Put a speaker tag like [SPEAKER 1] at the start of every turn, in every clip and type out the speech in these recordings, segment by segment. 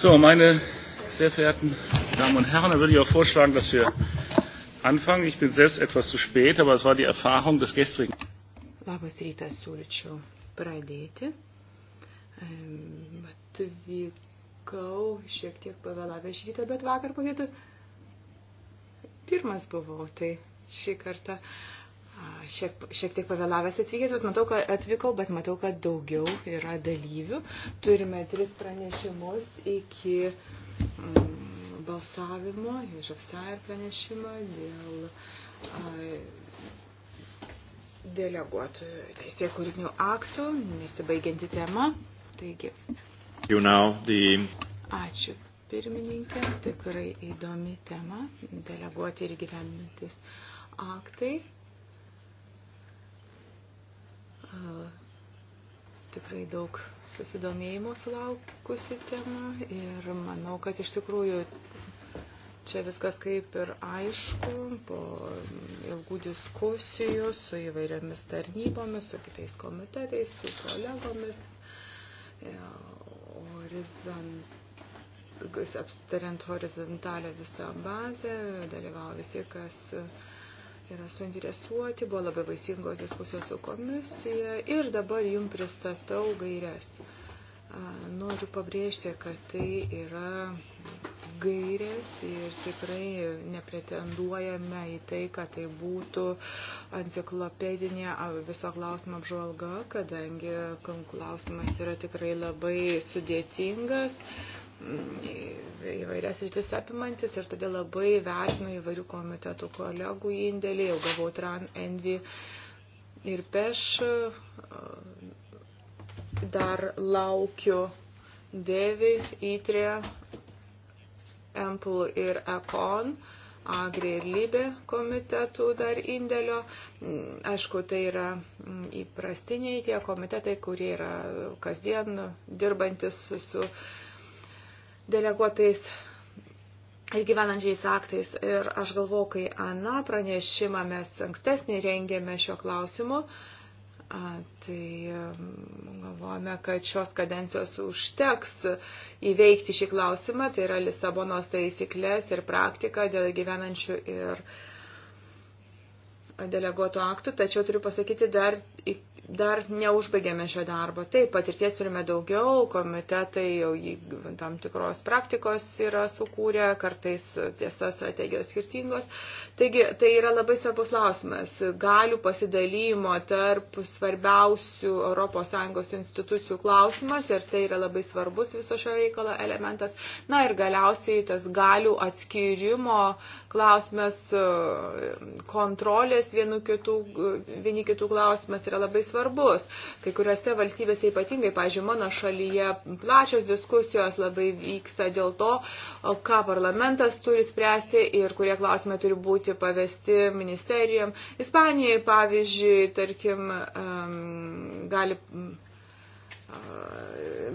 [SPEAKER 1] So, meine sehr verehrten Damen und Herren, dann würde ich auch vorschlagen, dass wir anfangen. Ich bin selbst etwas zu spät, aber es war die Erfahrung des gestrigen.
[SPEAKER 2] Labas rytas, siūlyčiau pradėti. Atvykau šiek tiek pavėlavę šį rytą, bet vakar po pavėtų pirmas buvau, tai šį kartą uh, šiek, šiek tiek pavėlavęs atvykęs, bet matau, kad atvykau, bet matau, kad daugiau yra dalyvių. Turime tris pranešimus iki mm, balsavimo, iš apsair pranešimą dėl a, deleguotojų teisė kūrinių aktų, nesibaigianti tema. Taigi. Ačiū pirmininkė, tikrai įdomi tema, deleguoti ir gyvenantis aktai tikrai daug susidomėjimo sulaukusi tema ir manau, kad iš tikrųjų čia viskas kaip ir aišku po ilgų diskusijų su įvairiomis tarnybomis, su kitais komitetais, su kolegomis. E, horizont aptariant horizontalę visą bazę, dalyvavo visi, kas uh, yra suinteresuoti, buvo labai vaisingos diskusijos su komisija ir dabar jums pristatau gairias. Noriu pabrėžti, kad tai yra gairės ir tikrai nepretenduojame į tai, kad tai būtų enciklopedinė viso klausimo apžvalga, kadangi klausimas yra tikrai labai sudėtingas įvairias rytis apimantis ir todėl labai vertinu įvairių komitetų kolegų indėlį, jau gavau TRAN, ENVI ir PEŠ, e, dar laukiu DEVI, ITRE, EMPL ir ECON. Agri ir Libė komitetų dar indėlio. Aišku, tai yra įprastiniai tie komitetai, kurie yra kasdien dirbantis su, su deleguotais ir gyvenančiais aktais. Ir aš galvoju, kai Ana pranešimą mes ankstesnį rengėme šio klausimu, tai um, galvojame, kad šios kadencijos užteks įveikti šį klausimą, tai yra Lisabonos taisyklės ir praktika dėl gyvenančių ir deleguotų aktų, tačiau turiu pasakyti, dar dar neužbaigėme šio darbo. Taip, patirties turime daugiau, komitetai jau jį, tam tikros praktikos yra sukūrę, kartais tiesa strategijos skirtingos. Taigi, tai yra labai svarbus klausimas. Galių pasidalymo tarp svarbiausių ES institucijų klausimas ir tai yra labai svarbus viso šio reikalo elementas. Na ir galiausiai tas galių atskirimo klausimas, kontrolės vieni kitų klausimas yra labai svarbus. Kai kuriuose valstybėse ypatingai, pažiūrėjau, mano šalyje plačios diskusijos labai vyksta dėl to, ką parlamentas turi spręsti ir kurie klausimai turi būti pavesti ministerijom. Ispanijai, pavyzdžiui, tarkim, gali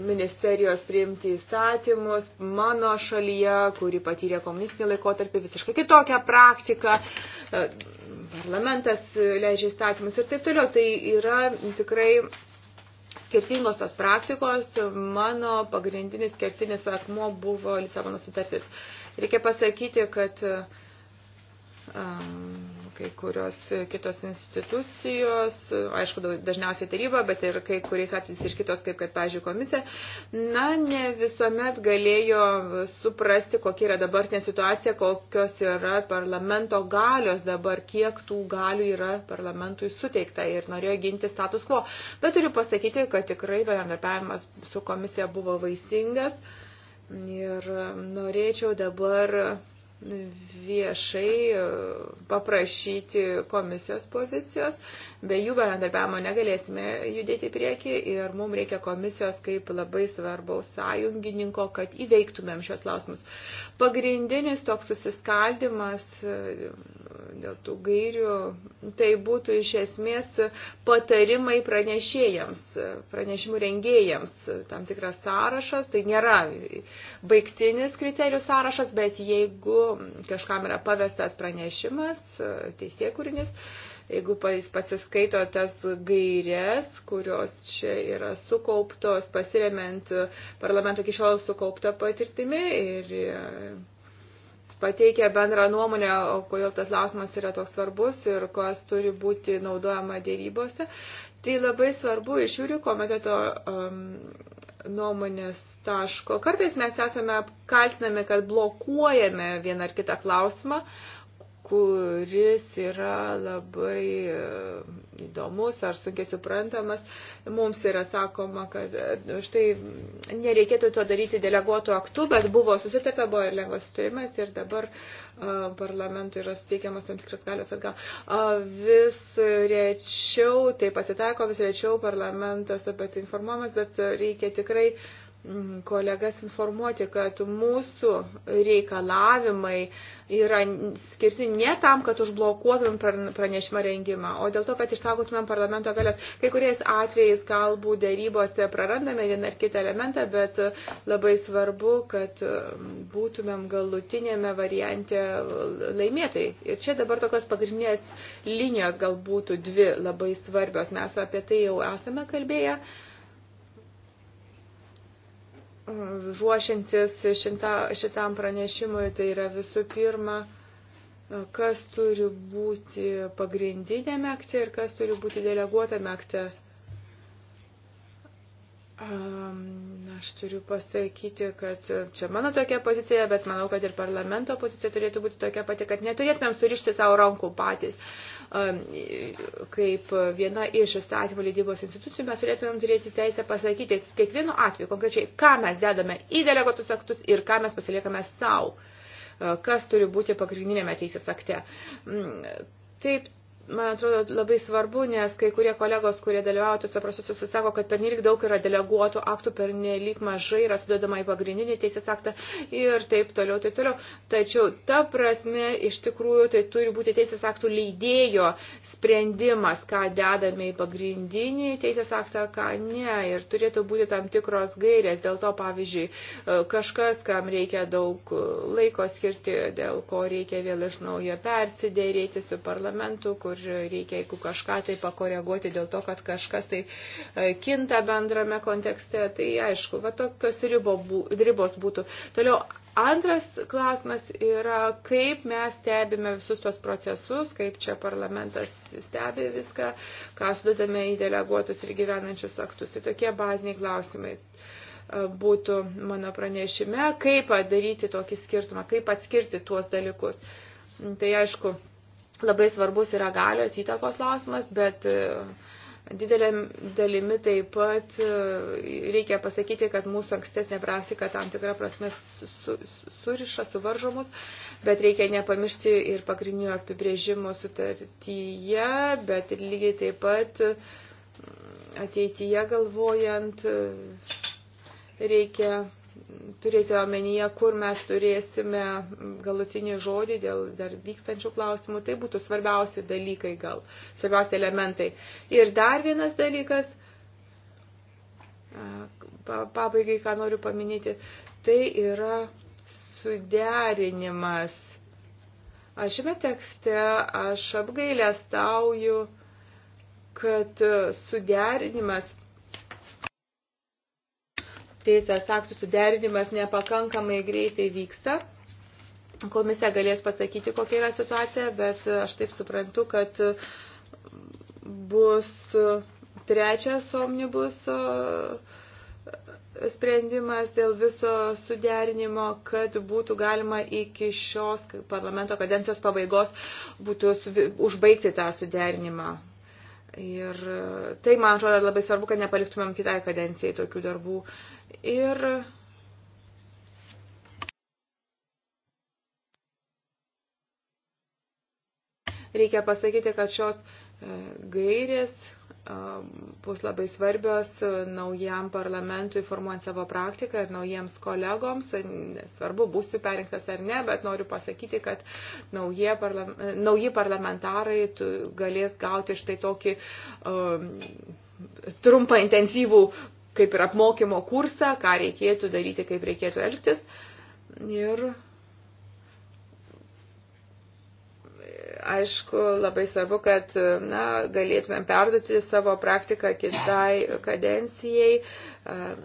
[SPEAKER 2] ministerijos priimti įstatymus. Mano šalyje, kuri patyrė komunistinį laikotarpį, visiškai kitokią praktiką. E, Parlamentas leidžia įstatymus ir taip toliau. Tai yra tikrai skirtingos tos praktikos. Mano pagrindinis kertinis akmuo buvo Lisabono sutartis. Reikia pasakyti, kad um, kai kurios kitos institucijos, aišku, dažniausiai taryba, bet ir kai kuriais atvejais ir kitos, kaip kad, pažiūrėjau, komisija, na, ne visuomet galėjo suprasti, kokia yra dabartinė situacija, kokios yra parlamento galios dabar, kiek tų galių yra parlamentui suteikta ir norėjo ginti status quo. Bet turiu pasakyti, kad tikrai bendradarbiavimas su komisija buvo vaisingas ir norėčiau dabar viešai e, paprašyti komisijos pozicijos, Be jų bendarbiavimo negalėsime judėti į priekį ir mums reikia komisijos kaip labai svarbaus sąjungininko, kad įveiktumėm šios klausimus. Pagrindinis toks susiskaldimas e, dėl tų gairių, tai būtų iš esmės patarimai pranešėjams, pranešimų rengėjams, tam tikras sąrašas, tai nėra baigtinis kriterijų sąrašas, bet jeigu kažkam yra pavestas pranešimas, teisėkūrinis, tai Jeigu jis pasiskaito tas gairias, kurios čia yra sukauptos, pasiremiant parlamento iki šiol sukauptą patirtimį ir e, pateikia bendrą nuomonę, kodėl tas lausmas yra toks svarbus ir kas turi būti naudojama dėrybose. Tai labai svarbu iš jūrių komiteto um, nuomonės taško. Kartais mes esame kaltinami, kad blokuojame vieną ar kitą klausimą. Uh, kuris yra labai e, įdomus ar sunkiai suprantamas. Mums yra sakoma, kad e, štai nereikėtų to daryti deleguotų aktų, bet buvo susitarta, buvo ir lengvas sutarimas ir dabar e, parlamentui yra suteikiamas tam tikras galės atgal. Vis rečiau tai pasitaiko, vis rečiau parlamentas apie tai informuomas, bet reikia tikrai uh, kolegas informuoti, kad mūsų reikalavimai yra skirti ne tam, kad užblokuotumėm pranešimą rengimą, o dėl to, kad išsaugotumėm parlamento galės. Kai kuriais atvejais galbūt darybose prarandame vieną ar kitą elementą, bet labai svarbu, kad būtumėm galutinėme variante laimėtai. Ir čia dabar tokios pagrindinės linijos galbūt dvi labai svarbios. Mes apie tai jau esame kalbėję ruošiantis šita, šitam pranešimui, tai yra visų pirma, kas turi būti pagrindinėme akte ir kas turi būti deleguotame akte. Um, Aš turiu pasakyti, kad čia mano tokia pozicija, bet manau, kad ir parlamento pozicija turėtų būti tokia pati, kad neturėtumėm surišti savo rankų patys. Kaip viena iš įstatymų leidybos institucijų mes turėtumėm turėti teisę pasakyti kiekvienu atveju konkrečiai, ką mes dedame į delegatus aktus ir ką mes pasiliekame savo, kas turi būti pagrindinėme teisės akte. Mm, taip, man atrodo, labai svarbu, nes kai kurie kolegos, kurie dalyvauja tuose procesuose, sako, kad pernelyg daug yra deleguotų aktų, pernelyg mažai yra sudodama į pagrindinį teisės aktą ir taip toliau, taip toliau. Tačiau ta prasme, iš tikrųjų, tai turi būti teisės aktų leidėjo sprendimas, ką dedame į pagrindinį teisės aktą, ką ne. Ir turėtų būti tam tikros gairės. Dėl to, pavyzdžiui, kažkas, kam reikia daug laiko skirti, dėl ko reikia vėl iš naujo persidėrėti su parlamentu, kur kur reikia, jeigu kažką tai pakoreguoti dėl to, kad kažkas tai e, kinta bendrame kontekste, tai aišku, va tokios ribos būtų. Toliau Antras klausimas yra, kaip mes stebime visus tos procesus, kaip čia parlamentas stebi viską, ką sudedame į deleguotus ir gyvenančius aktus. Tai tokie baziniai klausimai e, būtų mano pranešime, kaip padaryti tokį skirtumą, kaip atskirti tuos dalykus. Tai aišku, labai svarbus yra galios įtakos klausimas, bet e, didelė dalimi taip pat e, reikia pasakyti, kad mūsų ankstesnė praktika tam tikrą prasme su, suriša, suvaržomus, bet reikia nepamiršti ir pagrindinių apibrėžimų sutartyje, bet ir lygiai taip pat ateityje galvojant reikia turėti omenyje, kur mes turėsime galutinį žodį dėl dar vykstančių klausimų. Tai būtų svarbiausi dalykai gal, svarbiausi elementai. Ir dar vienas dalykas, pabaigai, ką noriu paminėti, tai yra suderinimas. Aš šiame tekste aš apgailę stauju, kad suderinimas teisės aktų suderinimas nepakankamai greitai vyksta. Komisija galės pasakyti, kokia yra situacija, bet aš taip suprantu, kad bus trečias omnibus sprendimas dėl viso suderinimo, kad būtų galima iki šios parlamento kadencijos pabaigos būtų užbaigti tą suderinimą. Ir e, tai, man atrodo, labai svarbu, kad nepaliktumėm kitai kadencijai tokių darbų. Ir reikia pasakyti, kad šios e, gairės, Um, bus labai svarbios naujam parlamentui formuojant savo praktiką ir naujiems kolegoms. Svarbu, būsiu perinktas ar ne, bet noriu pasakyti, kad parlam, nauji parlamentarai galės gauti štai tokį um, trumpą intensyvų kaip ir apmokymo kursą, ką reikėtų daryti, kaip reikėtų elgtis. Ir Aišku, labai svarbu, kad na, galėtumėm perduoti savo praktiką kitai kadencijai, ehm,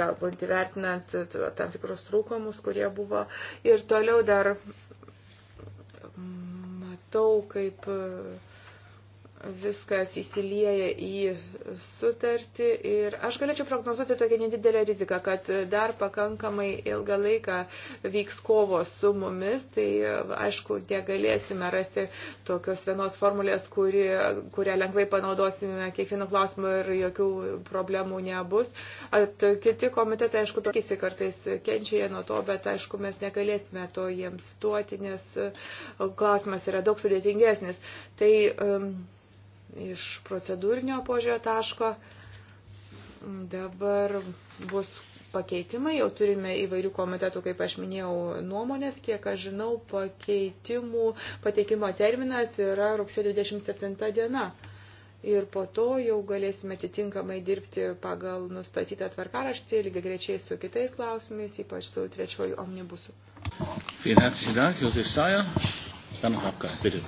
[SPEAKER 2] galbūt įvertinant tam tikrus trūkumus, kurie buvo. Ir toliau dar matau, kaip viskas įsilieja į sutartį ir aš galėčiau prognozuoti tokią nedidelę riziką, kad dar pakankamai ilgą laiką vyks kovos su mumis, tai aišku, negalėsime rasti tokios vienos formulės, kuri, kurią lengvai panaudosime kiekvienu klausimu ir jokių problemų nebus. At, kiti komitetai, aišku, tokiai kartais kenčia nuo to, bet aišku, mes negalėsime to jiems duoti, nes e, klausimas yra daug sudėtingesnis. Tai, um, iš procedūrinio požiūrio taško. Dabar bus pakeitimai, jau turime įvairių komitetų, kaip aš minėjau, nuomonės, kiek aš žinau, pakeitimų pateikimo terminas yra rugsėjo 27 diena. Ir po to jau galėsime atitinkamai dirbti pagal nustatytą tvarkaraštį, lygiai grečiai su kitais klausimais, ypač su
[SPEAKER 1] trečiuoju omnibusu. Vielen herzlichen Dank, Josef Sayer. Dann Rapka, bitte.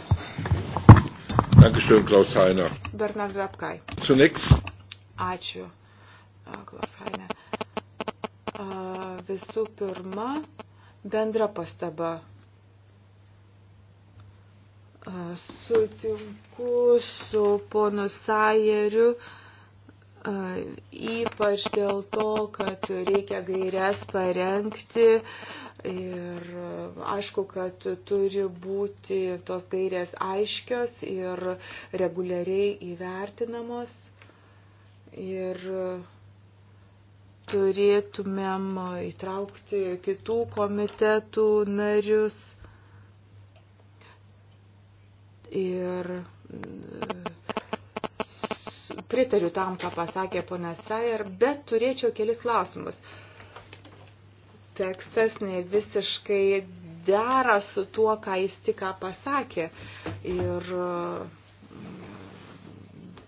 [SPEAKER 1] Dankeschön, Klaus Heiner.
[SPEAKER 2] Bernard Rapkai. Zunächst. Ačiū, Klaus Heiner. Visų pirma, bendra pastaba. Sutinku su ponu Sajeriu ypač dėl to, kad reikia gairias parengti Ir e, aišku, kad turi būti tos gairės aiškios ir reguliariai įvertinamos. Ir e, turėtumėm įtraukti kitų komitetų narius. Ir e, pritariu tam, ką pasakė ponas Sajer, bet turėčiau kelis klausimus tekstas ne visiškai dera su tuo, ką jis tik ką pasakė. Ir mm,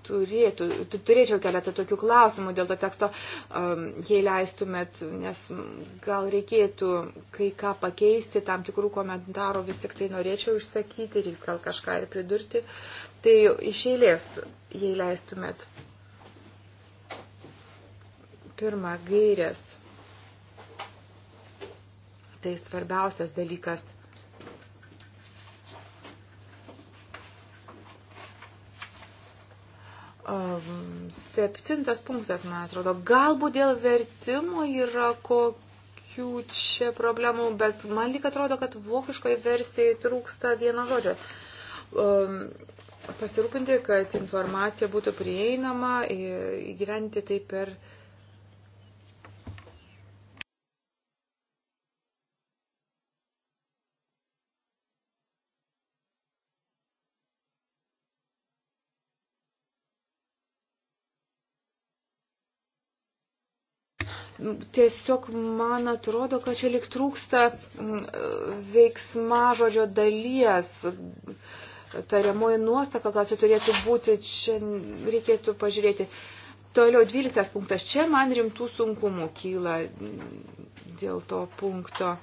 [SPEAKER 2] turėtų, turėčiau keletą tokių klausimų dėl to teksto, um, jei leistumėt, nes gal reikėtų kai ką pakeisti, tam tikrų komentarų vis tik tai norėčiau išsakyti ir gal kažką ir pridurti. Tai iš eilės, jei leistumėt. Pirma, gairės tai svarbiausias dalykas. Um, septintas punktas, man atrodo, galbūt dėl vertimo yra kokių čia problemų, bet man lyg atrodo, kad vokiškoje versijoje trūksta vieno žodžio. Um, pasirūpinti, kad informacija būtų prieinama, įgyventi tai per uh, Tiesiog man atrodo, kad čia lik trūksta mm, veiksmažodžio dalies. Tariamoji nuostaka, gal čia turėtų būti, čia reikėtų pažiūrėti. Toliau 12 punktas. Čia man rimtų sunkumų kyla dėl to punkto.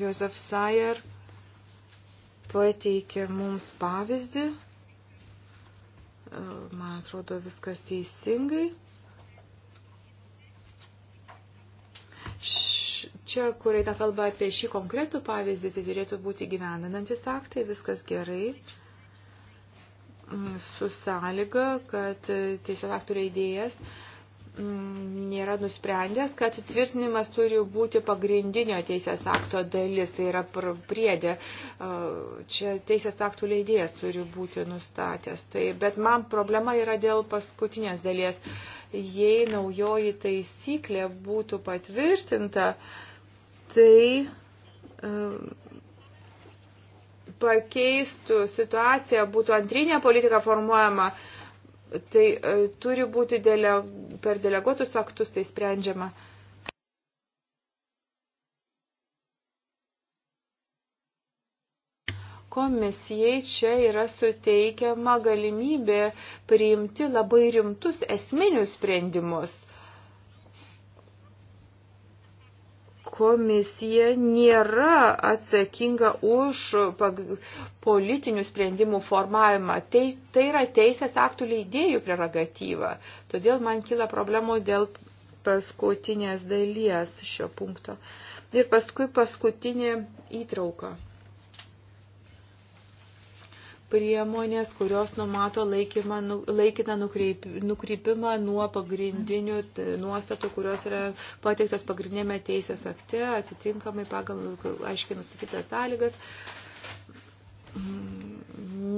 [SPEAKER 2] Josef Sayer pateikė mums pavyzdį. Man atrodo, viskas teisingai. Čia, kur eina kalba apie šį konkretų pavyzdį, tai turėtų būti gyvenantis aktai, viskas gerai mm, su sąlyga, kad e, teisės aktų leidėjas mm, nėra nusprendęs, kad tvirtinimas turi būti pagrindinio teisės akto dalis, tai yra priedė. E, čia teisės aktų leidėjas turi būti nustatęs. Tai, bet man problema yra dėl paskutinės dalies. Uh, jei naujoji taisyklė būtų patvirtinta, tai e, pakeistų situaciją, būtų antrinė politika formuojama, tai e, turi būti dele, per deleguotus aktus tai sprendžiama. Uh, Komisijai čia yra suteikiama galimybė priimti labai rimtus esminius sprendimus. komisija nėra atsakinga už politinių sprendimų formavimą. Tai, tai yra teisės aktų leidėjų prerogatyva. Todėl man kyla problemų dėl paskutinės dalies šio punkto. Ir paskui paskutinė įtrauka priemonės, kurios numato laikymą, nu, laikiną nukreip, nukreipimą nuo pagrindinių nuostatų, kurios yra pateiktos pagrindinėme teisės akte, atitinkamai pagal aiškiai nusakytas sąlygas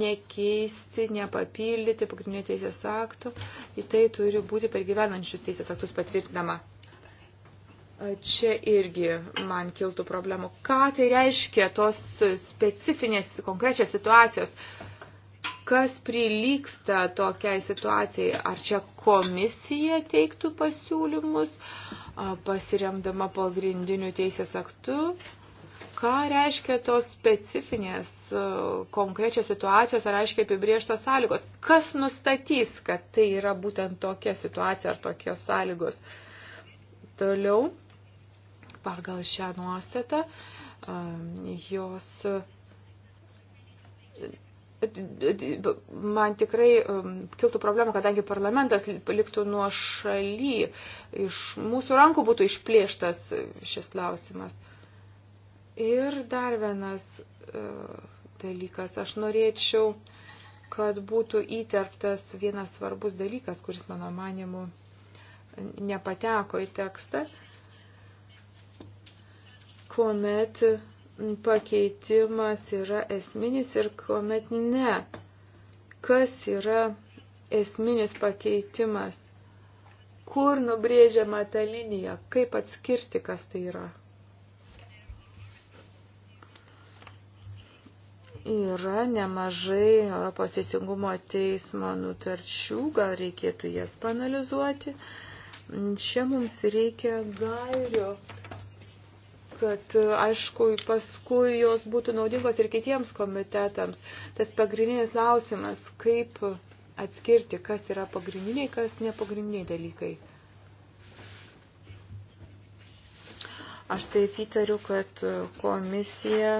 [SPEAKER 2] nekeisti, nepapildyti pagrindinio teisės aktų, į tai turi būti per gyvenančius teisės aktus patvirtinama. Čia irgi man kiltų problemų. Ką tai reiškia tos specifinės konkrečios situacijos? Kas prilyksta tokiai situacijai? Ar čia komisija teiktų pasiūlymus, pasiremdama pagrindiniu teisės aktu? Ką reiškia tos specifinės konkrečios situacijos, ar aiškiai apibrieštos sąlygos? Kas nustatys, kad tai yra būtent tokia situacija ar tokios sąlygos? Toliau pagal šią nuostatą. Ehm, jos man tikrai ehm, kiltų problemų, kadangi parlamentas liktų nuo šaly, iš mūsų rankų būtų išplėštas šis klausimas. Ir dar vienas e, dalykas, aš norėčiau, kad būtų įterptas vienas svarbus dalykas, kuris mano manimu nepateko į tekstą kuomet pakeitimas yra esminis ir kuomet ne. Kas yra esminis pakeitimas? Kur nubrėžiama ta linija? Kaip atskirti, kas tai yra? Yra nemažai Europos teisingumo teismo nutarčių, gal reikėtų jas panalizuoti. Čia mums reikia gairių kad aišku paskui jos būtų naudingos ir kitiems komitetams. Tas pagrindinis klausimas, kaip atskirti, kas yra pagrindiniai, kas nepagrindiniai dalykai. Aš taip įtariu, kad komisija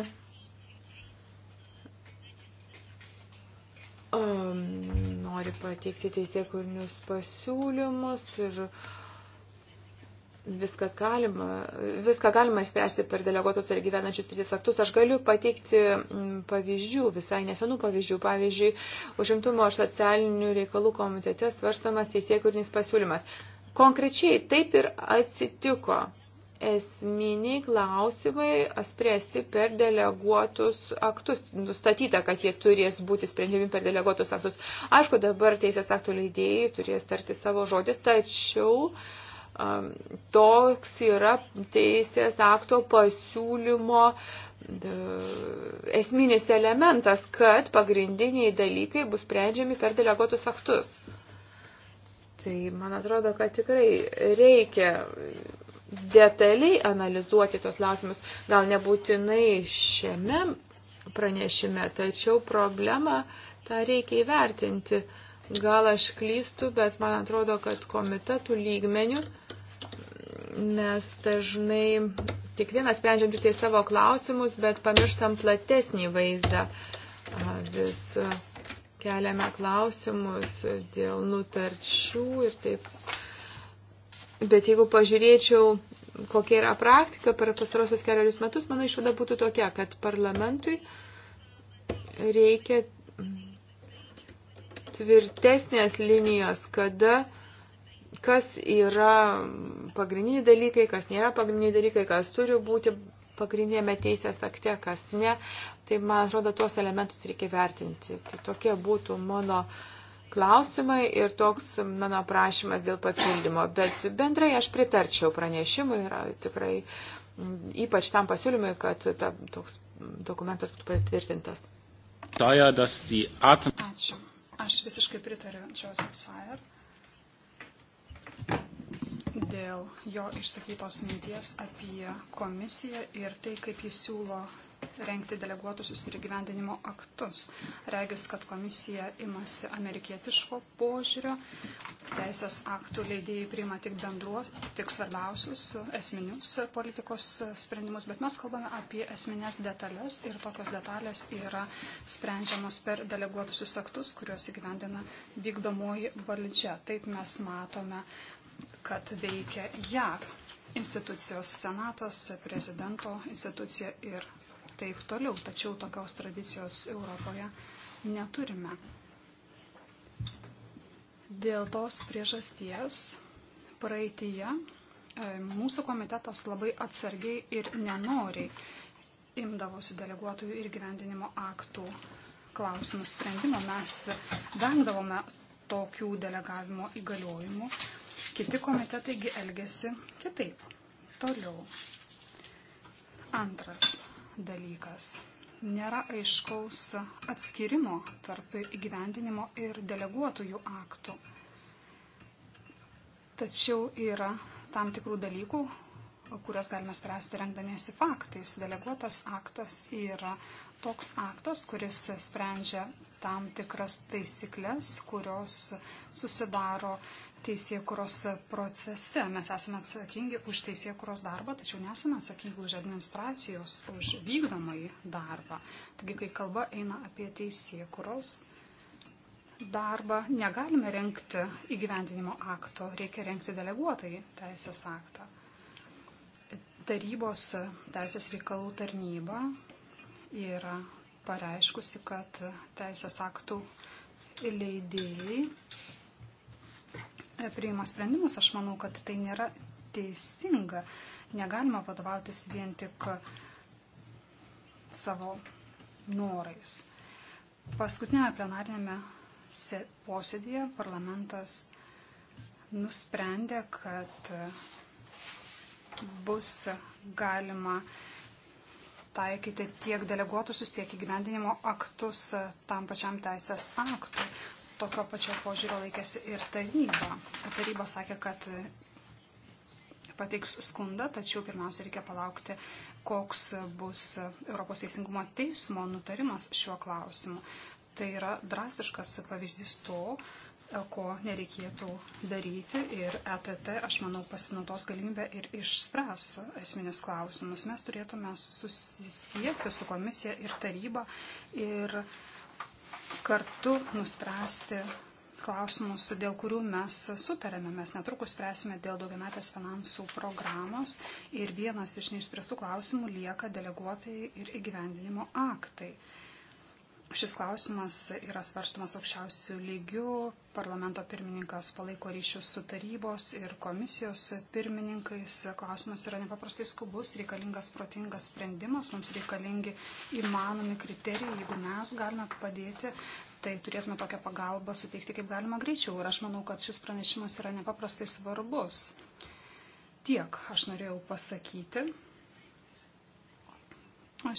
[SPEAKER 2] um, nori pateikti teisėkurnius pasiūlymus ir uh, viskas galima, viską galima išspręsti per deleguotus ir gyvenančius teisės aktus. Aš galiu pateikti mm, pavyzdžių, visai nesenų pavyzdžių. Pavyzdžiui, užimtumo ir socialinių reikalų komitete svarstamas teisėkurinis pasiūlymas. Konkrečiai taip ir atsitiko. Esminiai klausimai spręsti per deleguotus aktus. Nustatyta, kad jie turės būti sprendžiami per deleguotus aktus. Aišku, dabar teisės aktų leidėjai turės tarti savo žodį, tačiau uh, Toks yra teisės akto pasiūlymo esminis elementas, kad pagrindiniai dalykai bus sprendžiami per deleguotus aktus. Tai man atrodo, kad tikrai reikia detaliai analizuoti tos klausimus, gal nebūtinai šiame pranešime, tačiau problemą tą reikia įvertinti. Gal aš klystu, bet man atrodo, kad komitetų lygmenių mes dažnai tik vieną sprendžiam tik tai savo klausimus, bet pamirštam platesnį vaizdą. Vis keliame klausimus dėl nutarčių ir taip. Bet jeigu pažiūrėčiau, kokia yra praktika per pasarosius keliarius metus, mano išvada būtų tokia, kad parlamentui reikia tvirtesnės linijos, kada uh, kas yra pagrindiniai dalykai, kas nėra pagrindiniai dalykai, kas turi būti pagrindinėme teisės akte, kas ne. Tai, man atrodo, tuos elementus reikia vertinti. Tai tokie būtų mano klausimai ir toks mano prašymas dėl papildymo. Bet bendrai aš pritarčiau pranešimui ir tikrai ypač tam pasiūlymui, kad ta, toks dokumentas būtų patvirtintas.
[SPEAKER 1] Ačiū.
[SPEAKER 3] Aš visiškai pritariu Joseph Sayer dėl jo išsakytos minties apie komisiją ir tai, kaip jis siūlo rengti deleguotusius ir gyvendinimo aktus. Regis, kad komisija imasi amerikietiško požiūrio, teisės aktų leidėjai priima tik bendruo, tik svarbiausius esminius politikos sprendimus, bet mes kalbame apie esminės detalės ir tokios detalės yra sprendžiamos per deleguotusius aktus, kuriuos įgyvendina vykdomoji valdžia. Taip mes matome, kad veikia JAV institucijos senatas, prezidento institucija ir taip toliau. Tačiau tokios tradicijos Europoje neturime. Dėl tos priežasties praeitie e, mūsų komitetas labai atsargiai ir nenoriai imdavosi deleguotojų ir gyvendinimo aktų klausimų sprendimo. Mes vengdavome tokių delegavimo įgaliojimų. Kiti komitetai elgesi kitaip. Toliau. Antras dalykas. Nėra aiškaus atskirimo tarp įgyvendinimo ir deleguotųjų aktų. Tačiau yra tam tikrų dalykų, kurias galime spręsti rengdamiesi faktais. Deleguotas aktas yra toks aktas, kuris sprendžia tam tikras taisyklės, kurios susidaro teisėkuros procese. Mes esame atsakingi už teisėkuros darbą, tačiau nesame atsakingi už administracijos, už vykdomąjį darbą. Taigi, kai kalba eina apie teisėkuros darbą, negalime renkti įgyvendinimo akto, reikia renkti deleguotojai teisės aktą. Tarybos teisės reikalų tarnyba yra pareiškusi, kad teisės aktų leidėjai E, priima sprendimus, aš manau, kad tai nėra teisinga. Negalima vadovautis vien tik savo norais. Paskutinėme plenarinėme posėdėje parlamentas nusprendė, kad bus galima taikyti tiek deleguotusius, tiek įgyvendinimo aktus tam pačiam teisės aktui tokio pačio požiūrio laikėsi ir taryba. Taryba sakė, kad pateiks skundą, tačiau pirmiausia reikia palaukti, koks bus Europos teisingumo teismo nutarimas šiuo klausimu. Tai yra drastiškas pavyzdys to, ko nereikėtų daryti ir ETT, aš manau, pasinaudos galimybę ir išspręs esminius klausimus. Mes turėtume susisiekti su komisija ir taryba ir uh, kartu nuspręsti klausimus, dėl kurių mes sutarėme. Mes netrukus spręsime dėl daugiametės finansų programos ir vienas iš neišspręstų klausimų lieka deleguotai ir įgyvendinimo aktai. Šis klausimas yra svarstumas aukščiausių lygių. Parlamento pirmininkas palaiko ryšius su tarybos ir komisijos pirmininkais. Klausimas yra nepaprastai skubus, reikalingas protingas sprendimas, mums reikalingi įmanomi kriterijai. Jeigu mes galime padėti, tai turėtume tokią pagalbą suteikti kaip galima greičiau. Ir aš manau, kad šis pranešimas yra nepaprastai svarbus. Tiek aš norėjau pasakyti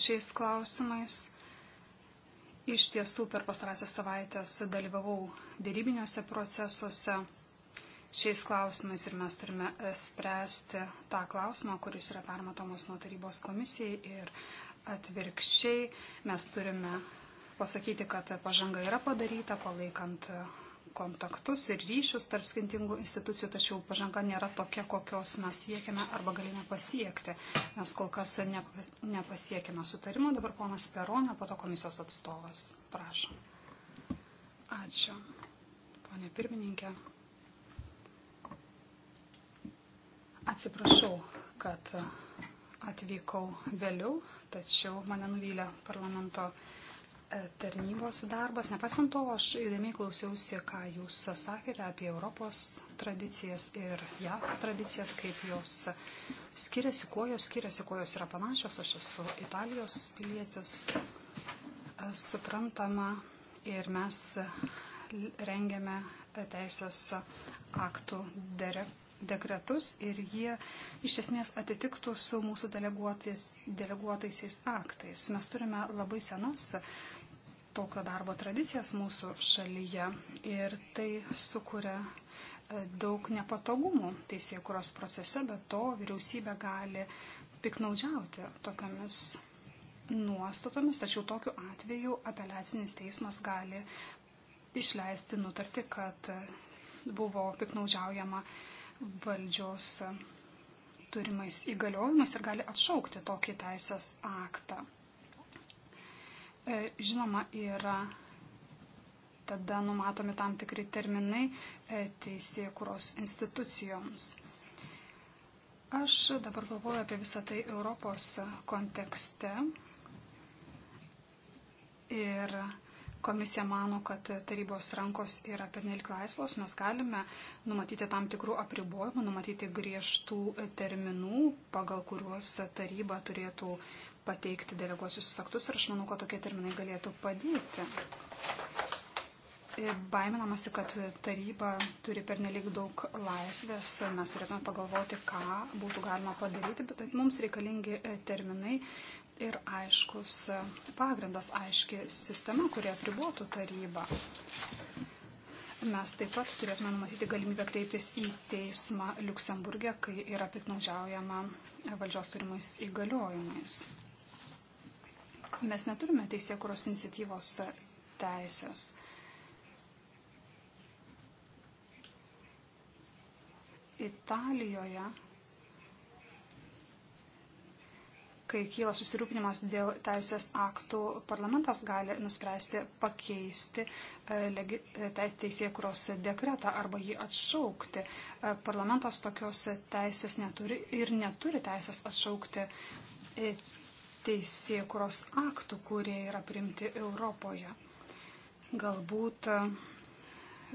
[SPEAKER 3] šiais klausimais. Iš tiesų per pastarąsias savaitės dalyvavau dėrybiniuose procesuose šiais klausimais ir mes turime e, spręsti tą klausimą, kuris yra permatomas nuo tarybos komisijai ir atvirkščiai mes turime pasakyti, kad pažanga yra padaryta, palaikant e, kontaktus ir ryšius tarp skirtingų institucijų, tačiau pažanga nėra tokia, kokios mes siekiame arba galime pasiekti. Mes kol kas nepasiekime sutarimo. Dabar ponas Peronė, po to komisijos atstovas. Prašom. Ačiū, ponė pirmininkė. Atsiprašau, kad atvykau vėliau, tačiau mane nuvylė parlamento tarnybos darbas. Nepaisant to, aš įdėmiai klausiausi, ką jūs sakėte apie Europos tradicijas ir JAV tradicijas, kaip jos skiriasi, kuo jos skiriasi, kuo jos yra panašios. Aš esu Italijos pilietis, suprantama, ir mes rengiame teisės aktų dere, dekretus ir jie iš esmės atitiktų su mūsų deleguotais, deleguotaisiais aktais. Mes turime labai senas tokio darbo tradicijas mūsų šalyje ir tai sukuria e, daug nepatogumų teisėkuros procese, bet to vyriausybė gali piknaudžiauti tokiamis nuostatomis, tačiau tokiu atveju apeliacinis teismas gali išleisti nutarti, kad buvo piknaudžiaujama valdžios turimais įgaliojimais ir gali atšaukti tokį teisės aktą. E, žinoma, yra tada numatomi tam tikri terminai e, teisėkuros institucijoms. Aš dabar galvoju apie visą tai Europos kontekste. Ir komisija mano, kad tarybos rankos yra pernelik laisvos. Mes galime numatyti tam tikrų apribojimų, numatyti griežtų terminų, pagal kuriuos taryba turėtų pateikti deleguosius aktus ir aš manau, kad tokie terminai galėtų padėti. Baiminamasi, kad taryba turi pernelyg daug laisvės, mes turėtume pagalvoti, ką būtų galima padaryti, bet mums reikalingi e, terminai ir aiškus e, pagrindas, aiški sistema, kurie apribotų tarybą. Mes taip pat turėtume numatyti galimybę kreiptis į teismą Luksemburgė, kai yra piknaudžiaujama valdžios turimais įgaliojimais mes neturime teisėkuros iniciatyvos teisės. Italijoje, kai kyla susirūpinimas dėl teisės aktų, parlamentas gali nuspręsti pakeisti e, e, teisėkuros dekretą arba jį atšaukti. E, parlamentas tokios teisės neturi ir neturi teisės atšaukti teisėkuros aktų, kurie yra primti Europoje. Galbūt e,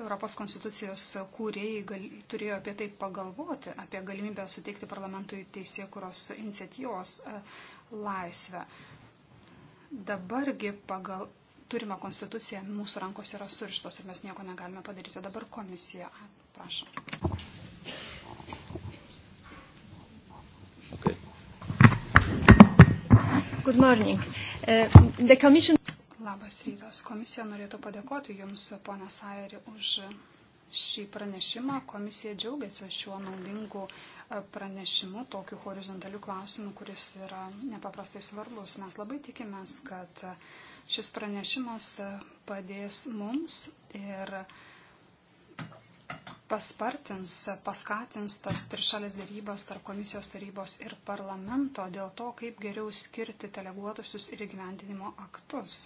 [SPEAKER 3] Europos konstitucijos kūrėjai gal, turėjo apie tai pagalvoti, apie galimybę suteikti parlamentui teisėkuros iniciatyvos e, laisvę. Dabargi pagal turimą konstituciją mūsų rankos yra surištos ir mes nieko negalime padaryti. Dabar komisija. Prašom.
[SPEAKER 4] Good morning. Uh, the commission...
[SPEAKER 3] Labas rytas. Komisija norėtų padėkoti Jums, ponė Sairi, už šį pranešimą. Komisija džiaugiasi šiuo naudingu uh, pranešimu, tokiu horizontaliu klausimu, kuris yra nepaprastai svarbus. Mes labai tikimės, kad šis pranešimas uh, padės mums ir uh, paspartins, paskatins tas trišalės dėrybas tarp komisijos tarybos ir parlamento dėl to, kaip geriau skirti deleguotusius ir įgyvendinimo aktus.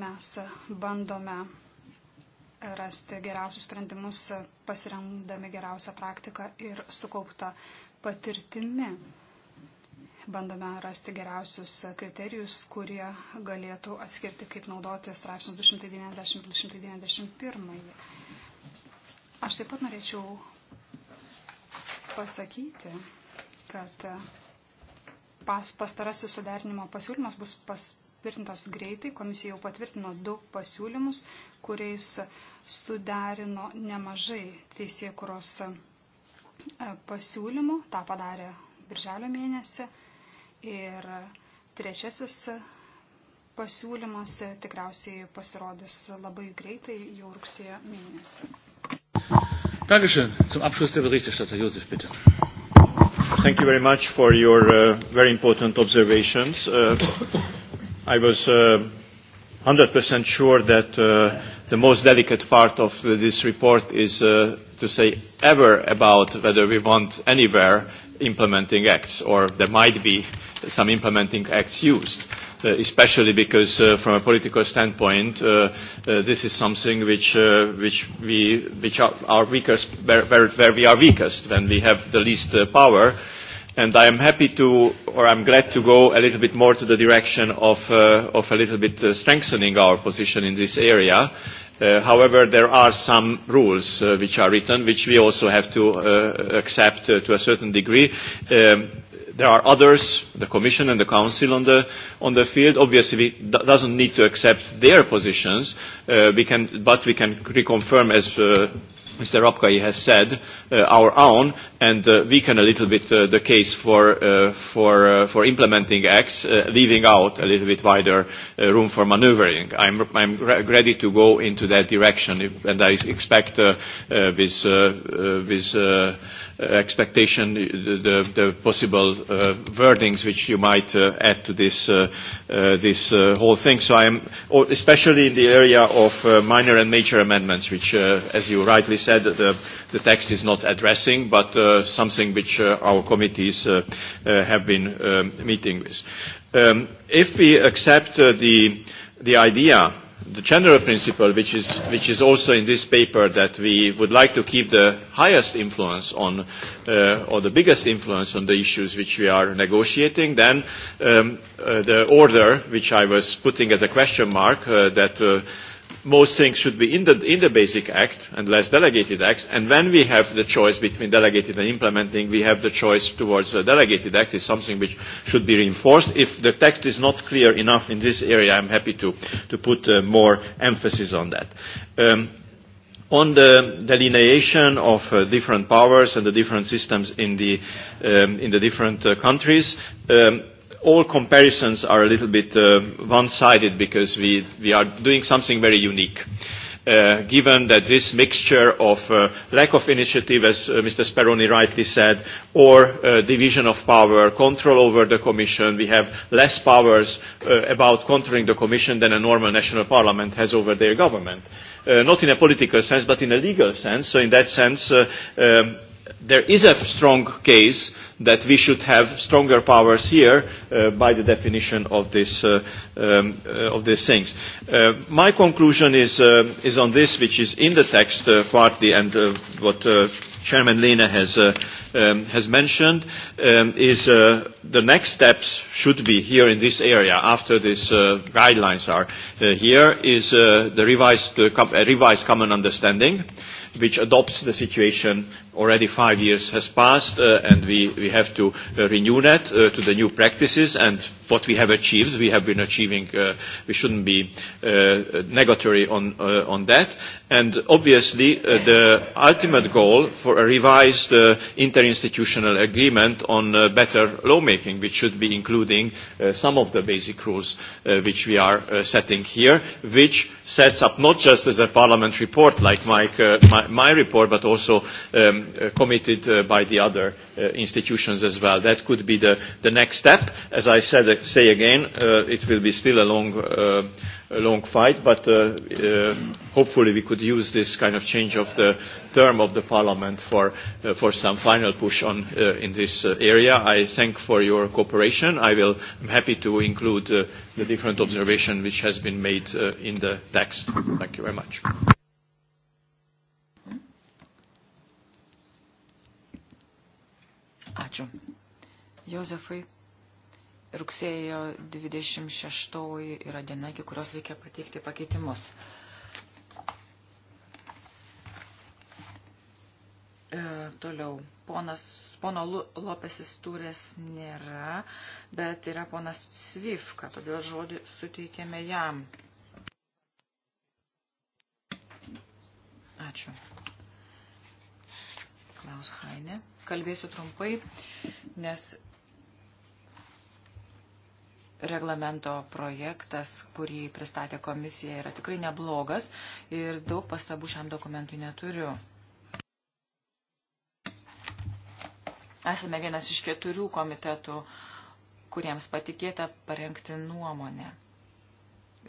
[SPEAKER 3] Mes bandome rasti geriausius sprendimus pasiremdami geriausią praktiką ir sukauptą patirtimi bandome rasti geriausius kriterijus, kurie galėtų atskirti, kaip naudoti straipsnius 290-291. Aš taip pat norėčiau pasakyti, kad pas, pastarasis suderinimo pasiūlymas bus patvirtintas greitai. Komisija jau patvirtino du pasiūlymus, kuriais suderino nemažai teisėkuros e, pasiūlymų. Ta padarė birželio mėnesį. Ir trečiasis pasiūlymas tikriausiai pasirodys labai greitai, jau rugsėjo mėnesį.
[SPEAKER 1] Dankeschön. Zum Abschluss der Berichterstatter Josef, bitte.
[SPEAKER 5] Thank you very much for your uh, very important observations. Uh, I was uh, 100% sure that uh, the most delicate part of this report is uh, to say ever about whether we want anywhere implementing acts, or there might be uh, some implementing acts used, uh, especially because uh, from a political standpoint, uh, uh, this is something which, uh, which, we, which are, are weakest, where, where, where we are weakest, when we have the least uh, power. And I am happy to, or I'm glad to go a little bit more to the direction of, uh, of a little bit uh, strengthening our position in this area. Uh, however, there are some rules uh, which are written, which we also have to uh, accept uh, to a certain degree. Um, There are others, the Commission and the Council on the, on the field. Obviously, we doesn't need to accept their positions, uh, we can, but we can reconfirm as uh, Mr. Rapkay has said, uh, our own, and uh, weaken a little bit uh, the case for, uh, for, uh, for implementing acts, uh, leaving out a little bit wider uh, room for maneuvering. I'm, I'm re- ready to go into that direction, if, and I expect uh, uh, with, uh, uh, with uh, expectation the, the, the possible uh, wordings which you might uh, add to this, uh, uh, this uh, whole thing. So I am, especially in the area of uh, minor and major amendments, which, uh, as you rightly said, said, the, the text is not addressing, but uh, something which uh, our committees uh, uh, have been um, meeting with. Um, if we accept uh, the, the idea the general principle, which is, which is also in this paper, that we would like to keep the highest influence on, uh, or the biggest influence on the issues which we are negotiating, then um, uh, the order, which I was putting as a question mark, uh, that uh, most things should be in the, in the Basic Act and less delegated acts. And when we have the choice between delegated and implementing, we have the choice towards the delegated act is something which should be reinforced. If the text is not clear enough in this area, I'm happy to, to put uh, more emphasis on that. Um, on the delineation of uh, different powers and the different systems in the, um, in the different uh, countries, um, all comparisons are a little bit uh, one-sided because we, we are doing something very unique. Uh, given that this mixture of uh, lack of initiative, as uh, Mr. Speroni rightly said, or uh, division of power, control over the Commission, we have less powers uh, about controlling the Commission than a normal national parliament has over their government. Uh, not in a political sense, but in a legal sense. So in that sense, uh, um, there is a strong case that we should have stronger powers here uh, by the definition of, this, uh, um, uh, of these things. Uh, my conclusion is, uh, is on this, which is in the text uh, partly and uh, what uh, Chairman Lena has, uh, um, has mentioned, um, is uh, the next steps should be here in this area after these uh, guidelines are uh, here is uh, the revised, uh, com- uh, revised common understanding which adopts the situation already five years has passed uh, and we, we have to uh, renew that uh, to the new practices and what we have achieved, we have been achieving, uh, we shouldn't be uh, negatory on, uh, on that. And obviously uh, the ultimate goal for a revised uh, interinstitutional agreement on uh, better lawmaking, which should be including uh, some of the basic rules uh, which we are uh, setting here, which sets up not just as a parliament report like Mike, uh, my, my report, but also um, um, uh, committed uh, by the other uh, institutions as well. That could be the, the next step. As I said, uh, say again, uh, it will be still a long, uh, a long fight, but uh, uh, hopefully we could use this kind of change of the term of the Parliament for, uh, for some final push on, uh, in this uh, area. I thank for your cooperation. I will, I'm happy to include uh, the different observation which has been made uh, in the text. Thank you very much. Ačiū.
[SPEAKER 6] Jozefai, rugsėjo 26 yra diena, iki kurios reikia pateikti pakeitimus. E, toliau, ponas, pono Lopesis turės nėra, bet yra ponas Svifka, todėl žodį suteikėme jam. Ačiū. Klaus Heine kalbėsiu trumpai, nes reglamento projektas, kurį pristatė komisija, yra tikrai neblogas ir daug pastabų šiam dokumentui neturiu. Esame vienas iš keturių komitetų, kuriems patikėta parengti nuomonę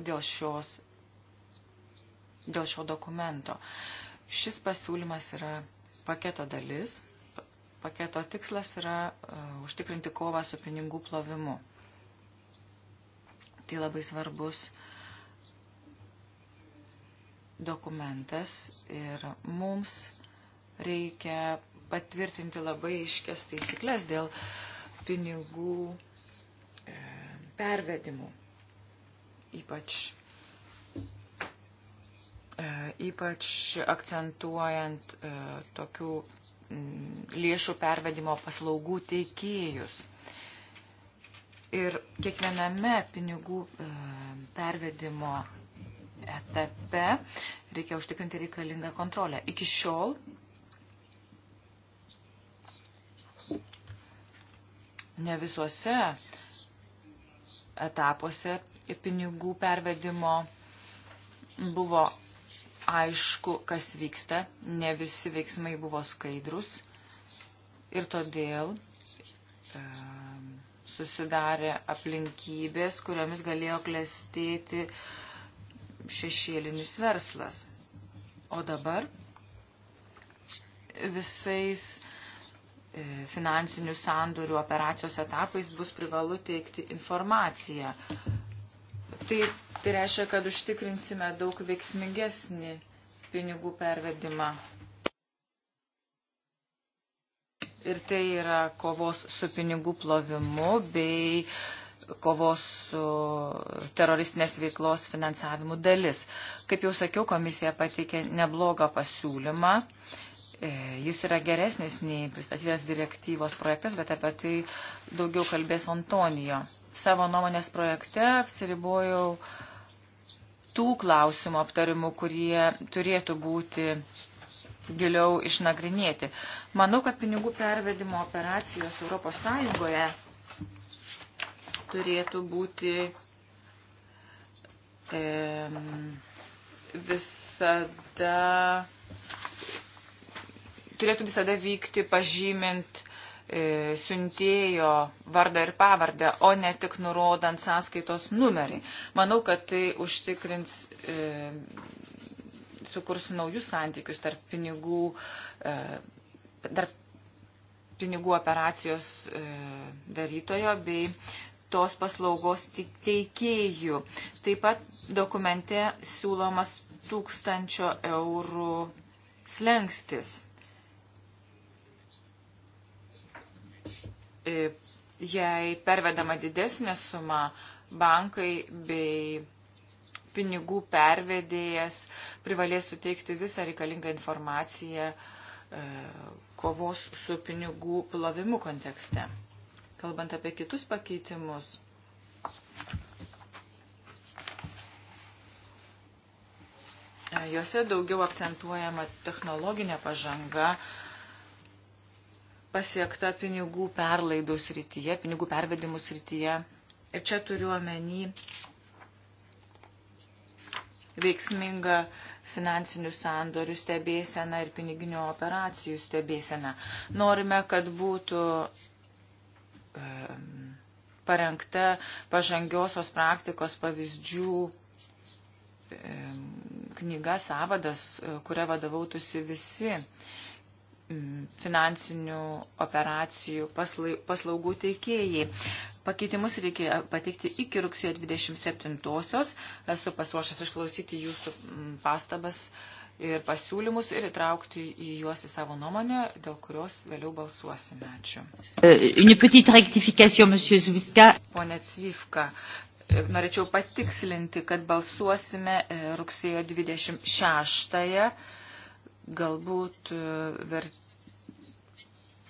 [SPEAKER 6] dėl, šios, dėl šio dokumento. Šis pasiūlymas yra paketo dalis – paketo tikslas yra uh, užtikrinti kovą su pinigų plovimu. Tai labai svarbus dokumentas ir mums reikia patvirtinti labai iškės taisyklės dėl pinigų e, pervedimų. Ypač, e, ypač akcentuojant e, tokių Mm, lėšų pervedimo paslaugų teikėjus. Ir kiekviename pinigų e, pervedimo etape reikia užtikrinti reikalingą kontrolę. Iki šiol ne visuose etapuose pinigų pervedimo buvo aišku, kas vyksta, ne visi veiksmai buvo skaidrus ir todėl e, susidarė aplinkybės, kuriomis galėjo klestėti šešėlinis verslas. O dabar visais e, finansinių sandorių operacijos etapais bus privalu teikti informaciją tai, tai reiškia, kad užtikrinsime daug veiksmingesnį pinigų pervedimą. Ir tai yra kovos su pinigų plovimu bei uh, kovos su teroristinės veiklos finansavimu dalis. Kaip jau sakiau, komisija pateikė neblogą pasiūlymą. E, jis yra geresnis nei pristatytas direktyvos projektas, bet apie tai daugiau kalbės Antonijo. Savo nuomonės projekte apsiribojau tų klausimų aptarimų, kurie turėtų būti giliau išnagrinėti. Manau, kad pinigų pervedimo operacijos Europos Sąjungoje turėtų būti e, visada turėtų visada vykti pažymint e, siuntėjo vardą ir pavardę, o ne tik nurodant sąskaitos numerį. Manau, kad tai užtikrins, e, sukurs naujus santykius tarp pinigų, e, tarp pinigų operacijos e, darytojo bei tos paslaugos teikėjų. Taip pat dokumente siūlomas tūkstančio eurų slengstis. E, jei pervedama didesnė suma, bankai bei pinigų pervedėjas privalės suteikti visą reikalingą informaciją e, kovos su pinigų plovimu kontekste kalbant apie kitus pakeitimus. Juose daugiau akcentuojama technologinė pažanga pasiekta pinigų perlaidų srityje, pinigų pervedimų srityje. Ir čia turiu omeny veiksmingą finansinių sandorių stebėseną ir piniginių operacijų stebėseną. Norime, kad būtų parengta pažangiosios praktikos pavyzdžių knyga savadas, e, kuria vadovautųsi visi finansinių operacijų paslaugų teikėjai. Pakeitimus reikia pateikti iki rugsėjo 27-osios. Esu pasiruošęs išklausyti jūsų pastabas ir pasiūlymus ir įtraukti į juos į savo nuomonę, dėl kurios vėliau balsuosime. Ačiū. Euh, Pone Cvifka, norėčiau patikslinti, kad balsuosime e, rugsėjo 26-ąją. Galbūt e, vert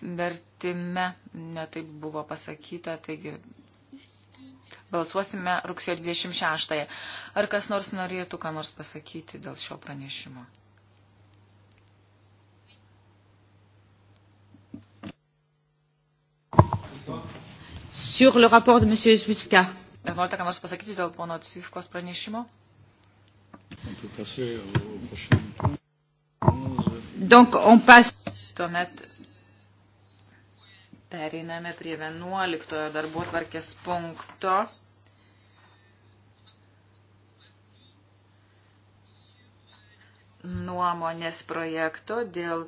[SPEAKER 6] vertime netaip buvo pasakyta, taigi balsuosime rugsėjo 26. -ąją. Ar kas nors norėtų ką nors pasakyti dėl šio pranešimo? sur le rapport de M. Zwiska. Ar norite ką nors pasakyti dėl pono Cifkos pranešimo?
[SPEAKER 4] Donc, on passe...
[SPEAKER 6] Tuomet pereiname prie 11 darbo tvarkės punkto. Nuomonės projekto dėl...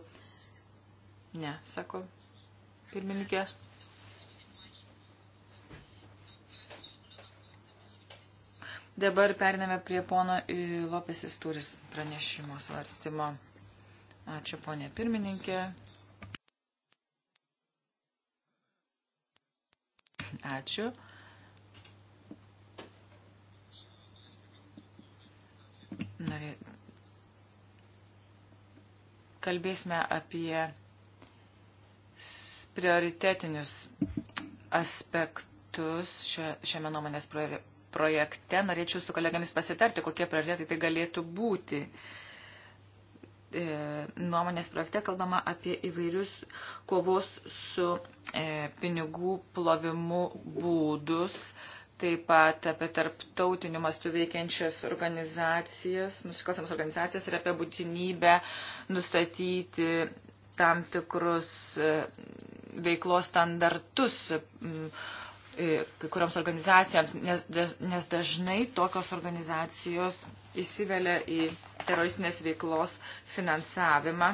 [SPEAKER 6] Ne, sako pirmininkė. Dabar periname prie pono Lopes Isturis pranešimo svarstymo. Ačiū, ponė pirmininkė. Ačiū. Norė... Kalbėsime apie prioritetinius aspektus šiame nuomonės projekte. Norėčiau su kolegomis pasitarti, kokie prioritetai tai galėtų būti. E, nuomonės projekte kalbama apie įvairius kovos su e, pinigų plovimu būdus, taip pat apie tarptautinių mastų veikiančias organizacijas, nusikalstamas organizacijas ir apie būtinybę nustatyti tam tikrus e, veiklos standartus kai kurioms organizacijoms, nes, nes dažnai tokios organizacijos įsivelia į teroristinės veiklos finansavimą.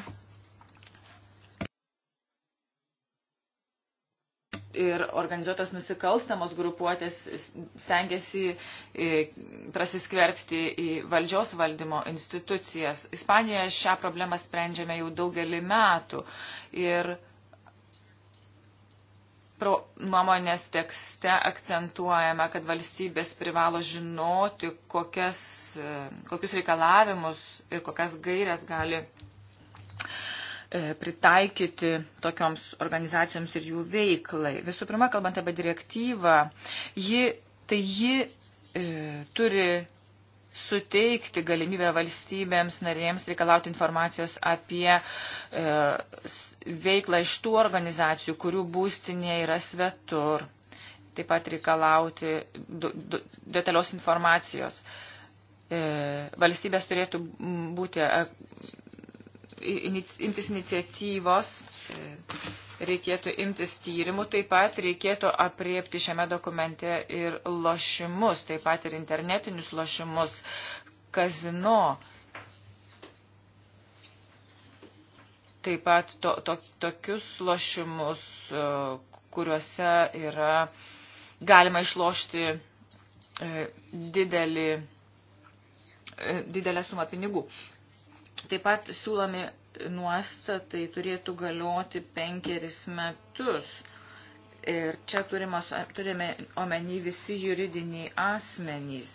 [SPEAKER 6] Ir organizuotos nusikalstamos grupuotės stengiasi e, prasiskverbti į valdžios valdymo institucijas. Ispanijoje šią problemą sprendžiame jau daugelį metų. Ir pro nuomonės tekste akcentuojama, kad valstybės privalo žinoti, kokias, e, kokius reikalavimus ir kokias gairias gali e, pritaikyti tokioms organizacijoms ir jų veiklai. Visų pirma, kalbant apie direktyvą, ji, tai ji e, turi suteikti galimybę valstybėms narėms reikalauti informacijos apie e, veiklą iš tų organizacijų, kurių būstinė yra svetur. Taip pat reikalauti du, du, detalios informacijos. E, valstybės turėtų būti e, imtis iniciatyvos. E, reikėtų imtis tyrimų, taip pat reikėtų apriepti šiame dokumente ir lošimus, taip pat ir internetinius lošimus, kazino. Taip pat to, to, tokius lošimus, e, kuriuose yra galima išlošti e, didelį, e, didelę sumą pinigų. Taip pat siūlomi nuostatai turėtų galioti penkeris metus. Ir čia turimos, turime omeny visi juridiniai asmenys.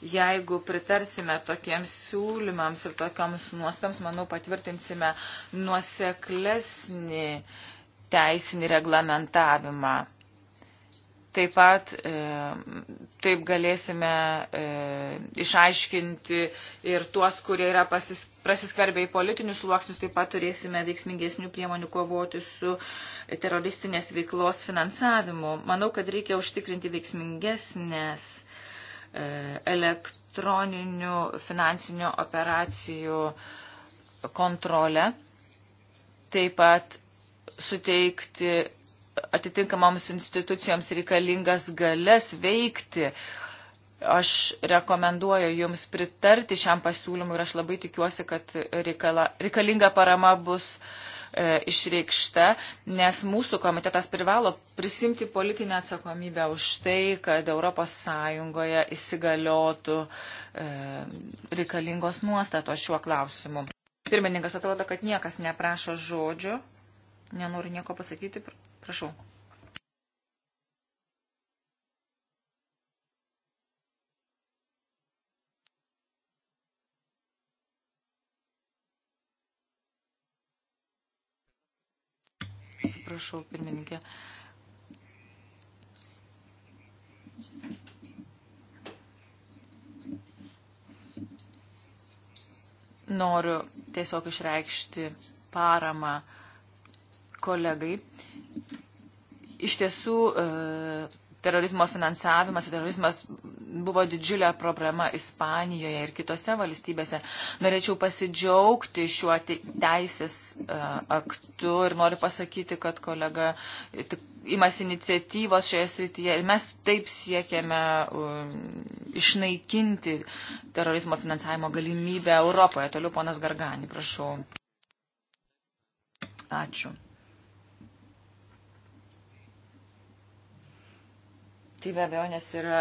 [SPEAKER 6] Jeigu pritarsime tokiems siūlymams ir tokiams nuostams, manau, patvirtinsime nuoseklesnį teisinį reglamentavimą. Taip pat e, taip galėsime e, išaiškinti ir tuos, kurie yra pasis, prasiskverbia į politinius sluoksnius, taip pat turėsime veiksmingesnių priemonių kovoti su teroristinės veiklos finansavimu. Manau, kad reikia užtikrinti veiksmingesnės e, elektroninių finansinių operacijų kontrolę, taip pat suteikti atitinkamoms institucijoms reikalingas galės veikti, uh, Aš rekomenduoju Jums pritarti šiam pasiūlymui ir aš labai tikiuosi, kad reikala, reikalinga parama bus e, išreikšta, nes mūsų komitetas privalo prisimti politinę atsakomybę už tai, kad Europos Sąjungoje įsigaliotų e, reikalingos nuostatos šiuo klausimu. Pirmininkas atrodo, kad niekas neprašo žodžio. Nenoriu nieko pasakyti. Prašau. Atsiprašau, pirmininkė. Noriu tiesiog išreikšti paramą kolegai. Iš tiesų, e, terorizmo finansavimas ir terorizmas buvo didžiulė problema Ispanijoje ir kitose valstybėse. Norėčiau pasidžiaugti šiuo teisės e, aktu ir noriu pasakyti, kad kolega e, imas iniciatyvos šioje srityje ir mes taip siekiame išnaikinti terorizmo finansavimo galimybę Europoje. Toliau ponas Gargani, prašau. Ačiū. Tai be abejo, nes yra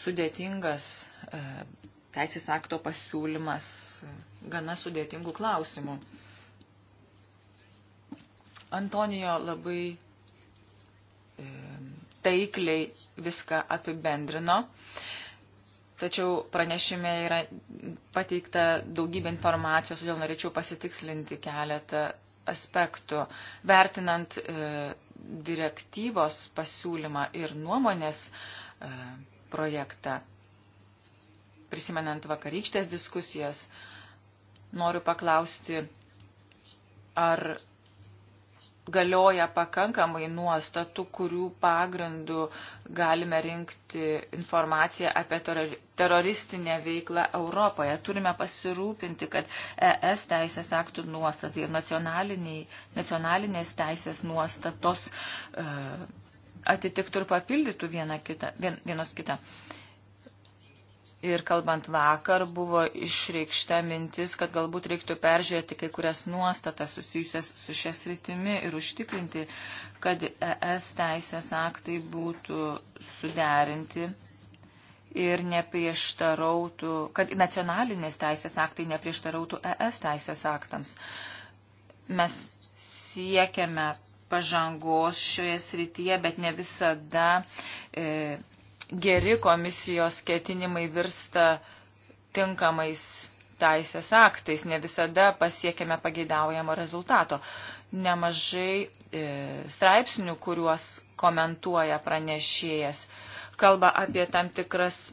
[SPEAKER 6] sudėtingas e, teisės akto pasiūlymas gana sudėtingų klausimų. Antonijo labai taikliai viską apibendrino, tačiau pranešime yra pateikta daugybė informacijos, todėl norėčiau pasitikslinti keletą aspektų, vertinant e, direktyvos pasiūlymą ir nuomonės e, projektą, prisimenant vakarykštės diskusijas, noriu paklausti, ar galioja pakankamai nuostatų, kurių pagrindų galime rinkti informaciją apie teroristinę veiklą Europoje. Turime pasirūpinti, kad ES teisės aktų nuostatai ir nacionalinės teisės nuostatos e, atitiktų ir papildytų viena kita, vien, vienos kitą. E, Ir kalbant vakar buvo išreikšta mintis, kad galbūt reiktų peržiūrėti kai kurias nuostatas susijusias su šias rytimi ir užtikrinti, kad ES teisės aktai būtų suderinti ir neprieštarautų, kad nacionalinės teisės aktai neprieštarautų ES teisės aktams. Mes siekiame pažangos šioje srityje, bet ne visada. E, geri komisijos ketinimai virsta tinkamais teisės aktais, ne visada pasiekėme pageidaujamo rezultato. Nemažai e, straipsnių, kuriuos komentuoja pranešėjas, kalba apie tam tikras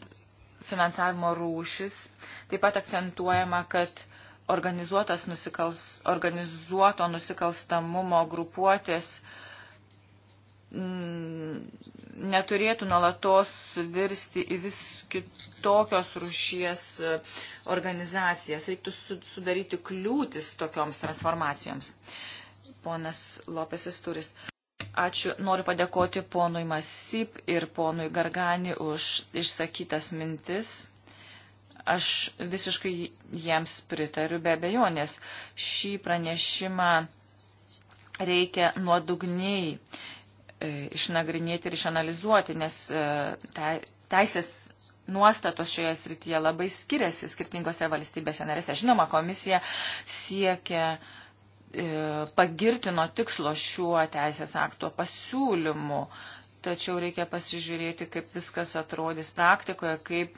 [SPEAKER 6] finansavimo rūšis, taip pat akcentuojama, kad organizuotas nusikals, organizuoto nusikalstamumo grupuotės e, Mm, neturėtų nuolatos virsti į vis kitokios rušies e, organizacijas. Reiktų sudaryti kliūtis tokioms transformacijoms. Ponas Lopesis turis. Ačiū. Noriu padėkoti ponui Masip ir ponui Gargani už išsakytas mintis. Aš visiškai jiems pritariu be abejonės. Šį pranešimą reikia nuodugniai E, išnagrinėti ir išanalizuoti, nes e, teisės nuostatos šioje srityje labai skiriasi skirtingose valstybėse narėse. Žinoma, komisija siekia e, pagirtino tikslo šiuo teisės akto pasiūlymu, tačiau reikia pasižiūrėti, kaip viskas atrodys praktikoje, kaip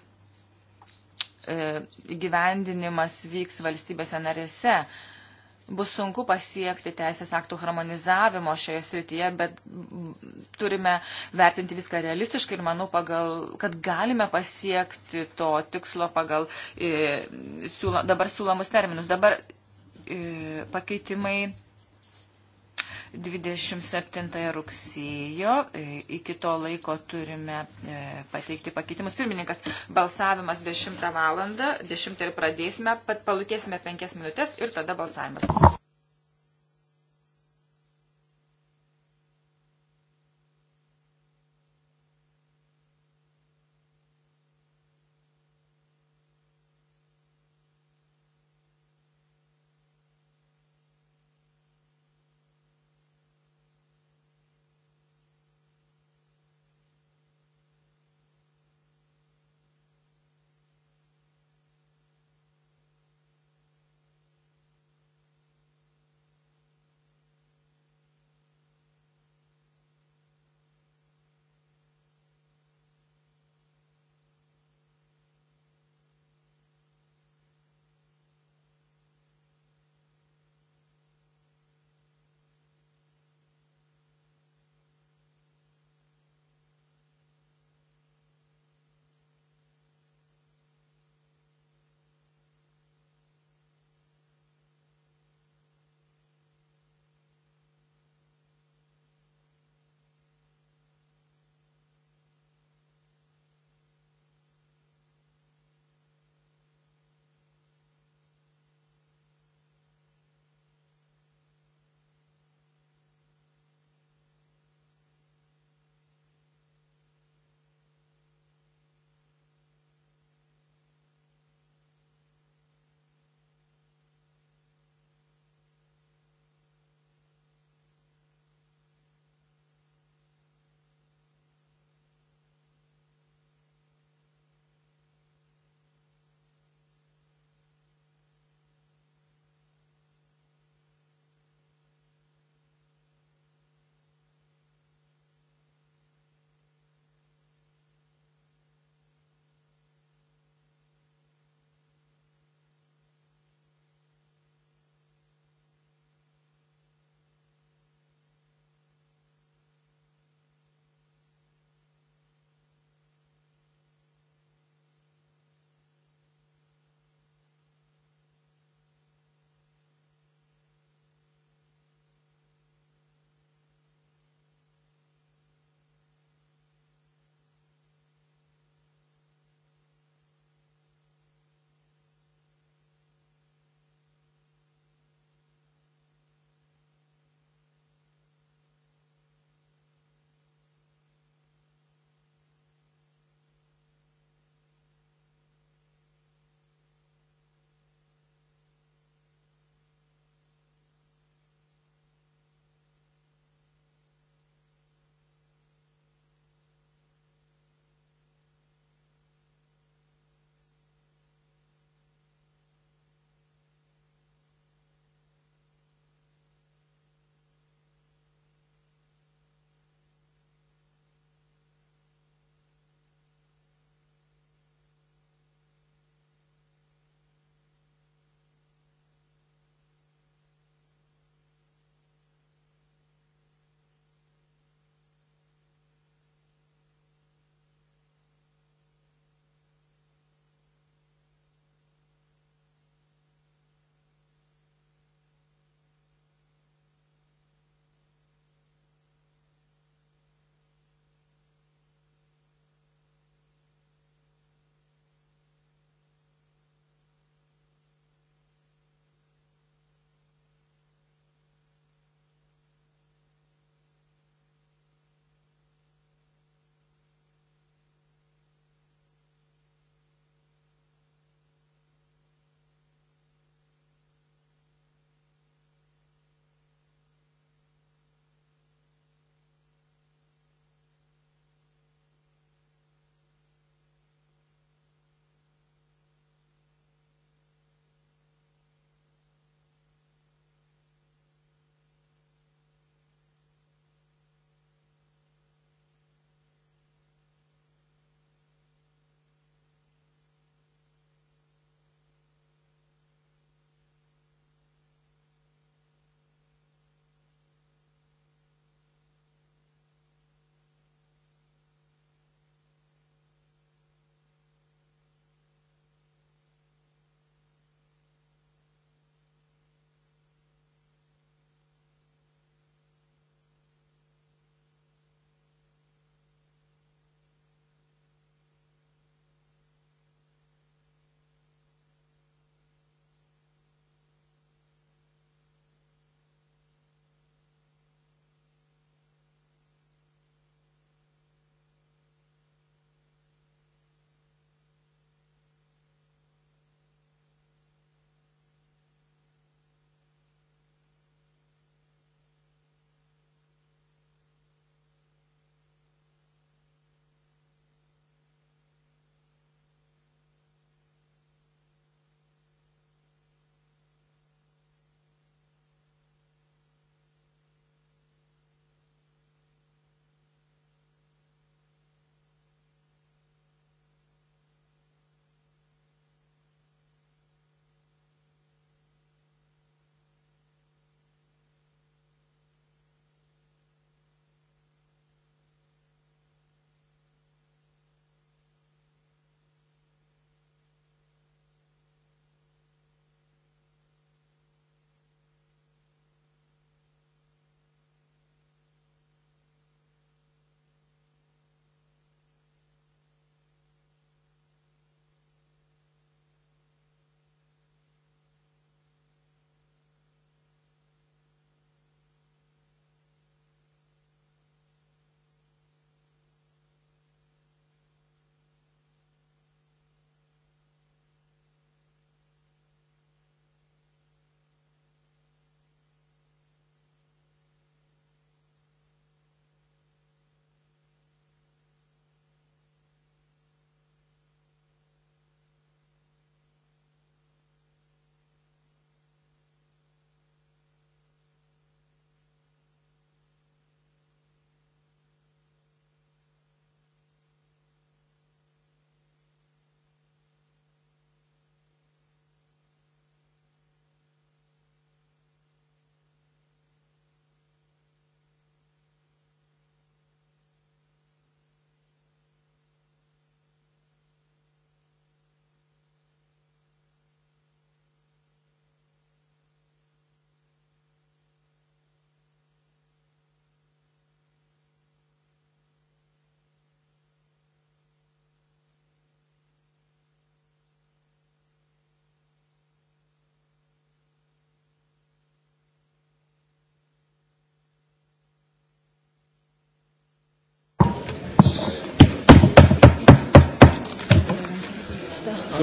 [SPEAKER 6] gyvendinimas vyks valstybėse narėse bus sunku pasiekti teisės aktų harmonizavimo šioje srityje, bet turime vertinti viską realistiškai ir manau, pagal, kad galime pasiekti to tikslo pagal e, siūlo, dabar siūlomus terminus. Dabar e, pakeitimai 27 rugsėjo. E, iki to laiko turime e, pateikti pakeitimus. Pirmininkas, balsavimas 10 valandą, 10 ir pradėsime, palūkėsime 5 minutės ir tada balsavimas.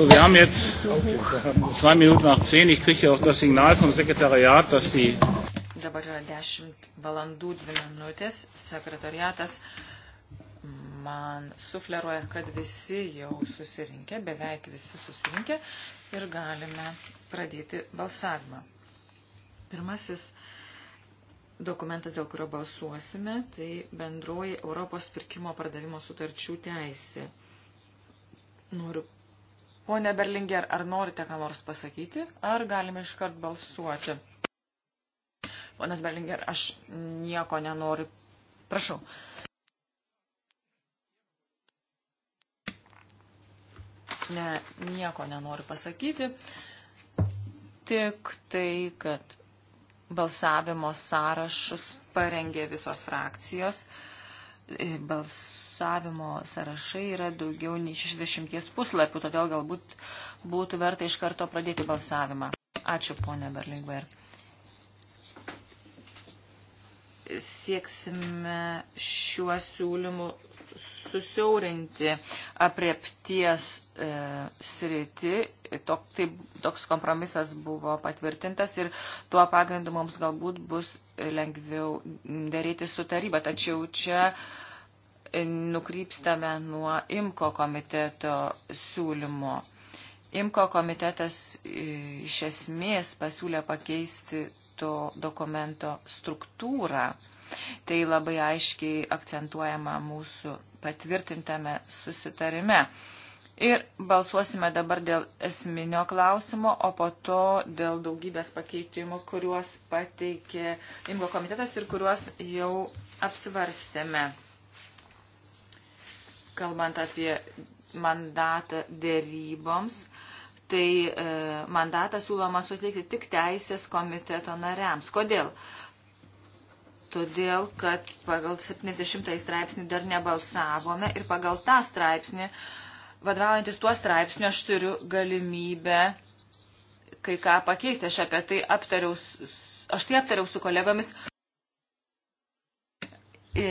[SPEAKER 6] So,
[SPEAKER 1] wir haben jetzt zwei Minuten nach zehn. Ich kriege ja auch das Signal vom Sekretariat, dass die.
[SPEAKER 6] Dabar yra 10 valandų 2 minutės. Sekretariatas man sufleruoja, kad visi jau susirinkė, beveik visi susirinkė ir galime pradėti balsavimą. Pirmasis dokumentas, dėl kurio balsuosime, tai bendroji Europos pirkimo pardavimo sutarčių teisė. Noriu Pone Berlinger, ar norite ką nors pasakyti, ar galime iškart balsuoti? Ponas Berlinger, aš nieko nenoriu. Prašau. Ne, nieko nenoriu pasakyti, tik tai, kad balsavimo sąrašus parengė visos frakcijos. Bals, balsavimo sąrašai yra daugiau nei 60 puslapių, todėl galbūt būtų verta iš karto pradėti balsavimą. Ačiū, ponė Berlingber. Sieksime šiuo siūlymu susiaurinti apriepties e, sritį. Tok, tai, toks kompromisas buvo patvirtintas ir tuo pagrindu mums galbūt bus lengviau daryti su taryba. Tačiau čia e, nukrypstame nuo IMKO komiteto siūlymo. IMKO komitetas e, iš esmės pasiūlė pakeisti to dokumento struktūrą. Tai labai aiškiai akcentuojama mūsų patvirtintame susitarime. Ir balsuosime dabar dėl esminio klausimo, o po to dėl daugybės pakeitimų, kuriuos pateikė Imgo komitetas ir kuriuos jau apsvarstėme kalbant apie mandatą dėryboms, tai e, mandatą siūloma suteikti tik teisės komiteto nariams. Kodėl? Todėl, kad pagal 70 straipsnį dar nebalsavome ir pagal tą straipsnį, vadovaujantis tuo straipsniu, aš turiu galimybę kai ką pakeisti. Aš apie tai aptariau, aš tai aptariau su kolegomis. E,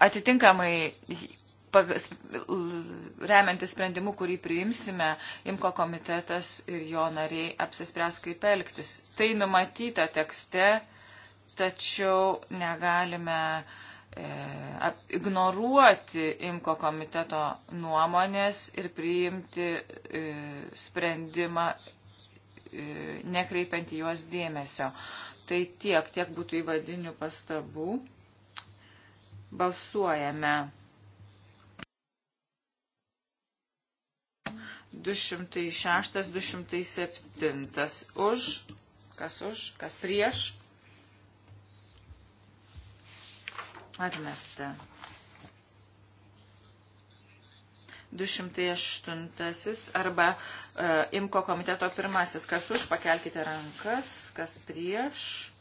[SPEAKER 6] atitinkamai remiantis sprendimu, kurį priimsime, imko komitetas ir jo nariai apsispręs, kaip elgtis. Tai numatyta tekste, tačiau negalime e, ignoruoti imko komiteto nuomonės ir priimti e, sprendimą, e, nekreipiant į juos dėmesio. Tai tiek, tiek būtų įvadinių pastabų. Balsuojame. 206, 207. Už, kas už, kas prieš. Atmesta. 208 arba e, imko komiteto pirmasis. Kas už, pakelkite rankas, kas prieš.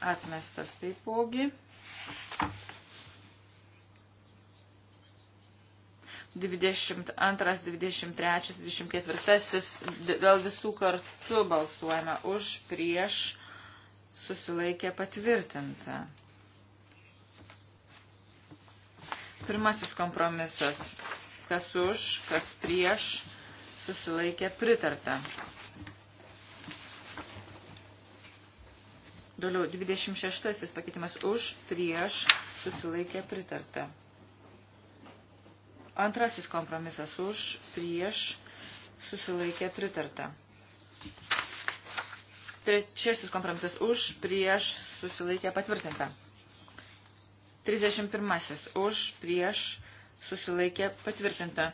[SPEAKER 6] Atmestas taipogi. 22, 23, 24. Dėl visų kartų balsuojame už, prieš, susilaikė patvirtinta. Pirmasis kompromisas. Kas už, kas prieš, susilaikė pritarta. Doliau 26 pakeitimas už, prieš, susilaikė pritarta. Antrasis kompromisas už, prieš, susilaikė pritarta. Trečiasis kompromisas už, prieš, susilaikė patvirtinta. 31. Už, prieš, susilaikė patvirtinta.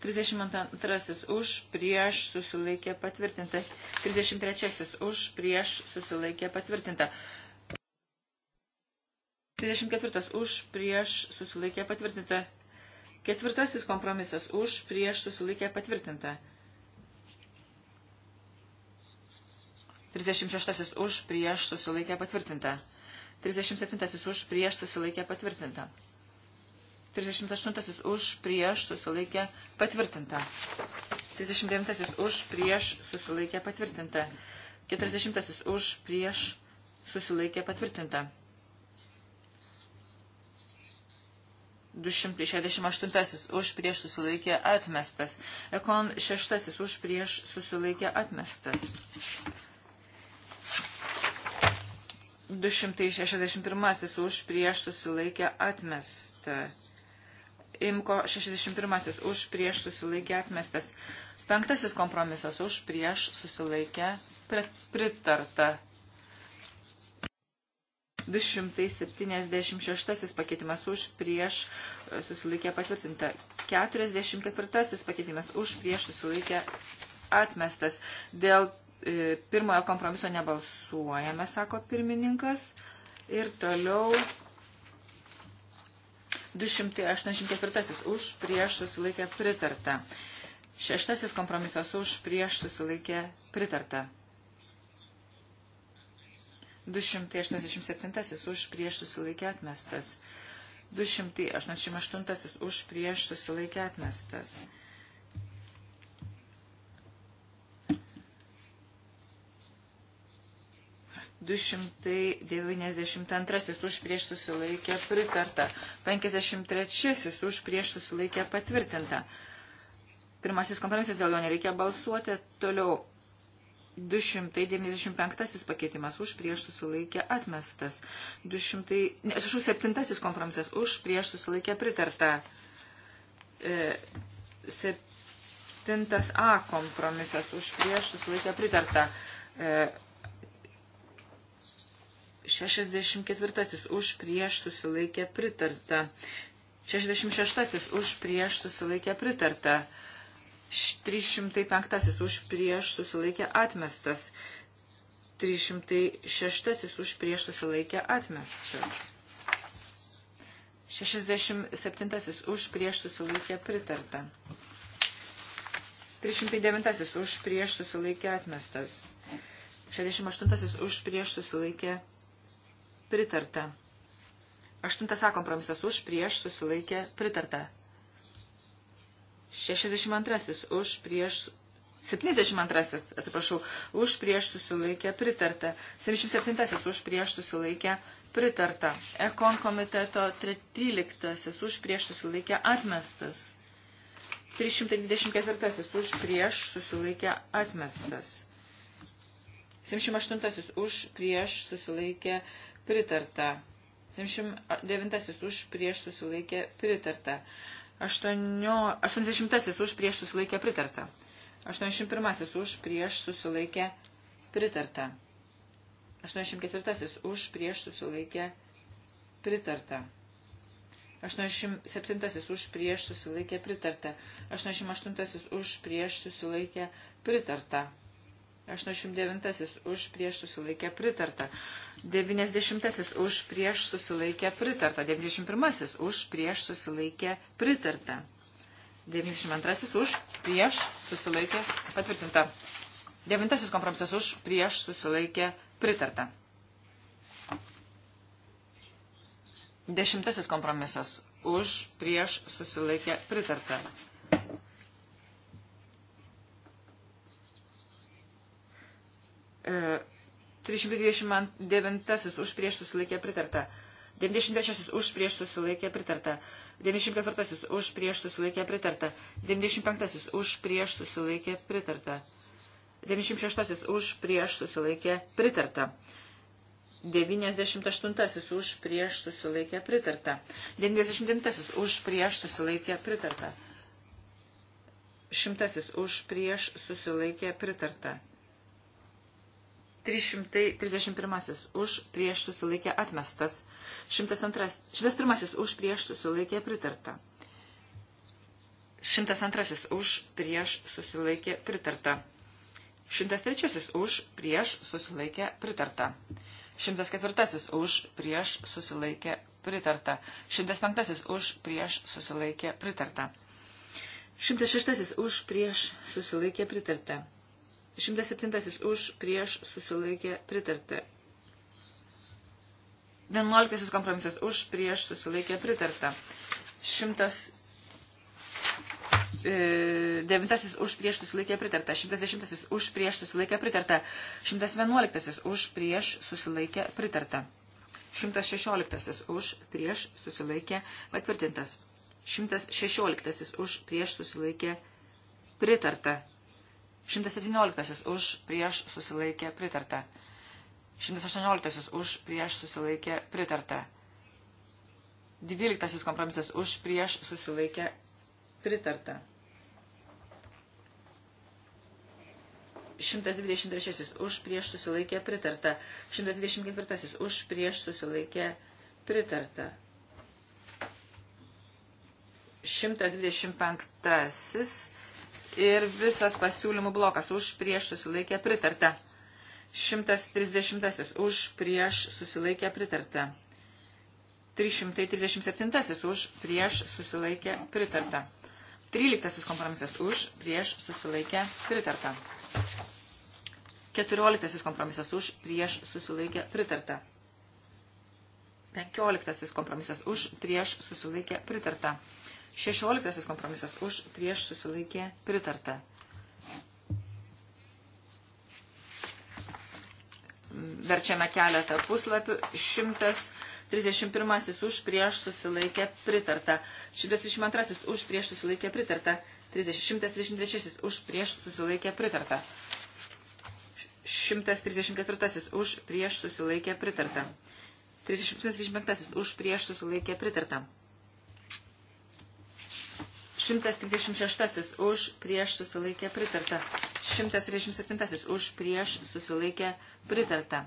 [SPEAKER 6] 32. Už, prieš, susilaikė patvirtinta. 33. Už, prieš, susilaikė patvirtinta. 34 už, prieš, susilaikė patvirtinta. Ketvirtasis kompromisas už, prieš, susilaikė patvirtinta. 36 už, prieš, susilaikė patvirtinta. 37 už, prieš, susilaikė patvirtinta. 38 už, prieš, susilaikė patvirtinta. 39 už, prieš, susilaikė patvirtinta. 40 už, prieš, susilaikė patvirtinta. 268 už prieš susilaikė atmestas. Ekon 6 už prieš susilaikė atmestas. 261 už prieš susilaikė atmestas. Imko 61 už prieš susilaikė atmestas. Penktasis kompromisas už prieš susilaikė pritarta. 276 pakeitimas už prieš e, susilaikė patvirtinta. 44 pakeitimas už prieš susilaikė atmestas. Dėl e, pirmojo kompromiso nebalsuojame, sako pirmininkas. Ir toliau 284 už prieš susilaikė pritarta. Šeštasis kompromisas už prieš susilaikė pritarta. 287 už prieš susilaikė atmestas. 288 už prieš susilaikė atmestas. Du šimtai devyniasdešimt antrasis už prieš susilaikę pritarta, penkiasdešimt trečiasis už prieš susilaikę patvirtinta. Pirmasis kompromisas dėl jo nereikia balsuoti, toliau 295 pakeitimas už prieš susilaikę atmestas. 200, ne, 7 kompromisas už prieš susilaikę pritarta. 7a e, kompromisas už prieš susilaikę pritarta. 64 e, už prieš susilaikę pritarta. 66 už prieš susilaikę pritarta. 305 už prieš susilaikė atmestas. 306 už prieš susilaikė atmestas. 67 už prieš susilaikė pritarta. 309 už prieš susilaikė atmestas. 68 už prieš susilaikė pritarta. 8 kompromisas už prieš susilaikė pritarta. 62 už prieš 72, atsiprašau, už prieš susilaikę pritarta. 77 už prieš susilaikę pritarta. Ekon komiteto 13 už prieš susilaikę atmestas. 324 už prieš susilaikę atmestas. 708 už prieš susilaikę pritarta. 709 už prieš susilaikę pritarta. 80 už prieš susilaikę pritarta. 81 už prieš susilaikę pritarta. 84 už prieš susilaikę pritarta. 87 už prieš susilaikę pritarta. 88 už prieš susilaikę pritarta. 89 už prieš susilaikę pritarta. 90 už prieš susilaikę pritarta. 91 už prieš susilaikę pritarta. 92 už prieš susilaikę patvirtinta. 9 kompromisas už prieš susilaikę pritarta. 10 kompromisas už prieš susilaikę pritarta. 329 e, už prieš susilaikė pritarta. 96 už prieš susilaikė pritarta. 94 už prieš susilaikė pritarta. 95 už prieš susilaikė pritarta. 96 už prieš susilaikė pritarta. 98 už prieš susilaikė pritarta. 99 už prieš susilaikė pritarta. 100 už prieš susilaikė pritarta. 331 už prieš susilaikė atmestas. 102. 101 už prieš susilaikė pritarta. 102 už prieš susilaikė pritarta. 103 už prieš susilaikė pritarta. 104 už prieš susilaikė pritarta. 105 už prieš susilaikė pritarta. 106 už prieš susilaikė pritarta. 107 už prieš susilaikė pritarta. 11 kompromisas už prieš susilaikė pritarta. 109 e, už prieš susilaikė pritarta. 110 už prieš susilaikė pritarta. 111 už prieš susilaikė pritarta. 116 už prieš susilaikė patvirtintas. 116 už prieš susilaikė pritarta. 117 už prieš susilaikė pritarta. 118 už prieš susilaikė pritarta. 12 kompromisas už prieš susilaikė pritarta. 123 už prieš susilaikė pritarta. 124 už prieš susilaikė pritarta. 125 ir visas pasiūlymų blokas už prieš susilaikė pritarta. 130 už prieš susilaikė pritarta. 337 už prieš susilaikė pritarta. 13 kompromisas už prieš susilaikė pritarta. 14 kompromisas už prieš susilaikė pritarta. 15 kompromisas už prieš susilaikė pritarta. Šešioliktasis kompromisas už prieš susilaikė pritarta. Verčiame keletą puslapių. 131 už prieš susilaikė pritarta. 132 už prieš susilaikė pritarta. 136 už prieš susilaikė pritarta. 134 už prieš susilaikė pritarta. 335 už prieš susilaikė pritarta. 136 už prieš susilaikė pritarta. 137 už prieš susilaikė pritarta.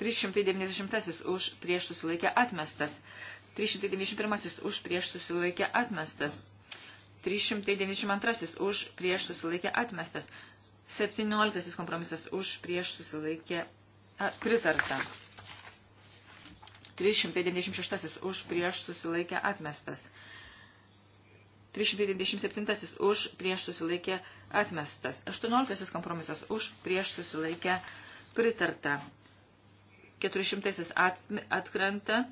[SPEAKER 6] 390 už prieš susilaikė atmestas. 391 už prieš susilaikė atmestas. 392 už prieš susilaikė atmestas. 17 kompromisas už prieš susilaikė pritarta. 396 už prieš susilaikė atmestas. 327 už prieš susilaikė atmestas. 18 kompromisas už prieš susilaikė pritarta. 400 at, atkrenta.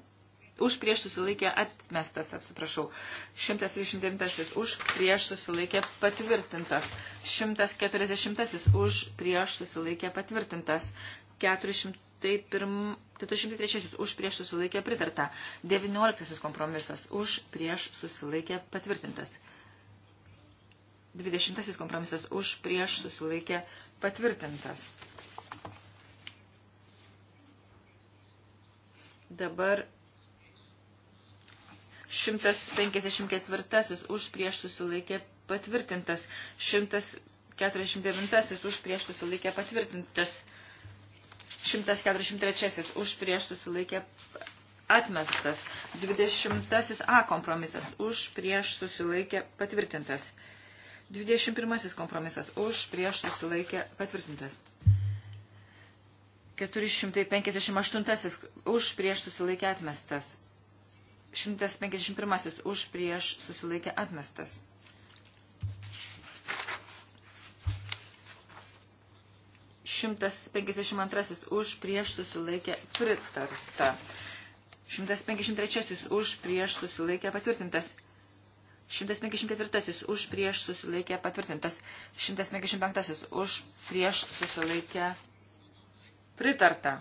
[SPEAKER 6] Už prieš susilaikė atmestas, atsiprašau. 139 už prieš susilaikė patvirtintas. 140 už prieš susilaikė patvirtintas. 400 tai, pirm, tai 203 už prieš susilaikė pritarta, 19 kompromisas už prieš susilaikė patvirtintas, 20 kompromisas už prieš susilaikė patvirtintas. Dabar 154 už prieš susilaikė patvirtintas, 149 už prieš susilaikė patvirtintas. 143 už prieš susilaikė atmestas. 20 A kompromisas už prieš susilaikė patvirtintas. 21 kompromisas už prieš susilaikė patvirtintas. 458 už prieš susilaikė atmestas. 151 už prieš susilaikė atmestas. 152 už prieš susilaikė pritarta. 153 už prieš susilaikė patvirtintas. 154 už prieš susilaikė patvirtintas. 155 už prieš susilaikė pritarta.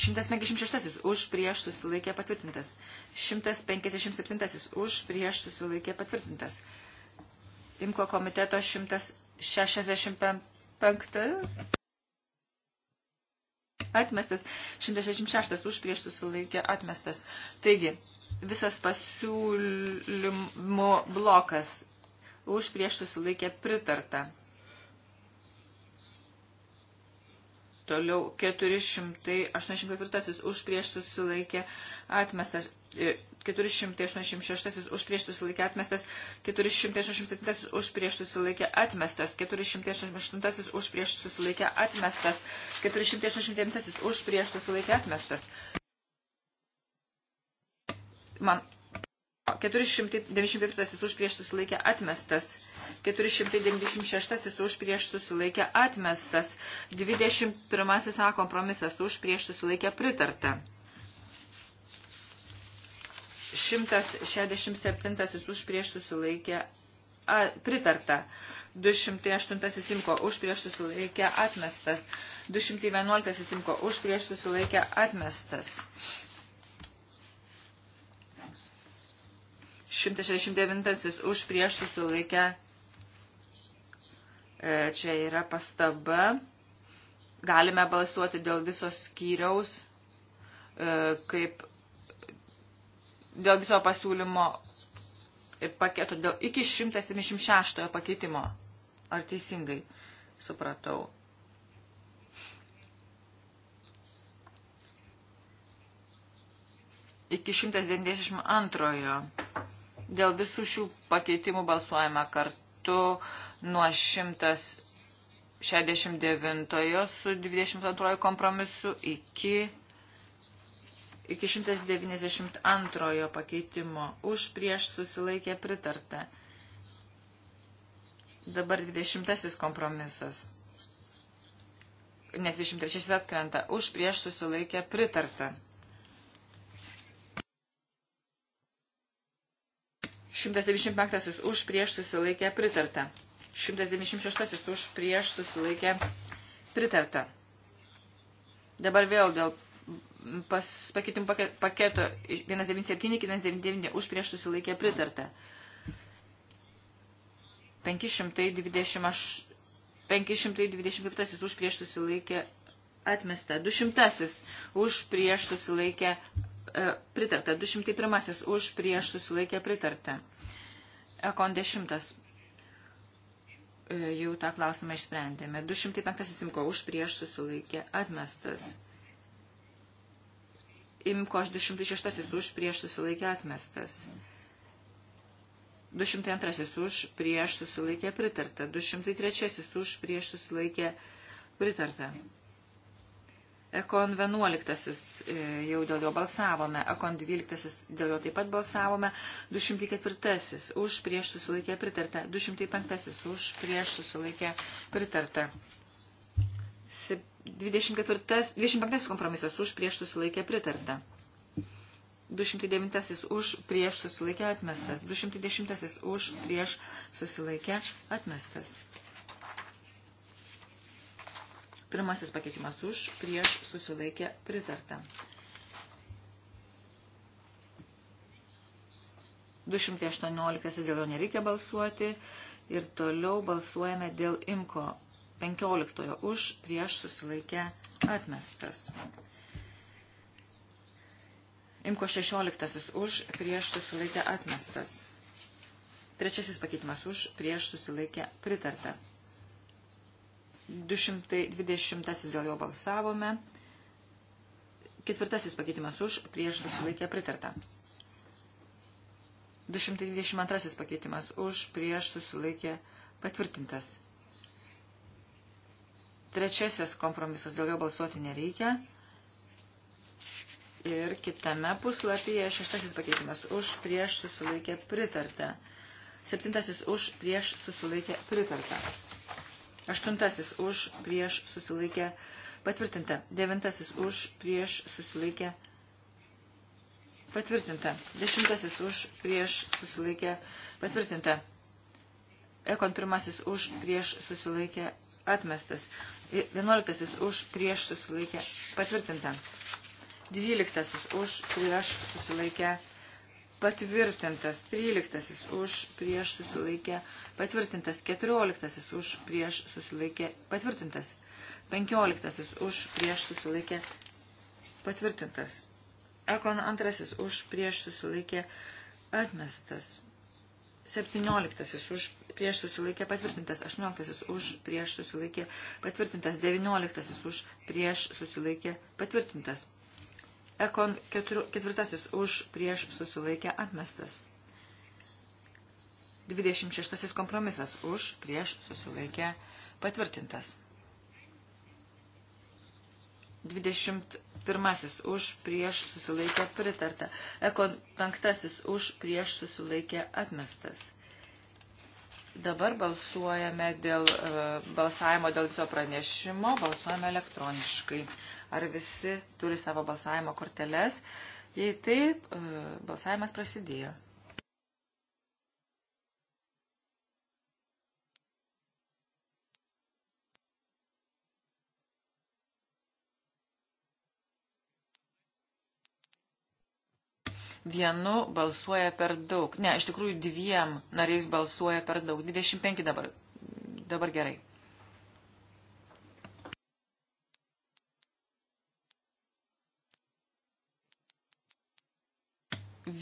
[SPEAKER 6] 156 už prieš susilaikė patvirtintas. 157 už prieš susilaikė patvirtintas. Imko komiteto 165 atmestas, 166 už prieš susilaikė atmestas. Taigi, visas pasiūlymo blokas už prieš susilaikė pritarta. Toliau 484 už prieš susilaikė atmestas. 486 e, už prieš susilaikė atmestas, 487 už prieš susilaikė atmestas, 488 už prieš susilaikė atmestas, 489 už prieš susilaikė atmestas. Man 494 už prieš susilaikė atmestas, 496 už prieš susilaikė atmestas, 21 A kompromisas už prieš susilaikė pritarta. 167 už prieš susilaikė a, pritarta, 208 simko už prieš susilaikė atmestas, 211 simko už prieš susilaikė atmestas. 169 už prieš susilaikę. E, čia yra pastaba. Galime balsuoti dėl visos skyriaus, e, kaip dėl viso pasiūlymo paketo, dėl iki 176 pakeitimo. Ar teisingai supratau? Iki 192. Dėl visų šių pakeitimų balsuojame kartu nuo 169 su 22 kompromisu iki, iki 192 pakeitimo. Už prieš susilaikė pritarta. Dabar 20 kompromisas. Nes 23 atkrenta. Už prieš susilaikė pritarta. 195 už prieš susilaikę pritarta. 196 už prieš susilaikę pritarta. Dabar vėl dėl pas, pakeitim paketo 197 iki 199 už prieš susilaikę pritarta. 528 525 už prieš susilaikę atmesta, 200 už prieš susilaikę E, pritarta. 201 už prieš susilaikė pritarta. Ekon 10 e, jau tą klausimą išsprendėme. 205 simko už prieš susilaikė atmestas. Imko 206 už prieš susilaikė atmestas. 202 už prieš susilaikė pritarta. 203 už prieš susilaikė pritarta. Ekon 11 e, jau dėl jo balsavome, Ekon 12 dėl jo taip pat balsavome, 204 už prieš susilaikę pritartą, 205 už prieš susilaikę pritartą. 24, 25 kompromisas už prieš susilaikę pritartą. 209 už prieš susilaikę atmestas. 210 už prieš susilaikę atmestas. Pirmasis pakeitimas už, prieš susilaikė pritarta. 218 dėl jo nereikia balsuoti ir toliau balsuojame dėl imko 15 už prieš susilaikę atmestas. Imko 16 už prieš susilaikę atmestas. Trečiasis pakeitimas už prieš susilaikę pritarta. 220 dėl jo balsavome. Ketvirtasis pakeitimas už, prieš susilaikė pritarta. 222 pakeitimas už, prieš susilaikė patvirtintas. Trečiasis kompromisas dėl jo balsuoti nereikia. Ir kitame puslapyje šeštasis pakeitimas už, prieš susilaikė pritarta. Septintasis už, prieš susilaikė pritarta. Aštuntasis už prieš susilaikė patvirtinta. Devintasis už prieš susilaikė patvirtinta. Dešimtasis už prieš susilaikė patvirtinta. Ekon pirmasis už prieš susilaikė atmestas. Vienuoliktasis už prieš susilaikė patvirtinta. Dvyliktasis už prieš susilaikė patvirtinta patvirtintas 13 už prieš susilaikę, patvirtintas 14 už prieš susilaikę, patvirtintas 15 už prieš susilaikę, patvirtintas. Ekon antrasis už prieš susilaikę, atmestas. 17 už prieš susilaikė patvirtintas, 18 už prieš susilaikė patvirtintas, 19 už prieš susilaikė patvirtintas. Ekon keturu, ketvirtasis už prieš susilaikę atmestas. 26 kompromisas už prieš susilaikę patvirtintas. 21 už prieš susilaikę pritarta. Ekon penktasis už prieš susilaikę atmestas. Dabar balsuojame dėl e, balsavimo dėl viso pranešimo, balsuojame elektroniškai. Ar visi turi savo balsavimo korteles? Jei taip, e, balsavimas prasidėjo. vienu balsuoja per daug. Ne, iš tikrųjų dviem nariais balsuoja per daug. 25 dabar. Dabar gerai.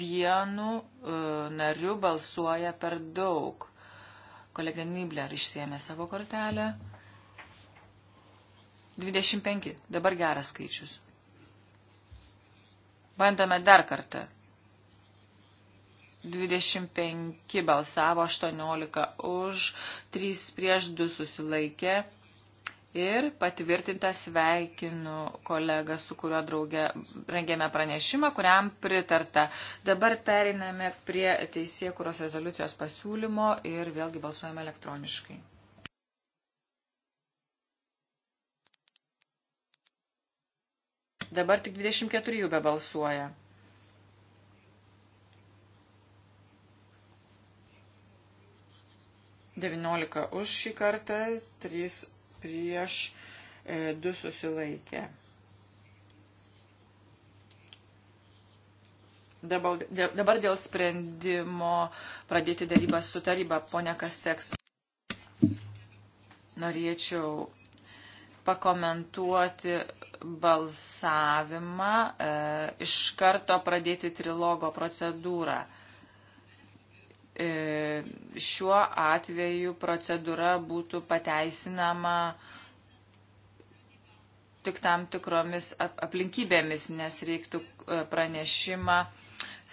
[SPEAKER 6] vienu e, nariu balsuoja per daug. Kolegė Nibler išsiemė savo kortelę. 25. Dabar geras skaičius. Bandome dar kartą. 25 balsavo, 18 už, 3 prieš 2 susilaikė ir patvirtinta sveikinu kolegą, su kuriuo draugė rengėme pranešimą, kuriam pritarta. Dabar periname prie teisėkuros rezoliucijos pasiūlymo ir vėlgi balsuojame elektroniškai. Dabar tik 24 jų bebalsuoja. Devyniolika už šį kartą, trys prieš, e, du susilaikė. Dabar dėl sprendimo pradėti darybą su taryba, ponia Kasteks. Norėčiau pakomentuoti balsavimą, e, iš karto pradėti trilogo procedūrą. E, šiuo atveju procedūra būtų pateisinama tik tam tikromis aplinkybėmis, nes reiktų e, pranešimą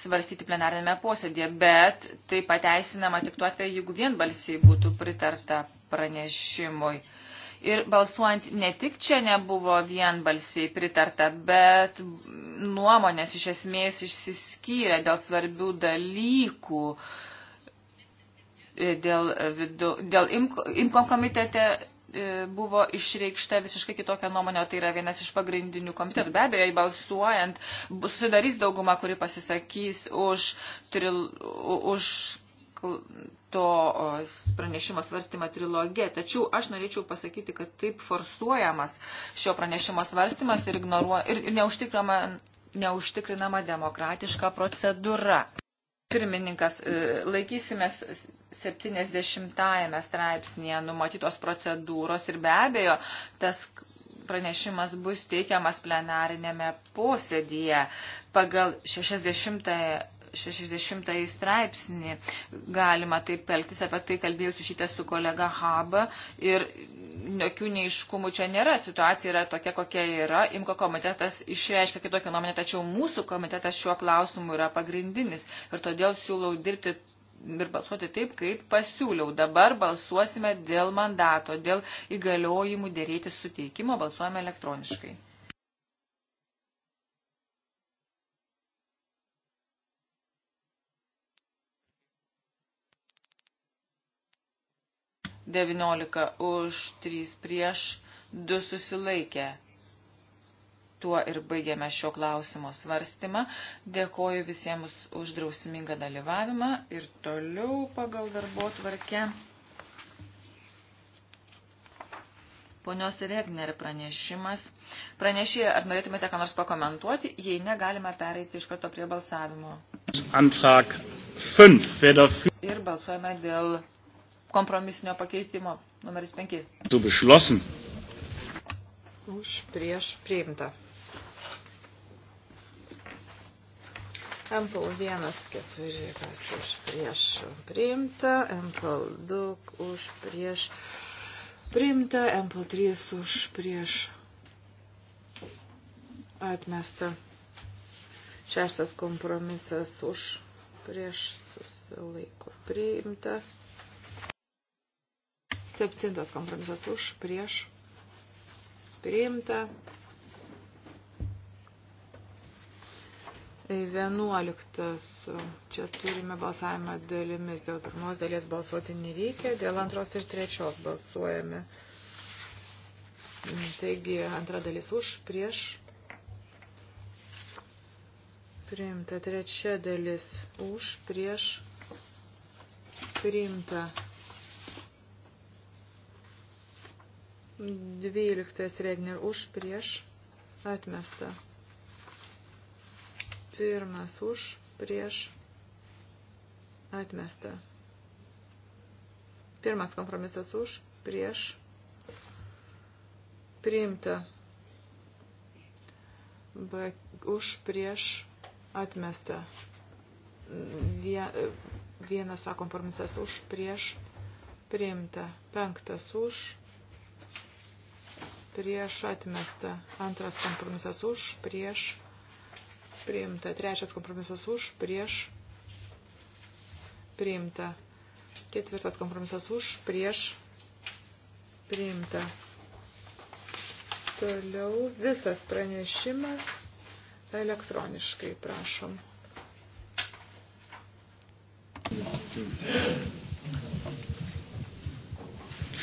[SPEAKER 6] svarstyti plenarinėme posėdėje, bet tai pateisinama tik tuo atveju, jeigu vienbalsiai būtų pritarta pranešimui. Ir balsuojant ne tik čia nebuvo vienbalsiai pritarta, bet nuomonės iš esmės išsiskyrė dėl svarbių dalykų. Uh, E, dėl, vidu, dėl imko, imko komitete e, buvo išreikšta visiškai kitokia nuomonė, tai yra vienas iš pagrindinių komitetų. Be abejo, balsuojant, sudarys dauguma, kuri pasisakys už, tril, už to pranešimo svarstymą trilogė. Tačiau aš norėčiau pasakyti, kad taip forsuojamas šio pranešimo svarstymas ir, ignoruo, ir neužtikrinama, neužtikrinama demokratiška procedūra. Pirmininkas, e, laikysimės 70-ame straipsnėje numatytos procedūros ir be abejo tas pranešimas bus teikiamas plenarinėme posėdyje. Pagal 60 60 straipsnį. Galima taip elgtis, apie tai kalbėjau šitą su kolega Haba ir jokių neiškumų čia nėra. Situacija yra tokia, kokia yra. Imko komitetas išreiškia kitokią nuomonę, tačiau mūsų komitetas šiuo klausimu yra pagrindinis ir todėl siūlau dirbti ir balsuoti taip, kaip pasiūliau. Dabar balsuosime dėl mandato, dėl įgaliojimų dėrėti suteikimo, balsuojame elektroniškai. 19 už, 3 prieš, 2 susilaikė. Tuo ir baigėme šio klausimo svarstymą. Dėkoju visiems už drausmingą dalyvavimą ir toliau pagal darbo tvarkę. Ponios Regner pranešimas. Pranešė, ar norėtumėte ką nors pakomentuoti, jei negalime pereiti iš karto prie balsavimo.
[SPEAKER 1] Antrag 5.
[SPEAKER 6] Ir balsuojame dėl kompromisinio pakeitimo numeris 5.
[SPEAKER 1] Tu beschlossen.
[SPEAKER 6] Už prieš priimta.
[SPEAKER 2] MPL 1, 4, kas už prieš priimta, MPL 2 už prieš priimta, MPL 3 už prieš atmesta. Šeštas kompromisas už prieš susilaiko priimta. Septintas kompromisas už, prieš, priimta. Vienuoliktas, čia turime balsavimą dalimis, dėl pirmos dalies balsuoti nereikia, dėl antros ir trečios balsuojame. Taigi antra dalis už, prieš, priimta, trečia dalis už, prieš, priimta. 12 regner už prieš atmesta. Pirmas už prieš atmesta. Pirmas kompromisas už prieš priimta. B už prieš atmesta. Vienas A kompromisas už prieš priimta. Penktas už prieš atmesta. Antras kompromisas už, prieš priimta. Trečias kompromisas už, prieš priimta. Ketvirtas kompromisas už, prieš priimta. Toliau visas pranešimas elektroniškai,
[SPEAKER 4] prašom. Thank you.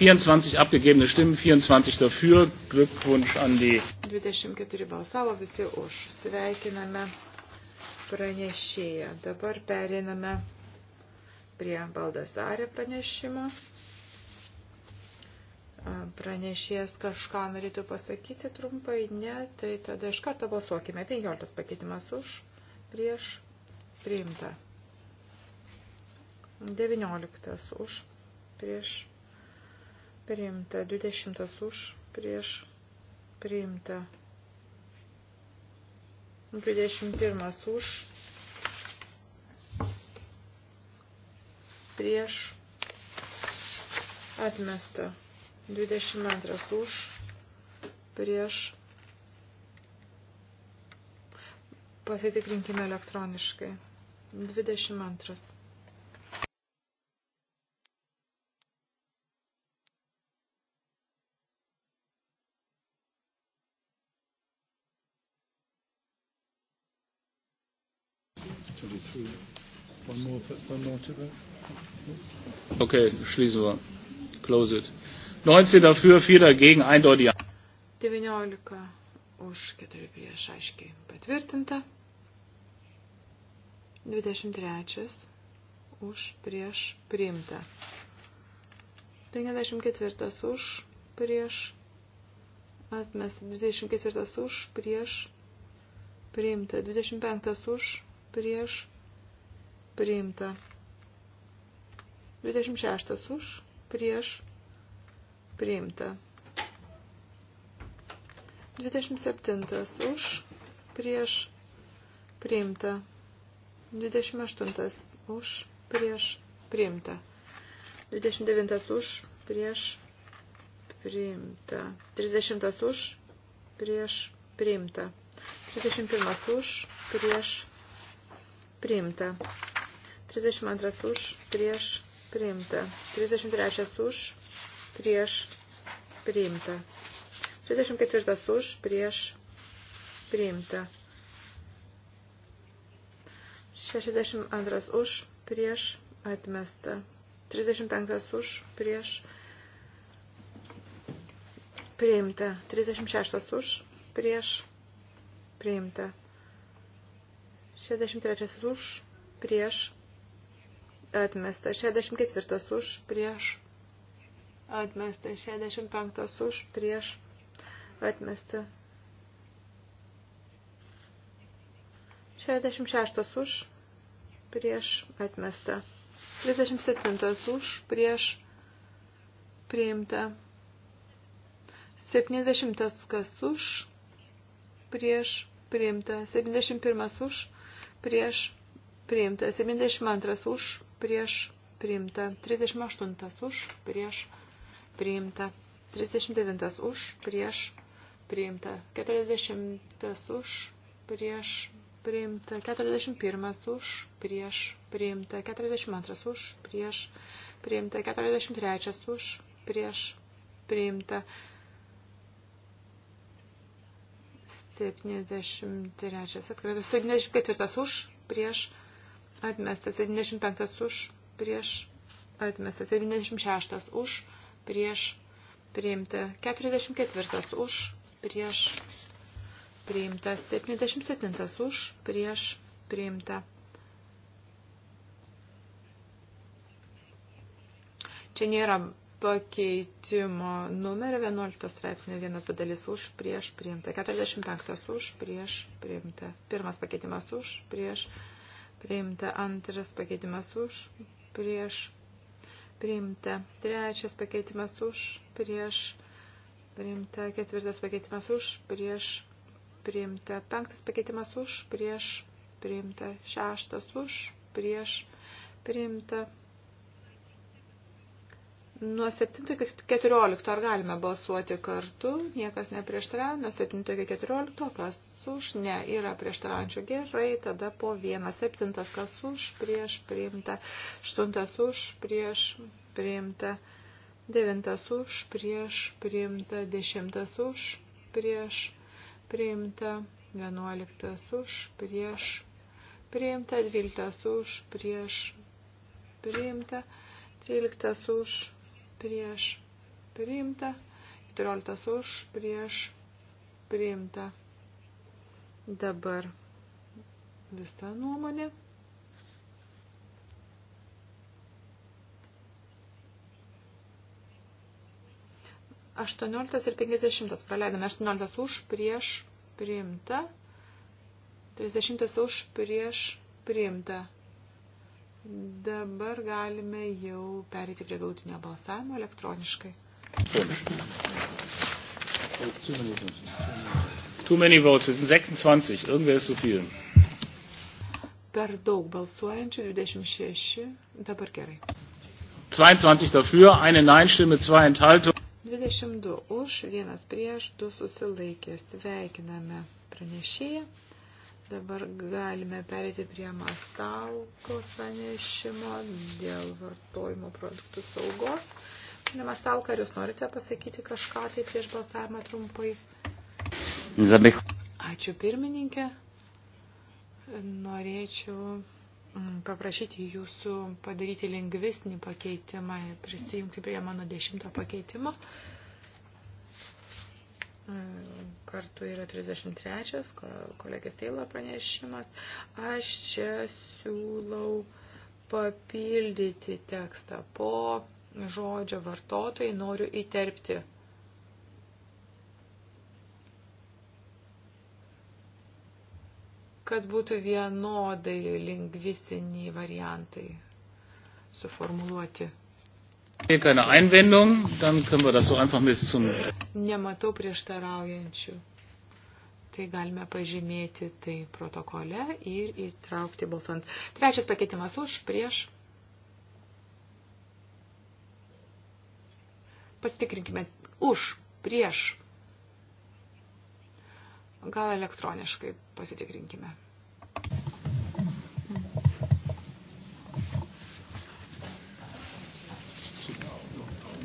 [SPEAKER 1] 24 abgegebene Stimmen, 24 dafür. Glückwunsch an die.
[SPEAKER 2] 24 balsavo, visi už. Sveikiname pranešėją. Dabar periname prie Baldasarė pranešimo. Pranešėjas kažką norėtų pasakyti trumpai, ne, tai tada iš karto balsuokime. 15 pakeitimas už, prieš, priimta. 19 už, prieš, priimta, 20 už, prieš, priimta, 21 už, prieš, atmesta, 22 už, prieš, pasitikrinkime elektroniškai, 22.
[SPEAKER 4] One more, one more to go.
[SPEAKER 1] Okay, schließen wir. Close it. 19 dafür, 4 dagegen, eindeutig.
[SPEAKER 2] 19 už 4 prieš aiškiai patvirtinta. 23 už prieš priimta. 54 už prieš atmes. 24 už prieš priimta. 25 už prieš priimta priimta. 26 už, prieš, priimta. 27 už, prieš, priimta. 28 už, prieš, priimta. 29 už, prieš, priimta. 30 už, prieš, priimta. 31 už, prieš, priimta. 32 už, prieš, priimta. 33 už, prieš, priimta. 34 už, prieš, priimta. 62 už, prieš, atmesta. 35 už, prieš, priimta. 36 už, prieš, priimta. 63 už, prieš, atmesta 64 už prieš, atmesta 65 už prieš, atmesta 66 už prieš, atmesta 37 už prieš, priimta 70 kas už prieš, priimta 71 už prieš, priimta 72 už prieš priimta, 38 už prieš priimta, 39 už prieš priimta, 40 už prieš priimta, 41 už prieš priimta, 42 už prieš priimta, 43 už prieš priimta. 73 atkrito, 74 už prieš atmestas 75 už, prieš atmestas 76 už, prieš priimta 44 už, prieš priimta 77 už, prieš priimta. Čia nėra pakeitimo numerio 11 straipsnio vienas vadalis už prieš priimta, 45 už prieš priimta, pirmas pakeitimas už prieš priimta priimta antras pakeitimas už, prieš, priimta trečias pakeitimas už, prieš, priimta ketvirtas pakeitimas už, prieš, priimta penktas pakeitimas už, prieš, priimta šeštas už, prieš, priimta. Nuo 7 iki 14 ar galime balsuoti kartu, niekas neprieštarauja, nuo 7 iki 14 kas už, ne, yra prieštarančių gerai, tada po vieną, septintas kas už, prieš priimta, aštuntas už, prieš priimta, devintas už, prieš priimta, dešimtas už, prieš priimta, vienuoliktas už, prieš priimta, dvyliktas už, prieš priimta, tryliktas už, prieš priimta, keturioliktas už, prieš priimta. Dabar visa nuomonė. Aštuonioliktas ir penkisdešimtas praleidome. Aštuonioliktas už prieš priimta. Trisdešimtas už prieš priimta. Dabar galime jau perėti prie galutinio balsavimo elektroniškai. Elektroniškai.
[SPEAKER 1] Too many votes. Wir sind 26. Irgendwer ist zu viel.
[SPEAKER 2] Per daug balsuojančių 26. Dabar gerai.
[SPEAKER 1] 22 dafür, eine Nein-Stimme, zwei Enthaltungen.
[SPEAKER 2] 22 už, vienas prieš, du susilaikė. Sveikiname pranešėją. Dabar galime perėti prie Mastalkos pranešimo dėl vartojimo produktų saugos. Mastalka, ar jūs norite pasakyti kažką tai prieš balsavimą trumpai? Zabech. Ačiū pirmininkė. Norėčiau mm, paprašyti jūsų padaryti lingvistinį pakeitimą, prisijungti prie mano dešimto pakeitimo. Mm, kartu yra 33, kolegės Teila pranešimas. Aš čia siūlau papildyti tekstą po žodžio vartotojai, noriu įterpti kad būtų vienodai lingvistiniai variantai suformuluoti. Nematau prieštaraujančių. Tai galime pažymėti tai protokole ir įtraukti balsuojant. Trečias pakeitimas už, prieš. Pasitikrinkime už, prieš Gal elektroniškai pasitikrinkime.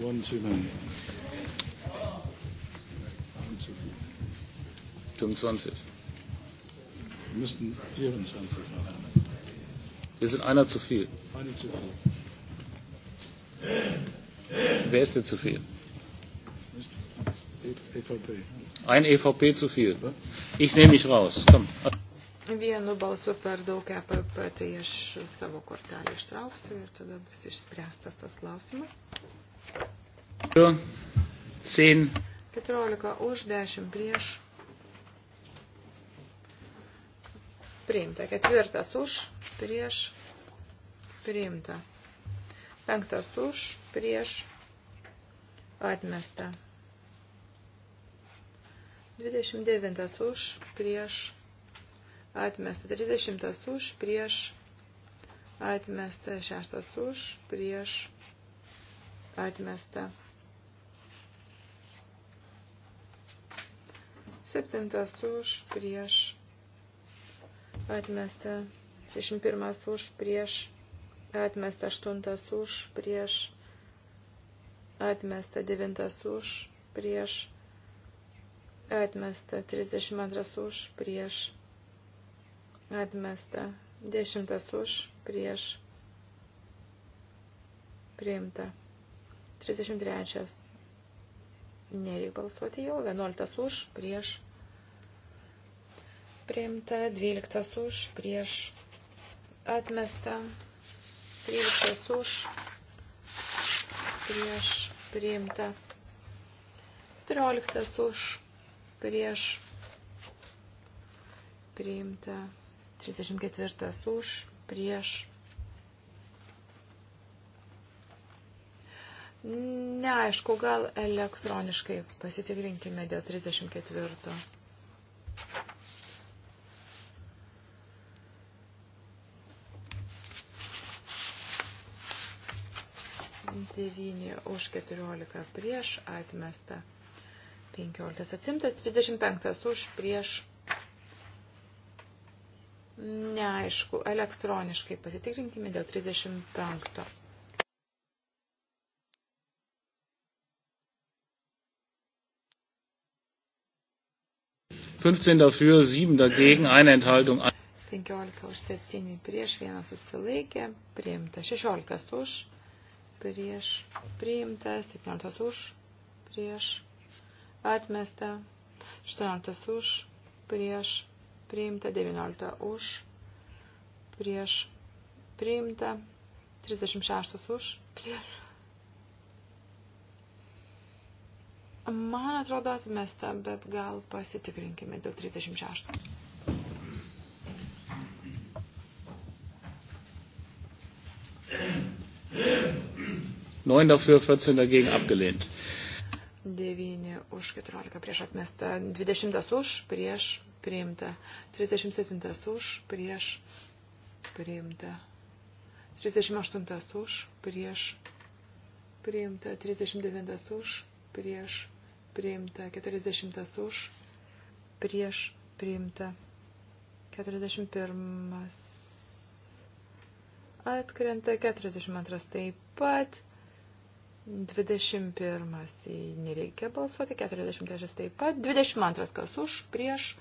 [SPEAKER 1] One too many. 25. Wir müssten 24 noch haben. Wir sind einer zu viel. Eine zu viel. Wer ist denn zu viel? E Ein EVP zu viel. Ich nehme mich raus. Komm.
[SPEAKER 2] Vienu balsu per daug EPP, tai aš savo kortelį ištrauksiu ir tada bus išspręstas tas klausimas.
[SPEAKER 1] 10.
[SPEAKER 2] 14 už, 10 prieš. Priimta. Ketvirtas už, prieš. Priimta. Penktas už, prieš. Atmesta. 29 už prieš atmestą, 30 už prieš atmestą, 6 už prieš atmestą, 7 už prieš atmestą, 61 už prieš atmestą, 8 už prieš atmestą, 9 už prieš atmestą Atmesta. 32 už prieš. Atmesta. 10 už prieš. Priimta. 33. Nereik balsuoti jau. 11 už prieš. Priimta. 12 už prieš. Atmesta. 13 už prieš. Priimta. 13 už prieš priimta 34 už prieš. Neaišku, gal elektroniškai pasitikrinkime dėl 34. Devyni už 14 prieš atmesta. 15 atsimtas, 35 už prieš neaišku, elektroniškai pasitikrinkime dėl 35.
[SPEAKER 1] dafür, 7 dagegen, eine Enthaltung.
[SPEAKER 2] 15 už 7 prieš, vienas susilaikė, priimta 16 už, prieš, priimta 17 už, prieš, atmesta, 18 už, prieš, priimta, 19 už, prieš, priimta, 36 už, prieš. Man atrodo atmesta, bet gal pasitikrinkime dėl 36.
[SPEAKER 1] Neun dafür, 14 dagegen abgelehnt.
[SPEAKER 2] 9 už 14 prieš atmestą, 20 už prieš priimta, 37 už prieš priimta, 38 už prieš priimta, 39 už prieš priimta, 40 už prieš priimta, 41 atkrenta, 42 taip pat. 21 nereikia balsuoti, 43 taip pat, 22 kas už, prieš,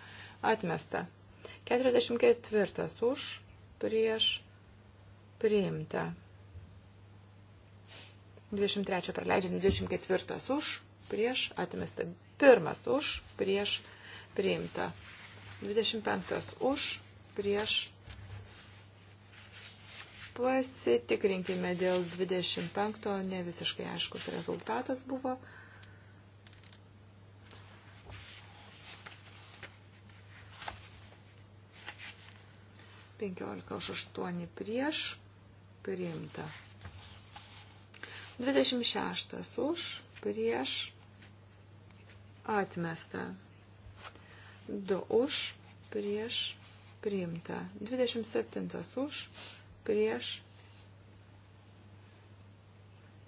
[SPEAKER 2] atmesta. 44 už, prieš, priimta. 23 praleidžiam, 24 už, prieš, atmesta. 1 už, prieš, priimta. 25 už, prieš, Pasitikrinkime dėl 25, ne visiškai aiškus tai rezultatas buvo. Penkiolika už aštuoni prieš priimta. 26 už prieš atmesta. 2 už prieš priimta. 27 už prieš.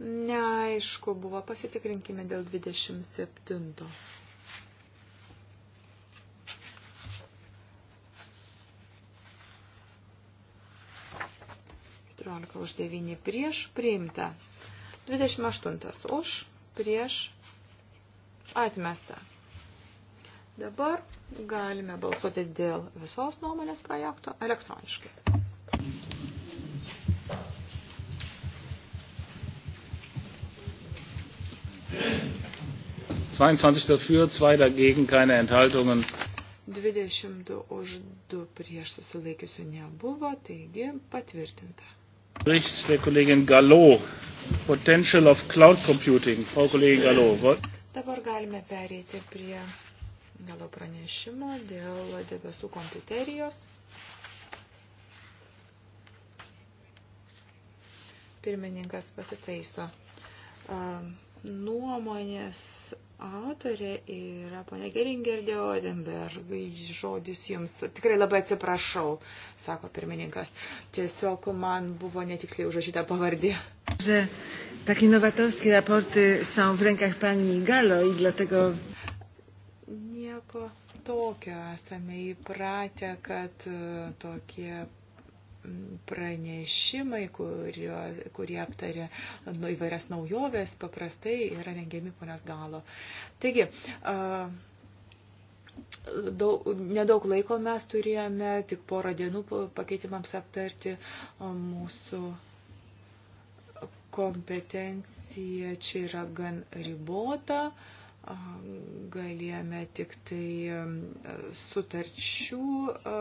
[SPEAKER 2] Neaišku buvo, pasitikrinkime dėl 27. už 9 prieš priimta. 28 už prieš atmesta. Dabar galime balsuoti dėl visos nuomonės projekto elektroniškai.
[SPEAKER 1] 22 dafür, 2 dagegen, keine Enthaltungen.
[SPEAKER 2] 20 už 2 prieš susilaikiusių nebuvo, taigi patvirtinta.
[SPEAKER 1] Bericht der Kollegin Gallo, Potential of Cloud Computing. Frau Kollegin Gallo. What?
[SPEAKER 2] Dabar galime pereiti prie galo pranešimo dėl debesų kompiuterijos. Pirmininkas pasitaiso. Um, nuomonės autorė yra ponia Geringer de Odenberg. Žodis jums. Tikrai labai atsiprašau, sako pirmininkas. Tiesiog man buvo netiksliai užrašyta pavardė.
[SPEAKER 6] Że takie nowatorskie raporty są w rękach pani Galo i dlatego...
[SPEAKER 2] Nieko tokio esame įpratę, kad e, tokie pranešimai, kurio, kurie aptarė nu, įvairias naujoves, paprastai yra rengiami ponios galo. Taigi, uh, daug, nedaug laiko mes turėjome, tik porą dienų pakeitimams aptarti mūsų kompetencija čia yra gan ribota. Uh, galėjome tik tai sutarčių e,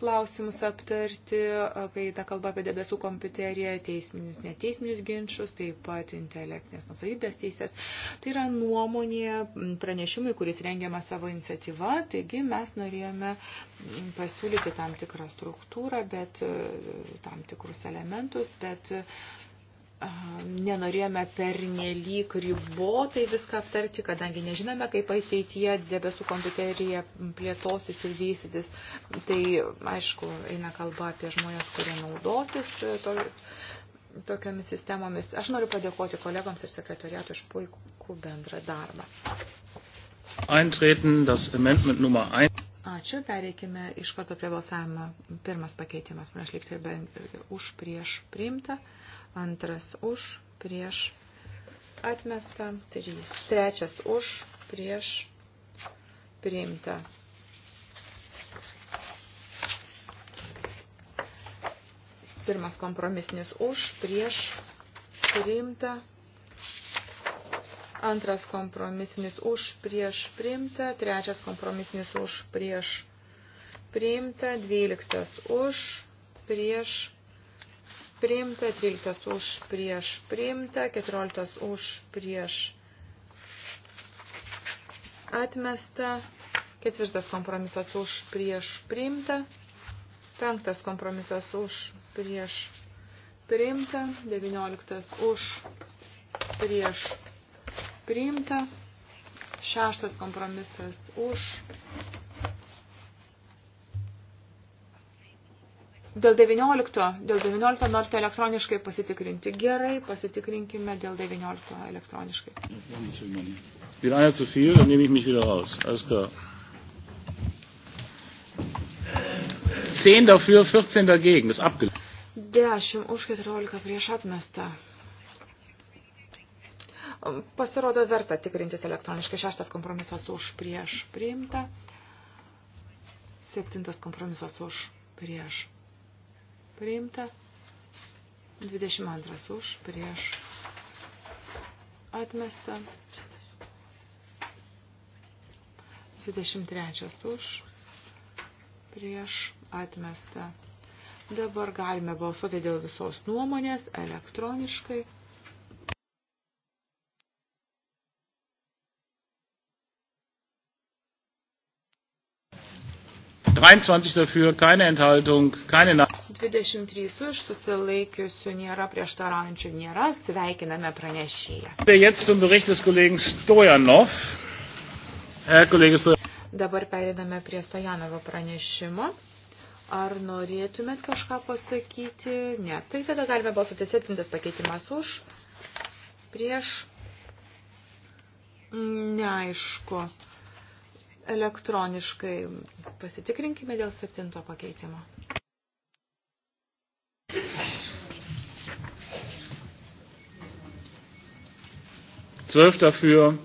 [SPEAKER 2] klausimus aptarti, e, kai ta kalba apie debesų kompiuteriją, teisminius, neteisminius ginčius, taip pat intelektinės nusavybės teisės. Tai yra nuomonė pranešimui, kuris rengiama savo iniciatyva, taigi mes norėjome pasiūlyti tam tikrą struktūrą, bet e, tam tikrus elementus, bet nenorėjome pernelyg ribotai viską aptarti, kadangi nežinome, kaip ateityje debesų kompiuterija plėtosis ir vystytis. Tai, aišku, eina kalba apie žmonės, kurie naudosis e, to, tokiamis sistemomis. Aš noriu padėkoti kolegoms ir sekretoriatui už puikų bendrą darbą.
[SPEAKER 1] Eintreten, das Amendment Nummer 1.
[SPEAKER 2] Ačiū, pereikime iš karto prie balsavimo. Pirmas pakeitimas prieš likti ir už prieš priimtą. Antras už, prieš atmesta. Trys. Trečias už, prieš priimta. Pirmas kompromisnis už, prieš, priimta. Antras kompromisnis už, prieš, priimta. Trečias kompromisnis už, prieš, priimta. Dvyliktas už, prieš, priimta, 13 už prieš priimta, 14 už prieš atmesta, 4 kompromisas už prieš priimta, 5 kompromisas už prieš priimta, 19 už prieš priimta, 6 kompromisas už Dėl 19, dėl 19 norite elektroniškai pasitikrinti. Gerai, pasitikrinkime dėl
[SPEAKER 3] 19 elektroniškai.
[SPEAKER 1] Bin einer zu viel, dann nehme ich mich wieder raus. Alles klar. 10 dafür, 14 dagegen. Das abgelehnt.
[SPEAKER 2] 10 už 14 prieš atmestą. Pasirodo verta tikrintis elektroniškai. Šeštas kompromisas už prieš priimta. Septintas kompromisas už prieš priimta. 22 už, prieš atmesta. 23 už, prieš atmesta. Dabar galime balsuoti dėl visos nuomonės elektroniškai.
[SPEAKER 1] 23 dafür, keine Enthaltung, keine Nach
[SPEAKER 2] 23 už susilaikiusių nėra prieštaraujančių nėra. Sveikiname pranešėją.
[SPEAKER 1] Jetzt zum Bericht des Kollegen Stojanov. Herr Kollege Stojanov.
[SPEAKER 2] Dabar perėdame prie Stojanovo pranešimo. Ar norėtumėt kažką pasakyti? Ne. Tai tada galime balsuoti septintas pakeitimas už, prieš, neaišku elektroniškai. Pasitikrinkime dėl septinto pakeitimo.
[SPEAKER 1] Zwölf dafür,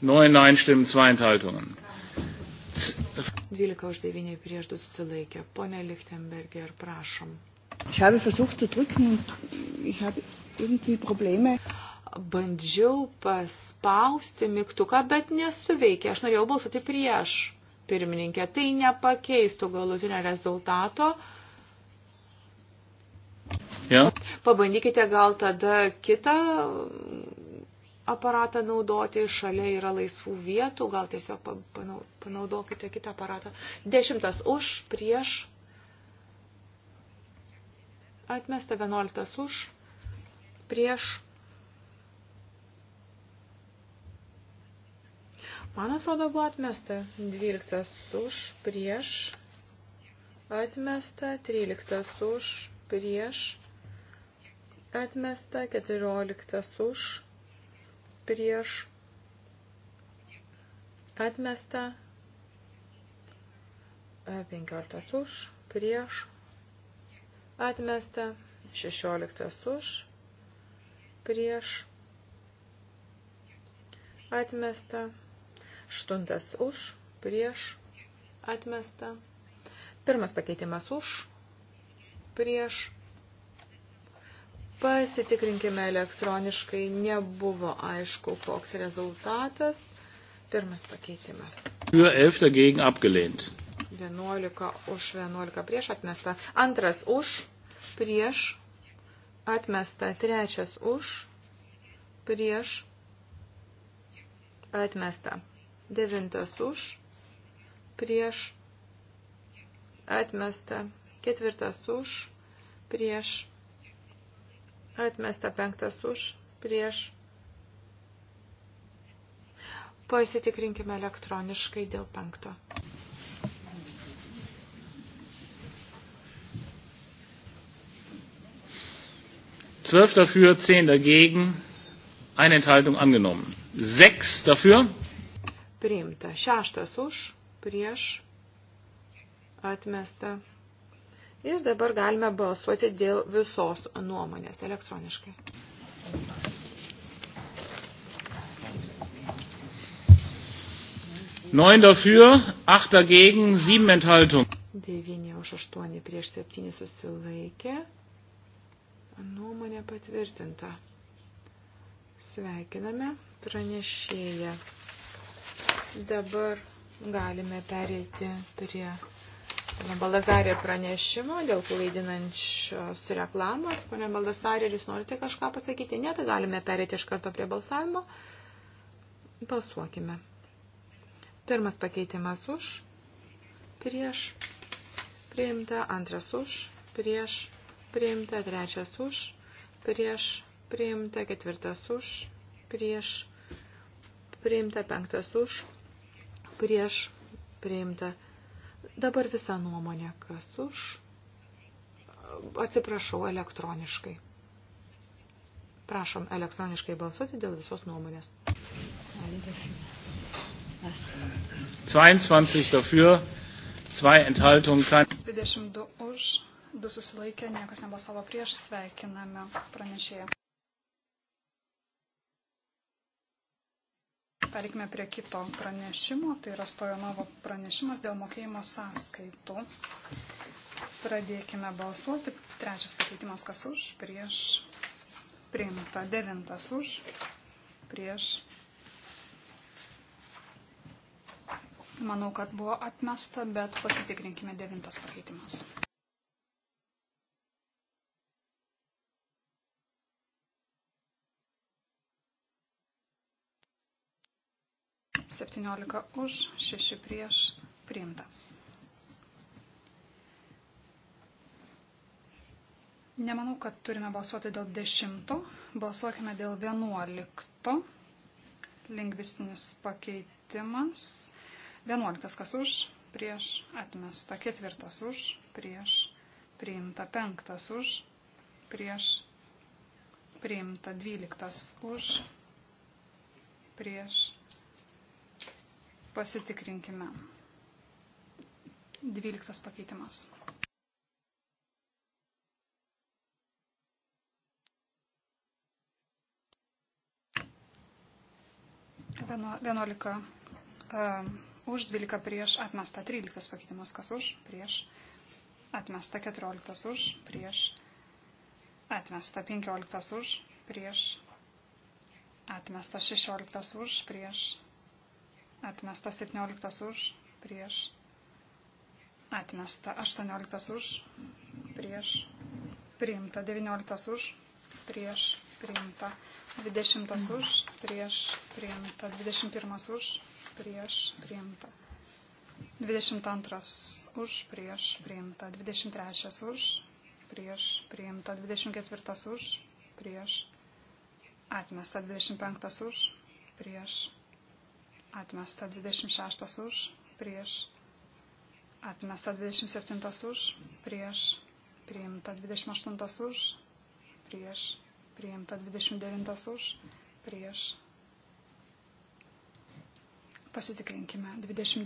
[SPEAKER 1] neun Nein-Stimmen, zwei Enthaltungen.
[SPEAKER 2] 12 už 9 prieš 2 susilaikė. Pone Lichtenberger, prašom.
[SPEAKER 3] Ich habe versucht zu drücken und ich habe irgendwie Probleme
[SPEAKER 2] bandžiau paspausti mygtuką, bet nesuveikė. Aš norėjau balsuoti prieš pirmininkę. Tai nepakeistų galutinio rezultato. Ja. Pabandykite gal tada kitą aparatą naudoti, šalia yra laisvų vietų, gal tiesiog panaudokite kitą aparatą. Dešimtas už, prieš, atmesta vienuoliktas už, prieš, Man atrodo, buvo atmesta 12 už, prieš, atmesta 13 už, prieš, atmesta 14 už, prieš, atmesta 15 e, už, prieš, atmesta 16 už, prieš, atmesta Aštuntas už, prieš, atmesta. Pirmas pakeitimas už, prieš. Pasitikrinkime elektroniškai, nebuvo aišku, koks rezultatas. Pirmas pakeitimas.
[SPEAKER 1] Für 11 dagegen abgelehnt.
[SPEAKER 2] 11 už 11 prieš atmesta. Antras už, prieš, atmesta. Trečias už, prieš, atmesta. Devintas už, prieš, atmesta. Ketvirtas už, prieš, atmesta. Penktas už, prieš. Pasitikrinkime elektroniškai dėl penkto.
[SPEAKER 1] Zwölf dafür, zehn dagegen, eine Enthaltung angenommen. Sechs dafür,
[SPEAKER 2] priimta. Šeštas už, prieš, atmesta. Ir dabar galime balsuoti dėl visos nuomonės elektroniškai.
[SPEAKER 1] Neun dafür, acht dagegen, sieben Enthaltungen.
[SPEAKER 2] Devyni už aštuoni prieš septyni susilaikė. Nuomonė patvirtinta. Sveikiname pranešėją. Dabar galime perėti prie Balazarė pranešimo dėl klaidinančios reklamos. Pone Balazarė, jūs norite kažką pasakyti? Ne, tai galime perėti iš karto prie balsavimo. Balsuokime. Pirmas pakeitimas už, prieš, priimta, antras už, prieš, priimta, trečias už, prieš, priimta, ketvirtas už, prieš, priimta, penktas už, prieš priimta. Dabar visa nuomonė, kas už. Atsiprašau elektroniškai. Prašom elektroniškai balsuoti
[SPEAKER 3] dėl visos nuomonės. 22
[SPEAKER 1] dafür, 2 enthaltungen, kein.
[SPEAKER 3] 22 už, 2 susilaikė, niekas nebalsavo prieš, sveikiname pranešėją. Pereikime prie kito pranešimo, tai yra Stojanovo pranešimas dėl mokėjimo sąskaitų. Pradėkime balsuoti. Trečias pakeitimas kas už, prieš, priimta. Devintas už, prieš. Manau, kad buvo atmesta, bet pasitikrinkime devintas pakeitimas. 17 už, 6 prieš priimta. Nemanau, kad turime balsuoti dėl 10, balsuokime dėl 11. Lingvistinis pakeitimas. 11 kas už, prieš atmesta, 4 už, prieš priimta, 5 už, prieš priimta, 12 už, prieš priimta Pasitikrinkime. 12 pakeitimas. Vienuolika už 12 prieš atmesta 13 pakeitimas, kas už prieš atmesta 14 už prieš atmesta 15 už prieš atmesta 16 už prieš atmesta 17 už, prieš, atmesta 18 už, prieš, priimta 19 už, prieš, priimta 20 už, prieš, priimta 21 už, prieš, priimta 22 už, prieš, priimta 23 už, prieš, priimta 24 už, prieš, atmesta 25 už, prieš, atmesta 26 už, prieš, atmesta 27 už, prieš, priimta 28 už, prieš, priimta 29 už, prieš. Pasitikrinkime 29.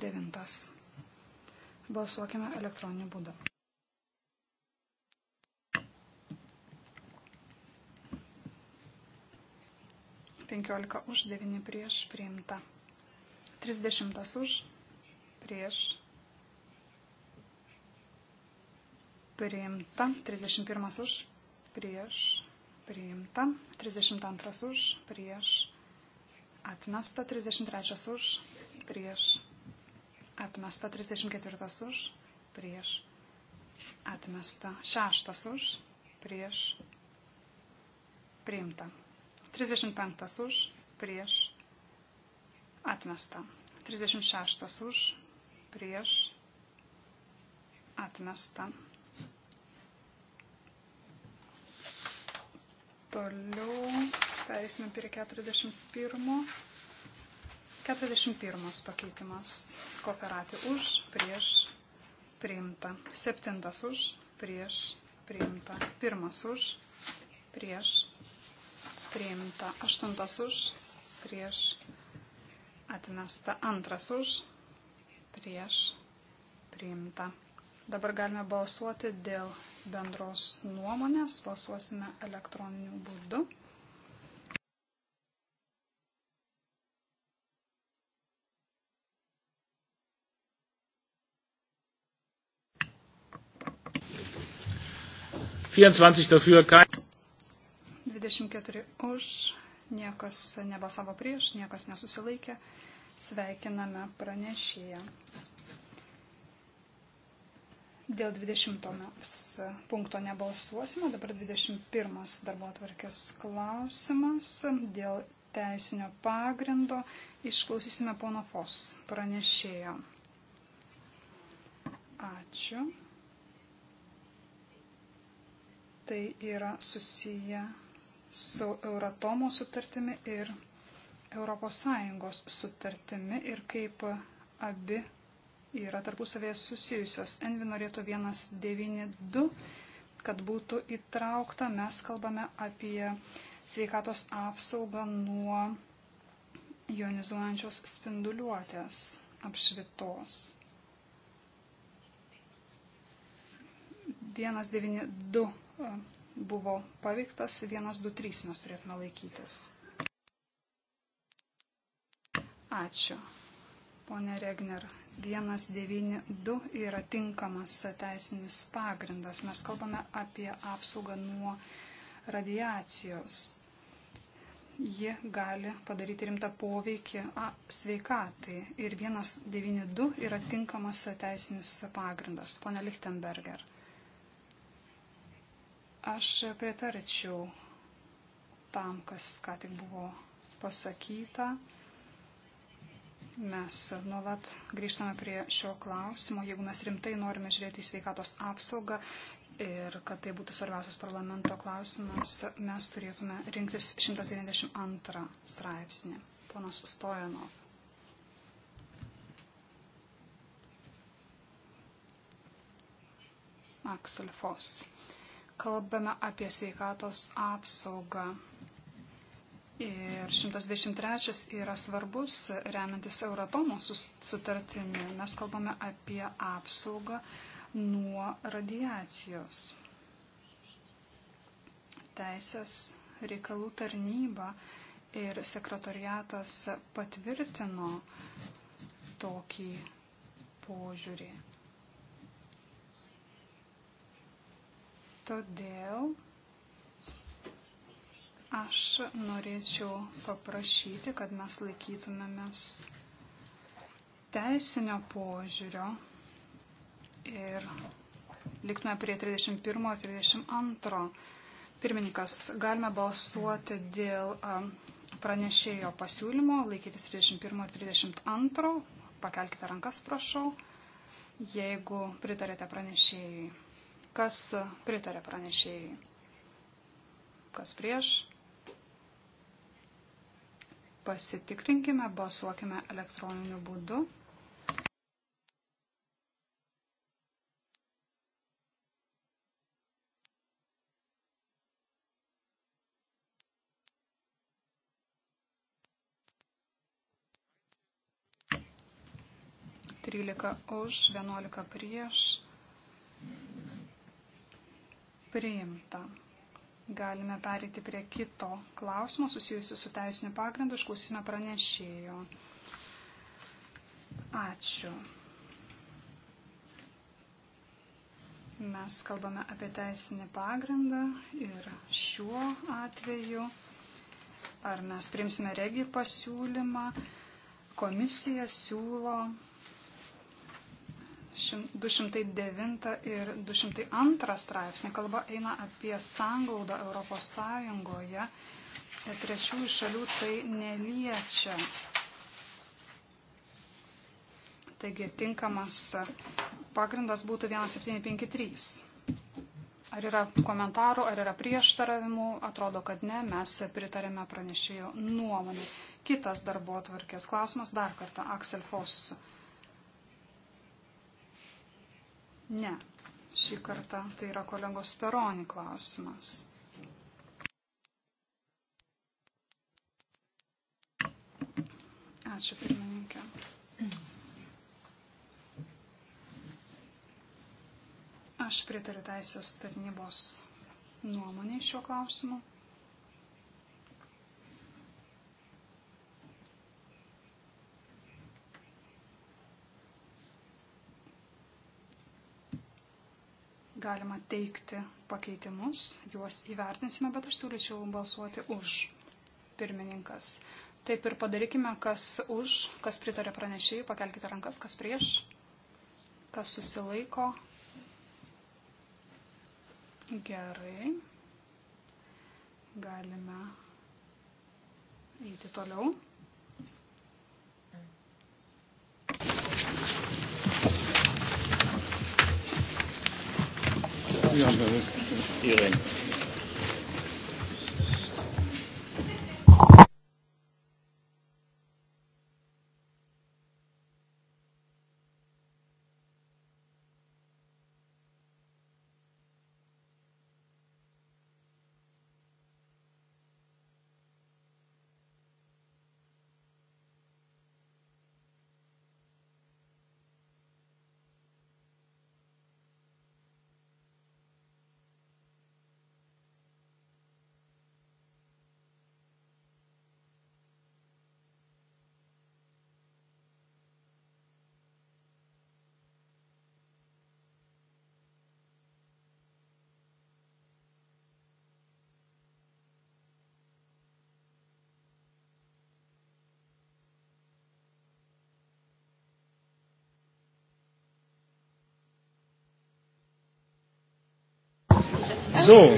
[SPEAKER 3] Balsuokime elektroniniu būdu. Penkiolika už, devyni prieš, priimta. 30 už, prieš, priimta, 31 už, prieš, priimta, 32 už, prieš, atmesta, 33 už, prieš, atmesta, 34 už, prieš, atmesta, 6 už, prieš, priimta, 35 už, prieš, Atmesta. 36 už, prieš, atmesta. Toliau perėsime prie 41. 41 pakeitimas. Kooperatė už, prieš, priimta. Septintas už, prieš, priimta. Pirmas už, prieš, priimta. Aštuntas už, prieš, priimta atmesta. Antras už, prieš, priimta. Dabar galime balsuoti dėl bendros nuomonės. Balsuosime elektroniniu būdu.
[SPEAKER 1] Dafür, kein...
[SPEAKER 3] 24 už, niekas nebalsavo prieš, niekas nesusilaikė. Sveikiname pranešėją. Dėl 20 punkto nebalsuosime, dabar 21 darbo atvarkės klausimas. Dėl teisinio pagrindo išklausysime pono Fos pranešėjo. Ačiū. Tai yra susiję su Euratomo sutartimi ir ES sutartimi ir kaip abi yra tarpusavėje susijusios. Envi norėtų 192, kad būtų įtraukta. Mes kalbame apie sveikatos apsaugą nuo jonizuojančios spinduliuotės apšvitos. 192 e, buvo paveiktas, 123 mes turėtume laikytis. Ačiū. Pone Regner, 192 yra tinkamas teisinis pagrindas. Mes kalbame apie apsaugą nuo radiacijos. Ji gali padaryti rimtą poveikį a, sveikatai. Ir 192 yra tinkamas teisinis pagrindas. Pone Lichtenberger, aš pritarčiau tam, kas ką tik buvo pasakyta. Mes nuolat grįžtame prie šio klausimo, jeigu mes rimtai norime žiūrėti į sveikatos apsaugą ir kad tai būtų svarbiausias parlamento klausimas, mes turėtume rinktis 192 straipsnį. Ponas Stojanov. Aksel Foss. Kalbame apie sveikatos apsaugą Ir 123 yra svarbus, remiantis Euratomo sutartimi. Mes kalbame apie apsaugą nuo radiacijos. Teisės reikalų tarnyba ir sekretariatas patvirtino tokį požiūrį. Todėl Aš norėčiau paprašyti, kad mes laikytumėmės teisinio požiūrio ir liktume prie 31 ir 32. Pirmininkas, galime balsuoti dėl pranešėjo pasiūlymo, laikytis 31 ir 32. Pakelkite rankas, prašau, jeigu pritarėte pranešėjui. Kas pritarė pranešėjui? Kas prieš? pasitikrinkime, balsuokime elektroniniu būdu. Trylika už, vienuolika prieš. Priimta. Galime pereiti prie kito klausimo susijusiu su teisiniu pagrindu. Išklausysime pranešėjo. Ačiū. Mes kalbame apie teisinį pagrindą ir šiuo atveju, ar mes primsime regijų pasiūlymą, komisija siūlo 209 ir 202 straipsnį. Kalba eina apie sangaudą Europos Sąjungoje. E, trečiųjų šalių tai neliečia. Taigi tinkamas pagrindas būtų 1753. Ar yra komentarų, ar yra prieštaravimų? Atrodo, kad ne, mes pritarėme pranešėjo nuomonį. Kitas darbo atvarkės klausimas dar kartą Aksel Foss. Ne. Šį kartą tai yra kolegos Peroni klausimas. Ačiū pirmininkė. Aš pritariu teisės tarnybos nuomonė šiuo klausimu. galima teikti pakeitimus, juos įvertinsime, bet aš siūlyčiau balsuoti už pirmininkas. Taip ir padarykime, kas už, kas pritarė pranešėjai, pakelkite rankas, kas prieš, kas susilaiko. Gerai. Galime eiti toliau.
[SPEAKER 1] Ihre. So.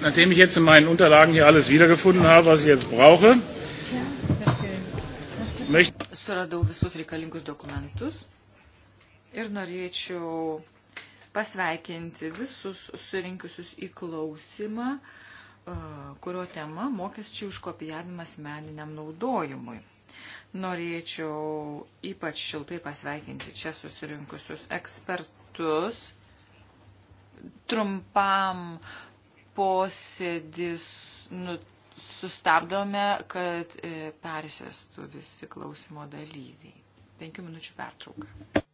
[SPEAKER 1] Nachdem ich jetzt in meinen Unterlagen hier alles wiedergefunden habe, was ich jetzt brauche, möchte
[SPEAKER 6] Suradau visus reikalingus dokumentus ir norėčiau pasveikinti visus surinkusius į klausimą, kurio tema mokesčiai už kopijavimas meniniam naudojimui. Norėčiau ypač šiltai pasveikinti čia susirinkusius ekspertus trumpam posėdį nu, sustabdome, kad e, persėstų visi klausimo dalyviai. Penkių minučių pertrauka.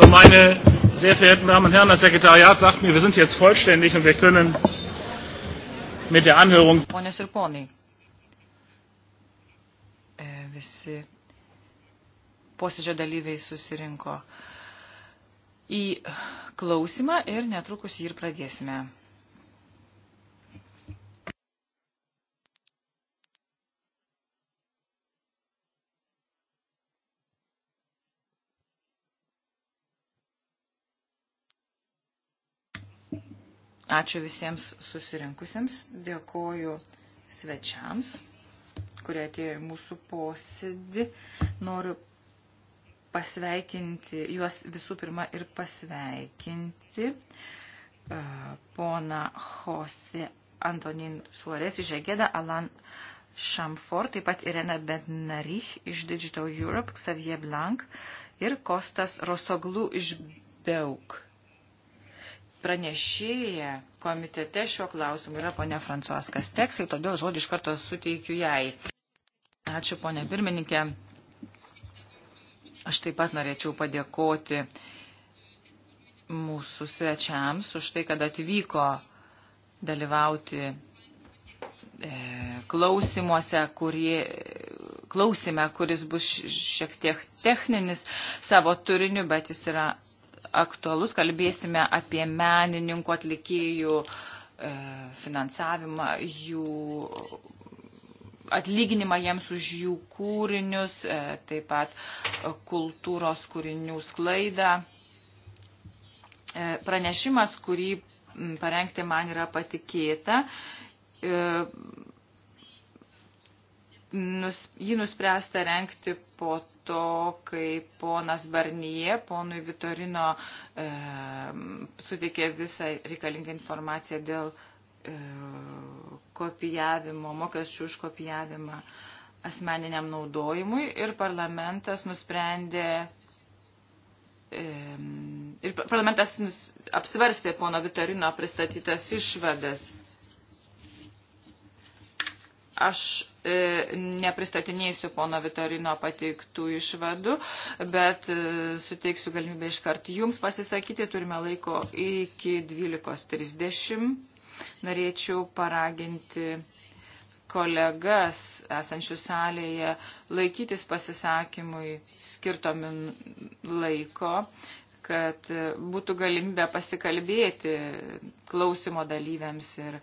[SPEAKER 1] So, meine sehr verehrten Damen und Herren, das Sekretariat sagt mir, wir sind jetzt vollständig und wir können mit der Anhörung.
[SPEAKER 6] Ponios ir ponai, e, visi posėdžio dalyviai susirinko į klausimą ir netrukus jį ir pradėsime. Ačiū visiems susirinkusiems, dėkoju svečiams, kurie atėjo į mūsų posėdį. Noriu pasveikinti, juos visų pirma ir pasveikinti e, pona Jose Antonin Suarez iš Egeda, Alan Chamfort, taip pat Irena Bednarich iš Digital Europe, Xavier Blanc ir Kostas Rosoglu iš Beuk pranešėja komitete šiuo klausimu yra ponia Fransuas Kasteks ir todėl žodį iš karto suteikiu jai. Ačiū ponia pirmininkė. Aš taip pat norėčiau padėkoti mūsų svečiams už tai, kad atvyko dalyvauti e, klausimuose, kurie, klausime, kuris bus šiek tiek techninis savo turiniu, bet jis yra aktualus, kalbėsime apie menininkų atlikėjų e, finansavimą, jų atlyginimą jiems už jų kūrinius, e, taip pat kultūros kūrinių sklaidą. E, pranešimas, kurį parengti man yra patikėta, jį nuspręsta renkti po to, kai ponas Barnyje, ponui Vitorino e, sutikė visą reikalingą informaciją dėl e, kopijavimo, mokesčių už kopijavimą asmeniniam naudojimui ir parlamentas nusprendė e, ir parlamentas apsvarstė pono Vitorino pristatytas išvadas. Aš e, nepristatinėsiu pono Vitorino pateiktų išvadų, bet e, suteiksiu galimybę iškart jums pasisakyti. Turime laiko iki 12.30. Norėčiau paraginti kolegas esančius salėje laikytis pasisakymui skirto laiko, kad e, būtų galimybė pasikalbėti klausimo dalyviams ir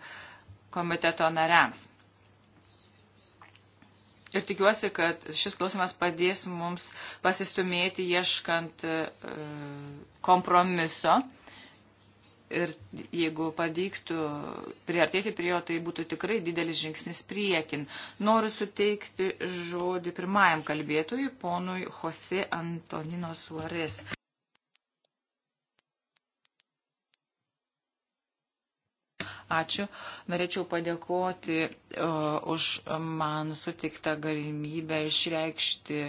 [SPEAKER 6] komiteto nariams. Ir tikiuosi, kad šis klausimas padės mums pasistumėti ieškant e, kompromiso. Ir jeigu padyktų priartėti prie jo, tai būtų tikrai didelis žingsnis priekin. Noriu suteikti žodį pirmajam kalbėtojui, ponui Jose Antonino Suarės. Ačiū. Norėčiau padėkoti uh, už man sutiktą galimybę išreikšti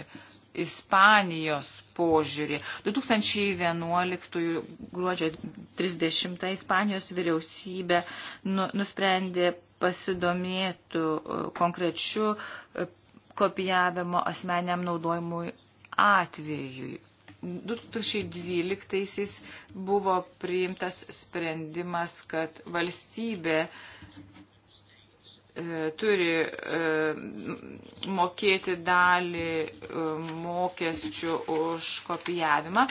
[SPEAKER 6] Ispanijos požiūrį. 2011 gruodžio 30 Ispanijos vyriausybė nu, nusprendė pasidomėtų e, konkrečiu e, kopijavimo asmeniam naudojimui atvejui. 2012 buvo priimtas sprendimas, kad valstybė e, turi e, mokėti dalį e, mokesčių už kopijavimą,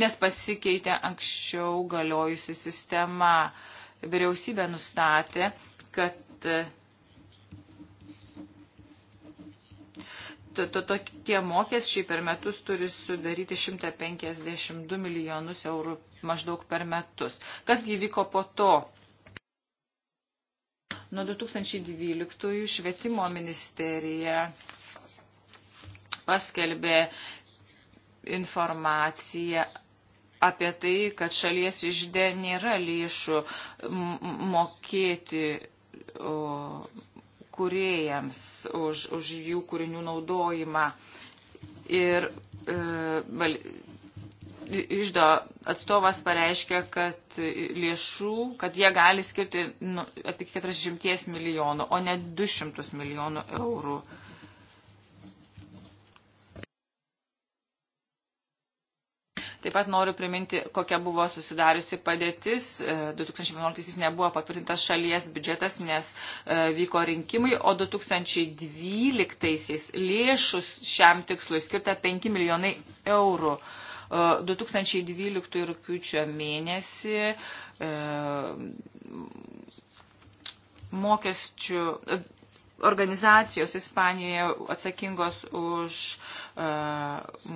[SPEAKER 6] nes pasikeitė anksčiau galiojusi sistema. Vyriausybė nustatė, kad to, to, to, tie mokesčiai per metus turi sudaryti 152 milijonus eurų maždaug per metus. Kas gyvyko po to? Nuo 2012 švietimo ministerija paskelbė informaciją apie tai, kad šalies išdė nėra lėšų mokėti o, kuriejams, už, už jų kūrinių naudojimą. Ir e, val, išdo atstovas pareiškia, kad lėšų, kad jie gali skirti nu, apie 40 milijonų, o ne 200 milijonų eurų. E, Taip pat noriu priminti, kokia buvo susidariusi padėtis. 2011 e, nebuvo patvirtintas šalies biudžetas, nes e, vyko rinkimai, o 2012 lėšus šiam tikslui skirta 5 milijonai eurų. 2012 e, rūpiučio mėnesį mokesčių organizacijos Ispanijoje atsakingos už e,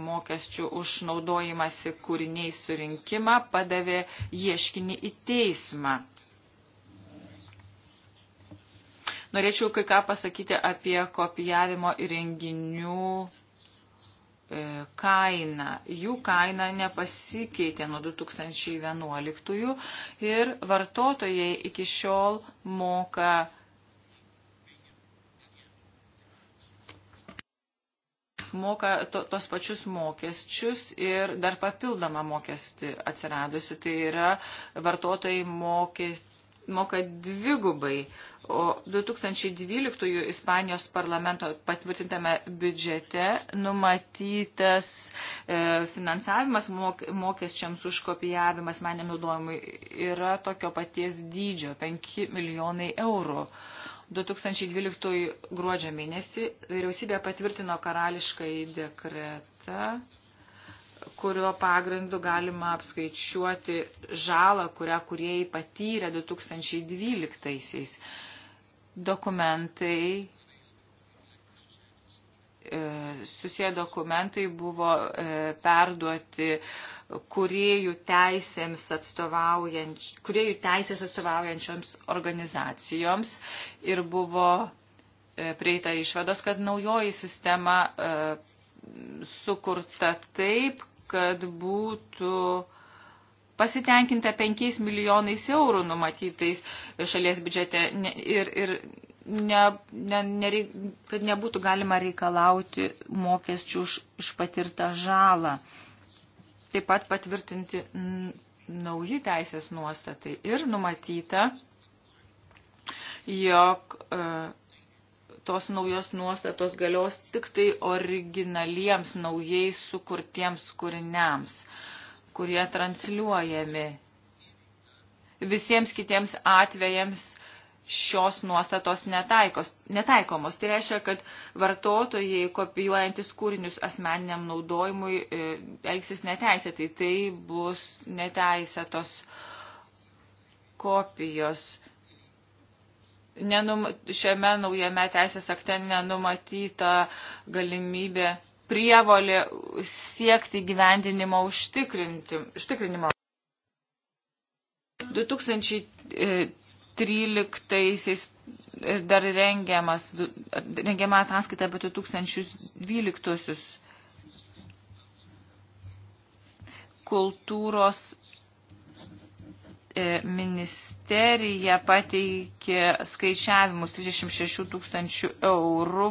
[SPEAKER 6] mokesčių užnaudojimąsi kūriniais surinkimą padavė ieškinį į teismą. Norėčiau kai ką pasakyti apie kopijavimo įrenginių e, kainą. Jų kaina nepasikeitė nuo 2011 ir vartotojai iki šiol moka moka to, tos pačius mokesčius ir dar papildomą mokestį atsiradusi. Tai yra vartotojai mokės, moka dvigubai. O 2012 Ispanijos parlamento patvirtintame biudžete numatytas e, finansavimas mok, mokesčiams už kopijavimą asmeniam naudojimui yra tokio paties dydžio - 5 milijonai eurų. 2012 gruodžio mėnesį vyriausybė patvirtino karališkąjį dekretą, kurio pagrindu galima apskaičiuoti žalą, kurią kurie patyrė 2012-aisiais. Dokumentai e, susiję dokumentai buvo e, perduoti kuriejų, atstovaujanč, kuriejų teisės atstovaujančioms organizacijoms ir buvo e, prieita išvados, kad naujoji sistema e, sukurta taip, kad būtų pasitenkinta 5 milijonais eurų numatytais šalies biudžete ir, ir ne, ne, ne, kad nebūtų galima reikalauti mokesčių už, už patirtą žalą taip pat patvirtinti nauji teisės nuostatai ir numatyta, jog e, tos naujos nuostatos galios tik tai originaliems naujai sukurtiems kūriniams, kurie transliuojami. Visiems kitiems atvejams šios nuostatos netaikos, netaikomos. Tai reiškia, kad vartotojai, kopijuojantis kūrinius asmeniniam naudojimui, e, elgsis neteisėtai. Tai bus neteisėtos kopijos. Nenum, šiame naujame teisės akte nenumatyta galimybė prievolė siekti gyvendinimo užtikrinimo. 2000 e, 13 e, dar rengiamas, rengiama ataskaita apie 2012 kultūros e, ministerija pateikė skaičiavimus 36 tūkstančių eurų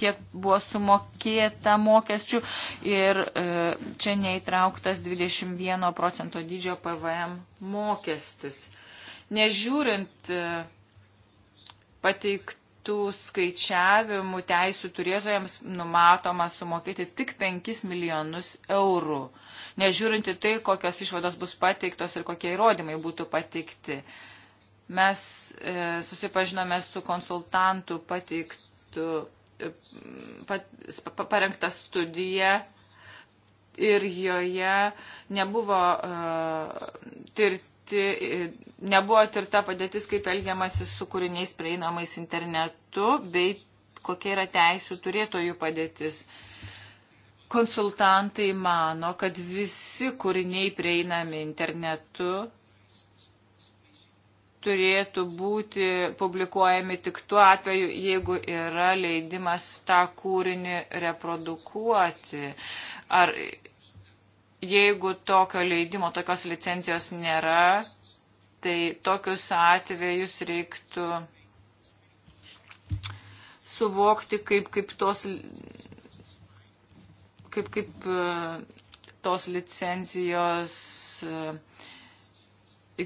[SPEAKER 6] kiek buvo sumokėta mokesčių ir e, čia neįtrauktas 21 procento dydžio PVM mokestis. Nežiūrint e, pateiktų skaičiavimų teisų turėtojams numatoma sumokėti tik 5 milijonus eurų. Nežiūrint į tai, kokios išvados bus pateiktos ir kokie įrodymai būtų pateikti. Mes e, susipažinome su konsultantų pateiktų, e, pat, parengtą studiją ir joje nebuvo e, tirti E, nebuvo tirta padėtis, kaip elgiamasi su kūriniais prieinamais internetu, bei kokia yra teisų turėtojų padėtis. Konsultantai mano, kad visi kūriniai prieinami internetu turėtų būti publikuojami tik tuo atveju, jeigu yra leidimas tą kūrinį reprodukuoti. Ar Jeigu tokio leidimo, tokios licencijos nėra, tai tokius atvejus reiktų suvokti, kaip, kaip tos kaip, kaip e, tos licencijos e,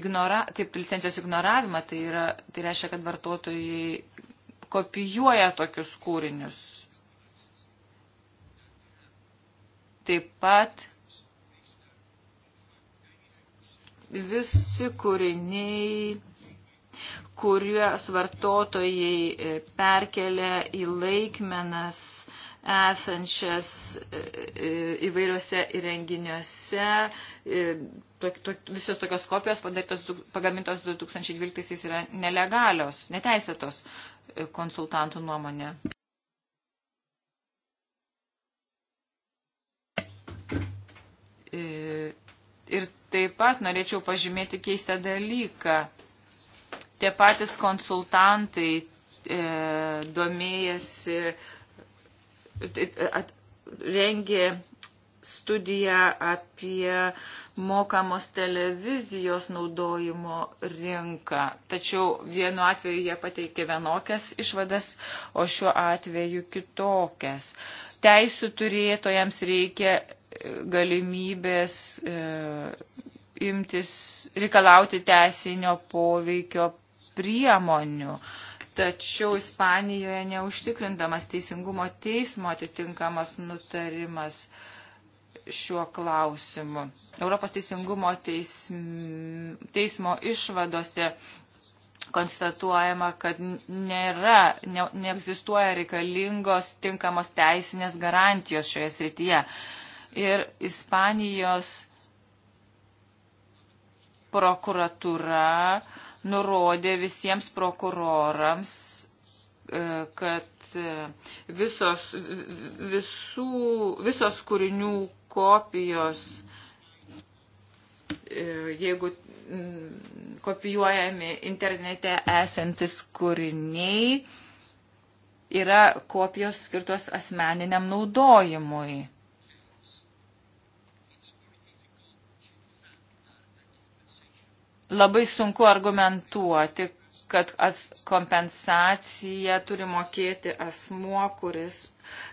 [SPEAKER 6] ignora, kaip licencijos ignoravimą, tai, yra, tai reiškia, kad vartotojai kopijuoja tokius kūrinius. Taip pat visi kūriniai, kuriuos vartotojai e, perkelia į laikmenas esančias e, e, įvairiuose įrenginiuose. Visos tokios kopijos padarytos, pagamintos 2012 yra nelegalios, neteisėtos konsultantų nuomonė. Ir Taip pat norėčiau pažymėti keistą dalyką. Tie patys konsultantai e, domėjasi, e, at, rengė studiją apie mokamos televizijos naudojimo rinką. Tačiau vienu atveju jie pateikė vienokias išvadas, o šiuo atveju kitokias. Teisų turėtojams reikia galimybės e, imtis, reikalauti teisinio poveikio priemonių. Tačiau Ispanijoje neužtikrindamas teisingumo teismo atitinkamas nutarimas šiuo klausimu. Europos teisingumo teism, teismo išvadose konstatuojama, kad nėra, ne, neegzistuoja reikalingos tinkamos teisinės garantijos šioje srityje ir Ispanijos prokuratūra nurodė visiems prokurorams, e, kad e, visos, visų, visos kūrinių kopijos, e, jeigu mm, kopijuojami internete esantis kūriniai, yra kopijos skirtos asmeniniam naudojimui. labai sunku argumentuoti, kad kompensaciją turi mokėti asmuo, kuris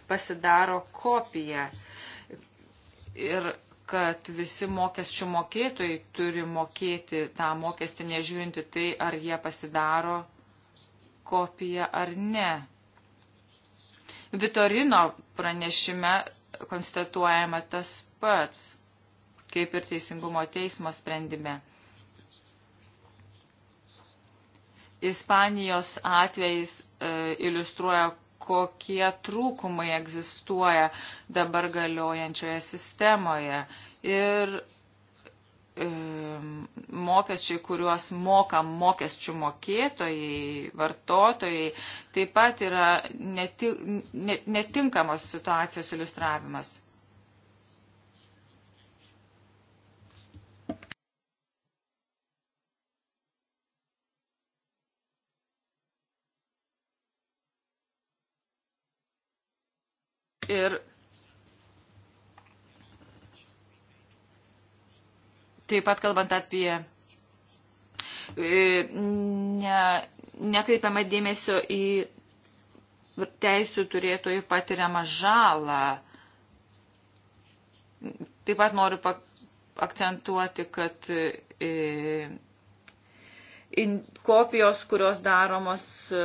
[SPEAKER 6] pasidaro kopiją. Ir kad visi mokesčių mokėtojai turi mokėti tą mokestį, nežiūrinti tai, ar jie pasidaro kopiją ar ne. Vitorino pranešime konstatuojama tas pats, kaip ir teisingumo teismo sprendime. Ispanijos atvejais e, iliustruoja, kokie trūkumai egzistuoja dabar galiojančioje sistemoje. Ir e, mokesčiai, kuriuos moka mokesčių mokėtojai, vartotojai, taip pat yra neti, netinkamos situacijos iliustravimas. Taip pat kalbant apie e, ne, nekreipiamą dėmesio į teisų turėtojų patiriamą žalą. Taip pat noriu pak akcentuoti, kad e, in, kopijos, kurios daromos e,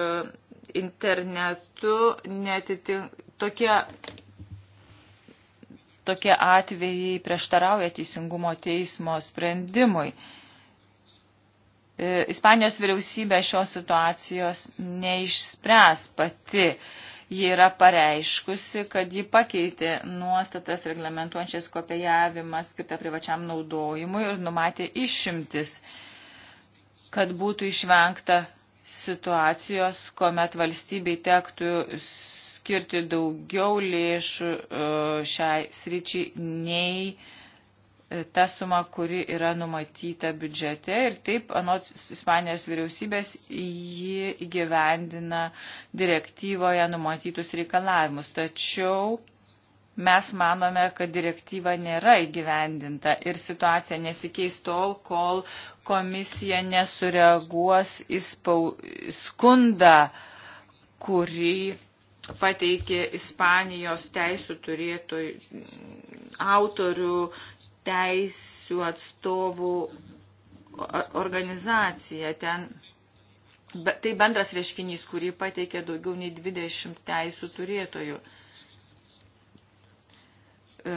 [SPEAKER 6] internetu, netitink, tokie tokie atvejai prieštarauja teisingumo teismo sprendimui. E, Ispanijos vyriausybė šios situacijos neišspręs pati. Ji yra pareiškusi, kad ji pakeitė nuostatas reglamentuojančias kopijavimą skirtą privačiam naudojimui ir numatė išimtis, kad būtų išvengta situacijos, kuomet valstybei tektų skirti daugiau lėšų e, šiai sričiai nei e, ta suma, kuri yra numatyta biudžete ir taip, anot Ispanijos vyriausybės, ji įgyvendina direktyvoje numatytus reikalavimus. Tačiau mes manome, kad direktyva nėra įgyvendinta ir situacija nesikeis tol, kol komisija nesureaguos į skundą, kurį pateikė Ispanijos teisų turėtojų, autorių teisų atstovų organizacija. Ten, tai bendras reiškinys, kurį pateikė daugiau nei 20 teisų turėtojų. E,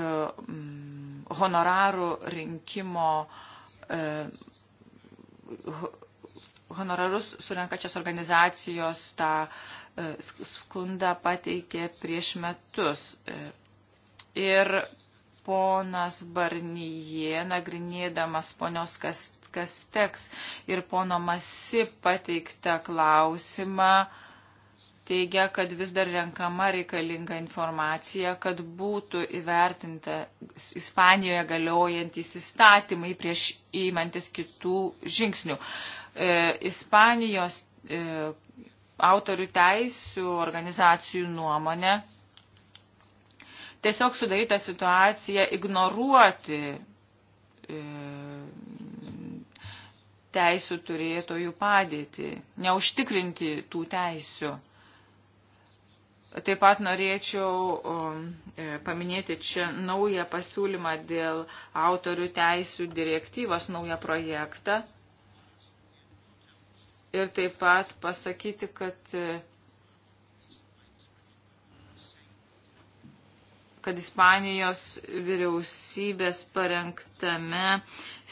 [SPEAKER 6] honorarų rinkimo e, honorarus surenkačios organizacijos tą uh, E, skundą pateikė prieš metus. E, ir ponas Barnyje, nagrinėdamas ponios kas, kas teks ir pono Masi pateiktą klausimą, teigia, kad vis dar renkama reikalinga informacija, kad būtų įvertinta Ispanijoje galiojantys įstatymai prieš įmantis kitų žingsnių. E, Ispanijos e, autorių teisių organizacijų nuomonę, tiesiog sudaryta situacija ignoruoti e, teisų turėtojų padėtį, neužtikrinti tų teisių. Taip pat norėčiau e, paminėti čia naują pasiūlymą dėl autorių teisų direktyvos, naują projektą, ir taip pat pasakyti, kad, kad Ispanijos vyriausybės parengtame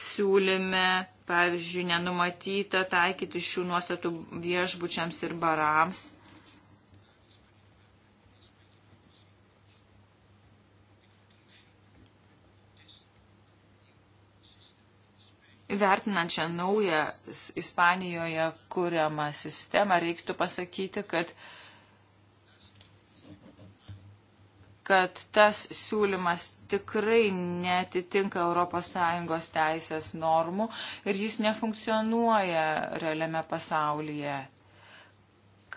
[SPEAKER 6] siūlyme, pavyzdžiui, nenumatyta taikyti šių nuostatų viešbučiams ir barams Vertinančią naują Ispanijoje kuriamą sistemą reiktų pasakyti, kad, kad tas siūlymas tikrai netitinka ES teisės normų ir jis nefunkcionuoja realiame pasaulyje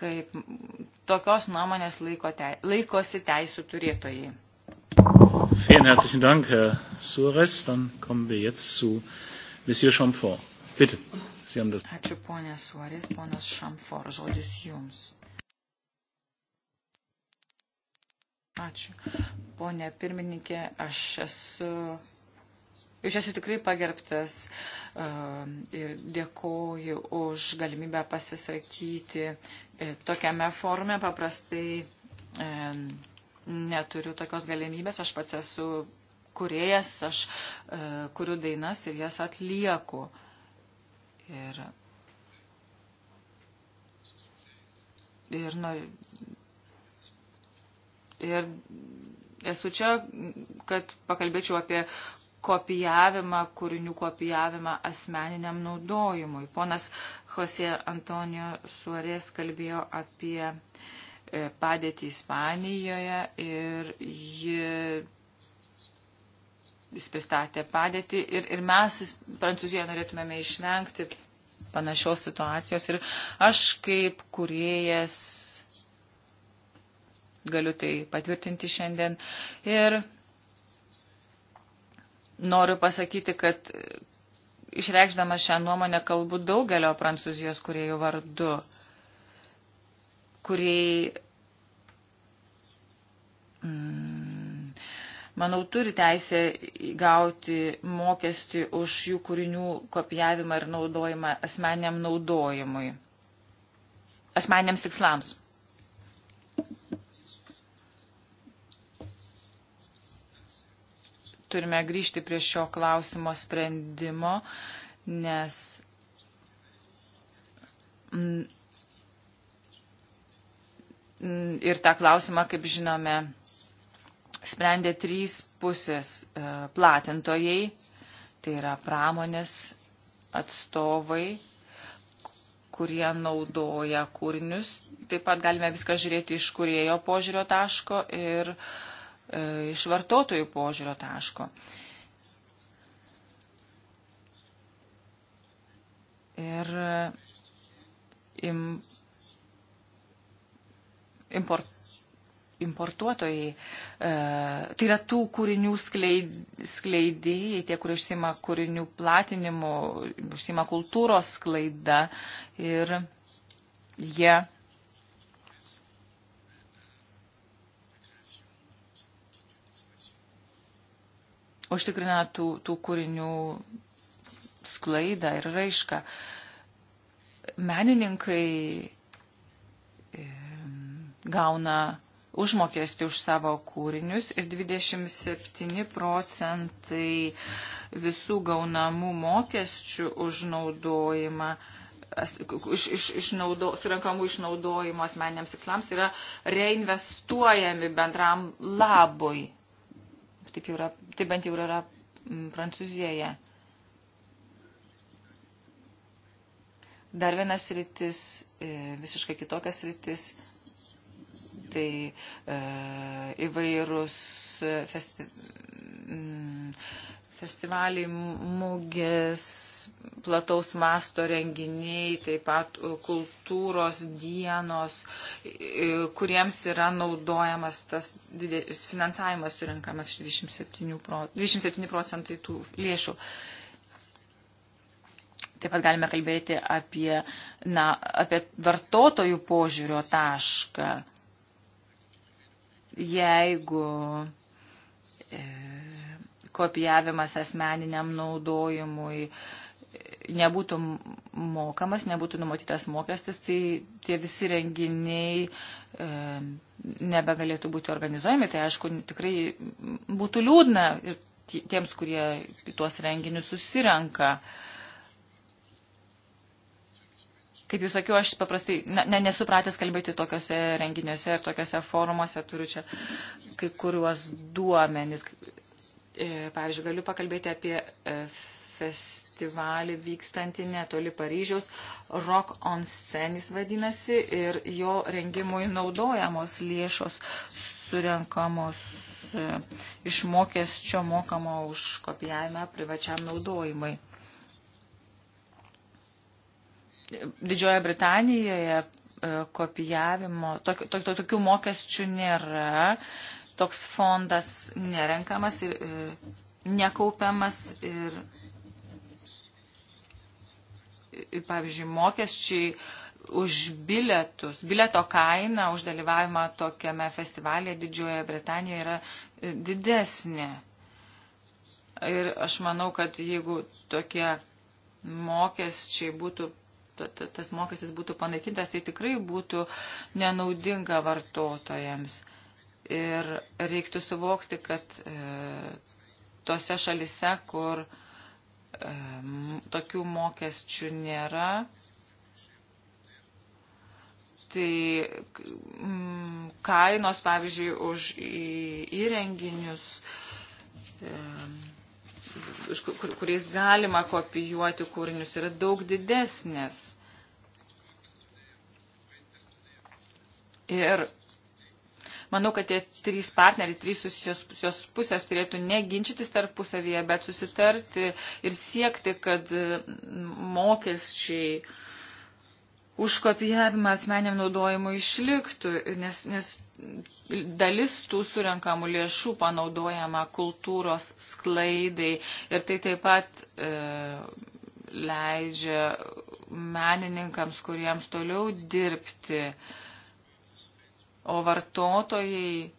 [SPEAKER 6] kaip tokios nuomonės laiko te, laikosi teisų turėtojai.
[SPEAKER 1] Vielen herzlichen Dank, Herr Sures. Dann kommen wir jetzt zu Monsieur Chamfort, bitte. Sie haben das. Ačiū,
[SPEAKER 6] ponė Suarės, ponas Šamfor, žodis jums. Ačiū. Pone pirmininkė, aš esu, aš esu tikrai pagerbtas uh, ir dėkoju už galimybę pasisakyti e, tokiame forume. Paprastai um, neturiu tokios galimybės, aš pats esu kuriejas, aš e, kuriu dainas ir jas atlieku. Ir, ir, nu, ir esu čia, kad pakalbėčiau apie kopijavimą, kūrinių kopijavimą asmeniniam naudojimui. Ponas Jose Antonio Suarės kalbėjo apie e, padėtį Ispanijoje ir ji jis pristatė padėtį ir, ir mes Prancūzijoje norėtumėme išvengti panašios situacijos ir aš kaip kuriejas galiu tai patvirtinti šiandien ir noriu pasakyti, kad išreikšdamas šią nuomonę kalbu daugelio prancūzijos kuriejų vardu, kuriai mm, manau, turi teisę gauti mokestį už jų kūrinių kopijavimą ir naudojimą asmeniam naudojimui, asmeniams tikslams. Turime grįžti prie šio klausimo sprendimo, nes ir tą klausimą, kaip žinome, sprendė trys pusės e, platintojai, tai yra pramonės atstovai, kurie naudoja kūrinius. Taip pat galime viską žiūrėti iš kurėjo požiūrio taško ir e, iš vartotojų požiūrio taško. Ir e, im, import, importuotojai, e, tai yra tų kūrinių skleidėjai, tie, kurie užsima kūrinių platinimu, užsima kultūros sklaida ir jie. Užtikrina tų, tų kūrinių sklaidą ir raišką. Menininkai e, gauna užmokesti už savo kūrinius ir 27 procentai visų gaunamų mokesčių už naudojimą iš, iš, išnaudo, surinkamų išnaudojimo asmeniniams tikslams yra reinvestuojami bendram labui. Taip, yra, taip bent jau yra m, Prancūzijoje. Dar vienas rytis, e, visiškai kitokias rytis tai e, įvairūs e, festi, festivaliai, mugės, plataus masto renginiai, taip pat e, kultūros dienos, kuriems yra naudojamas tas didelis finansavimas surinkamas 27 procentai tų lėšų. Taip pat galime kalbėti apie, na, apie vartotojų požiūrio tašką jeigu e, kopijavimas asmeniniam naudojimui e, nebūtų mokamas, nebūtų numatytas mokestis, tai tie visi renginiai e, nebegalėtų būti organizuojami. Tai aišku, tikrai būtų liūdna ir tiems, kurie tuos renginius susirenka. E, Kaip jūs sakiau, aš paprastai ne, ne, nesupratęs kalbėti tokiuose renginiuose ir tokiuose forumuose, turiu čia kai kuriuos duomenys. E, pavyzdžiui, galiu pakalbėti apie e, festivalį vykstantį netoli Paryžiaus, Rock on Scene jis vadinasi, ir jo rengimui naudojamos lėšos surenkamos e, iš mokesčio mokamo už kopijavimą privačiam naudojimui. Didžioje Britanijoje e, kopijavimo, tokių tok, tok, tok, mokesčių nėra, toks fondas nerenkamas ir e, nekaupiamas ir, ir pavyzdžiui, mokesčiai už bilietus, bileto kaina už dalyvavimą tokiame festivalėje Didžiojoje Britanijoje yra e, didesnė. Ir aš manau, kad jeigu tokie mokesčiai būtų tas mokestis būtų panaikintas, tai tikrai būtų nenaudinga vartotojams. Ir reiktų suvokti, kad e, tose šalise, kur e, tokių mokesčių nėra, tai mm, kainos, pavyzdžiui, už į, įrenginius. E, kur, kuriais galima kopijuoti kūrinius, yra daug didesnės. Ir manau, kad tie trys partneriai, trys susijusios pusės turėtų neginčytis tarpusavyje, bet susitarti ir siekti, kad mokesčiai uh, užkopijavimą asmeniam naudojimui išliktų, nes, nes dalis tų surinkamų lėšų panaudojama kultūros sklaidai ir tai taip pat e, leidžia menininkams, kuriems toliau dirbti, o vartotojai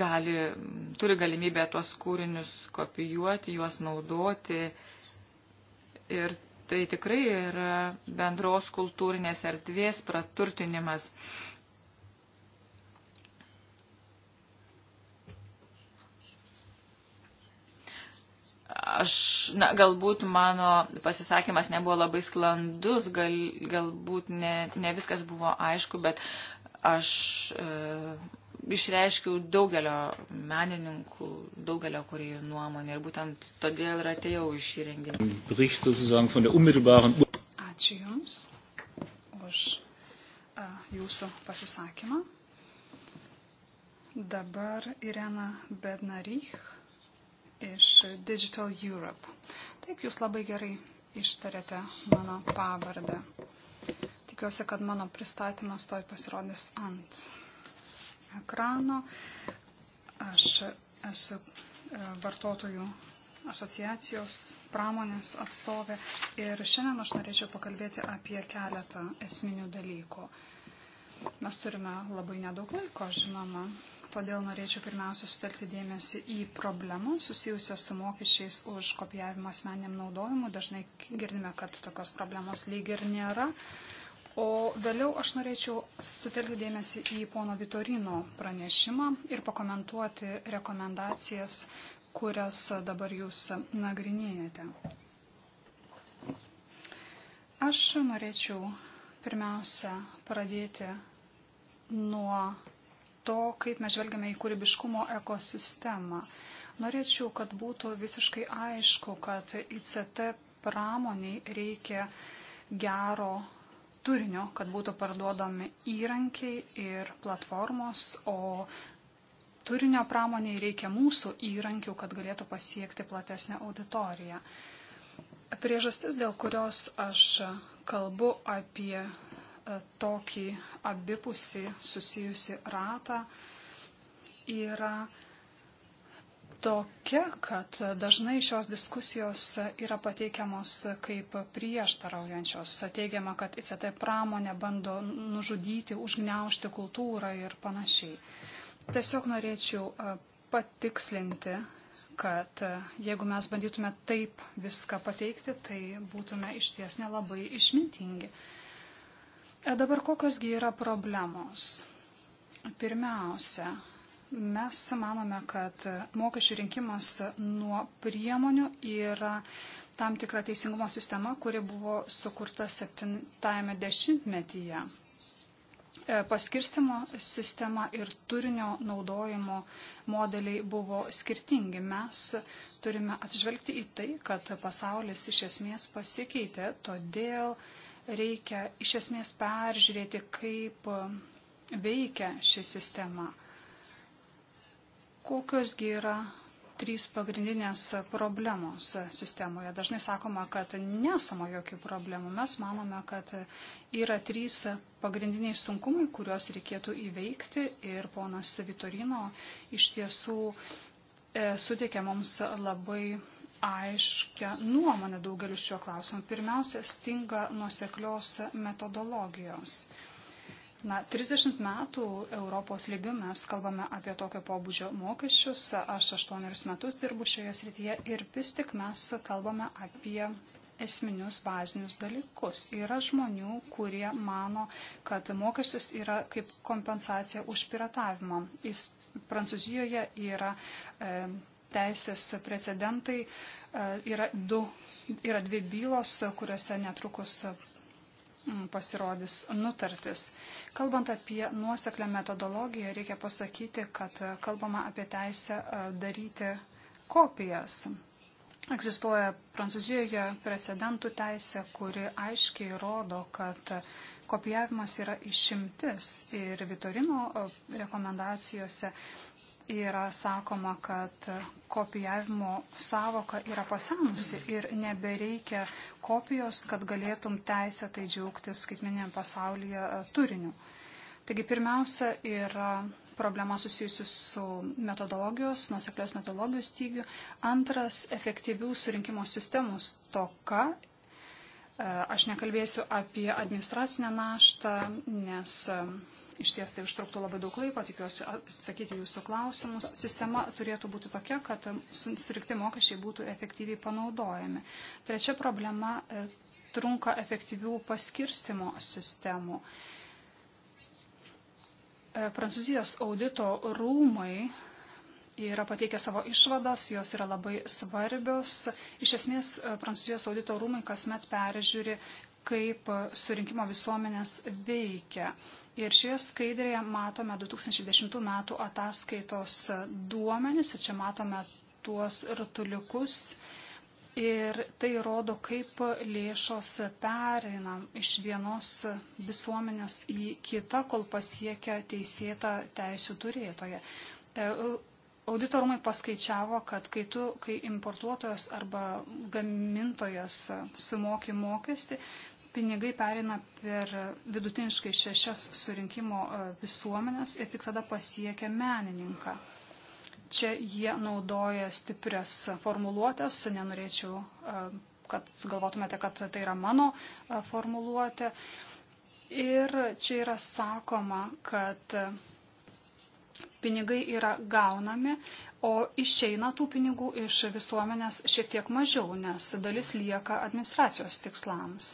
[SPEAKER 6] gali, turi galimybę tuos kūrinius kopijuoti, juos naudoti Ir tai tikrai yra bendros kultūrinės erdvės praturtinimas. aš, na, galbūt mano pasisakymas nebuvo labai sklandus, gal, galbūt ne, ne viskas buvo aišku, bet aš e, išreiškiau daugelio menininkų, daugelio kuriejų nuomonę ir būtent todėl ir atėjau į šį renginį.
[SPEAKER 3] Ačiū Jums už a, e, Jūsų pasisakymą. Dabar Irena Bednarich iš Digital Europe. Taip, Jūs labai gerai ištarėte mano pavardę. Tikiuosi, kad mano pristatymas toj pasirodys ant ekrano. Aš esu e, vartotojų asociacijos pramonės atstovė ir šiandien aš norėčiau pakalbėti apie keletą esminių dalykų. Mes turime labai nedaug laiko, žinoma, todėl norėčiau pirmiausia sutelkti dėmesį į problemą susijusią su mokesčiais už kopijavimą asmeniam naudojimu. Dažnai girdime, kad tokios problemos lyg ir nėra. Uh, O vėliau aš norėčiau sutelkti dėmesį į pono Vitorino pranešimą ir pakomentuoti rekomendacijas, kurias dabar jūs nagrinėjate. Aš norėčiau pirmiausia pradėti nuo to, kaip mes žvelgiame į kūrybiškumo ekosistemą. Norėčiau, kad būtų visiškai aišku, kad ICT pramoniai reikia gero turinio, kad būtų parduodami įrankiai ir platformos, o turinio pramoniai reikia mūsų įrankių, kad galėtų pasiekti platesnę auditoriją. Priežastis, dėl kurios aš kalbu apie e, tokį abipusį susijusi ratą, yra tokia, kad dažnai šios diskusijos yra pateikiamos kaip prieštaraujančios. Teigiama, kad ICT pramonė bando nužudyti, užgneušti kultūrą ir panašiai. Tiesiog norėčiau e, patikslinti, kad e, jeigu mes bandytume taip viską pateikti, tai būtume iš ties nelabai išmintingi. E dabar kokiosgi yra problemos? Pirmiausia, Mes manome, kad mokesčių rinkimas nuo priemonių yra tam tikra teisingumo sistema, kuri buvo sukurta 70-ame dešimtmetyje. E, paskirstimo sistema ir turinio naudojimo modeliai buvo skirtingi. Mes turime atsižvelgti į tai, kad pasaulis iš esmės pasikeitė, todėl reikia iš esmės peržiūrėti, kaip veikia ši sistema. Kokiosgi yra trys pagrindinės problemos sistemoje? Dažnai sakoma, kad nesama jokių problemų. Mes manome, kad yra trys pagrindiniai sunkumai, kuriuos reikėtų įveikti ir ponas Vitorino iš tiesų e, suteikia mums labai aiškę nuomonę daugeliu šiuo klausimu. Pirmiausia, stinga nuoseklios metodologijos. Na, 30 metų Europos lygių mes kalbame apie tokio pobūdžio mokesčius. Aš 8 metus dirbu šioje srityje ir vis tik mes kalbame apie esminius bazinius dalykus. Yra žmonių, kurie mano, kad mokestis yra kaip kompensacija už piratavimą. Jis Prancūzijoje yra e, teisės precedentai, e, yra, du, yra dvi bylos, kuriuose netrukus Mm, pasirodys nutartis. Kalbant apie nuoseklę metodologiją, reikia pasakyti, kad e, kalbama apie teisę e, daryti kopijas. Egzistuoja Prancūzijoje precedentų teisė, kuri aiškiai rodo, kad kopijavimas yra išimtis ir Vitorino e, rekomendacijose yra sakoma, kad kopijavimo savoka yra pasenusi ir nebereikia kopijos, kad galėtum teisę tai džiaugtis skaitmeniniam pasaulyje e, turiniu. Taigi pirmiausia yra problema susijusi su metodologijos, nuseklios metodologijos stygiu. Antras - efektyvių surinkimo sistemų stoka. E, aš nekalbėsiu apie administracinę naštą, nes e, Iš ties tai užtruktų labai daug laiko, tikiuosi atsakyti jūsų klausimus. Sistema turėtų būti tokia, kad surinkti mokesčiai būtų efektyviai panaudojami. Trečia problema e, - trunka efektyvių paskirstimo sistemų. E, Prancūzijos audito rūmai yra pateikę savo išvadas, jos yra labai svarbios. Iš esmės, e, Prancūzijos audito rūmai kasmet peržiūri kaip surinkimo visuomenės veikia. Ir šioje skaidrėje matome 2010 metų ataskaitos duomenis ir čia matome tuos rutuliukus. Ir tai rodo, kaip lėšos pereina iš vienos visuomenės į kitą, kol pasiekia teisėtą teisų turėtoje. Auditorumai paskaičiavo, kad kai, tu, kai importuotojas arba gamintojas sumoki mokestį, pinigai perina per vidutiniškai šešias surinkimo e, visuomenės ir tik tada pasiekia menininką. Čia jie naudoja stiprias formuluotės, nenorėčiau, e, kad galvotumėte, kad tai yra mano e, formuluotė. Ir čia yra sakoma, kad pinigai yra gaunami, o išeina tų pinigų iš visuomenės šiek tiek mažiau, nes dalis lieka administracijos tikslams.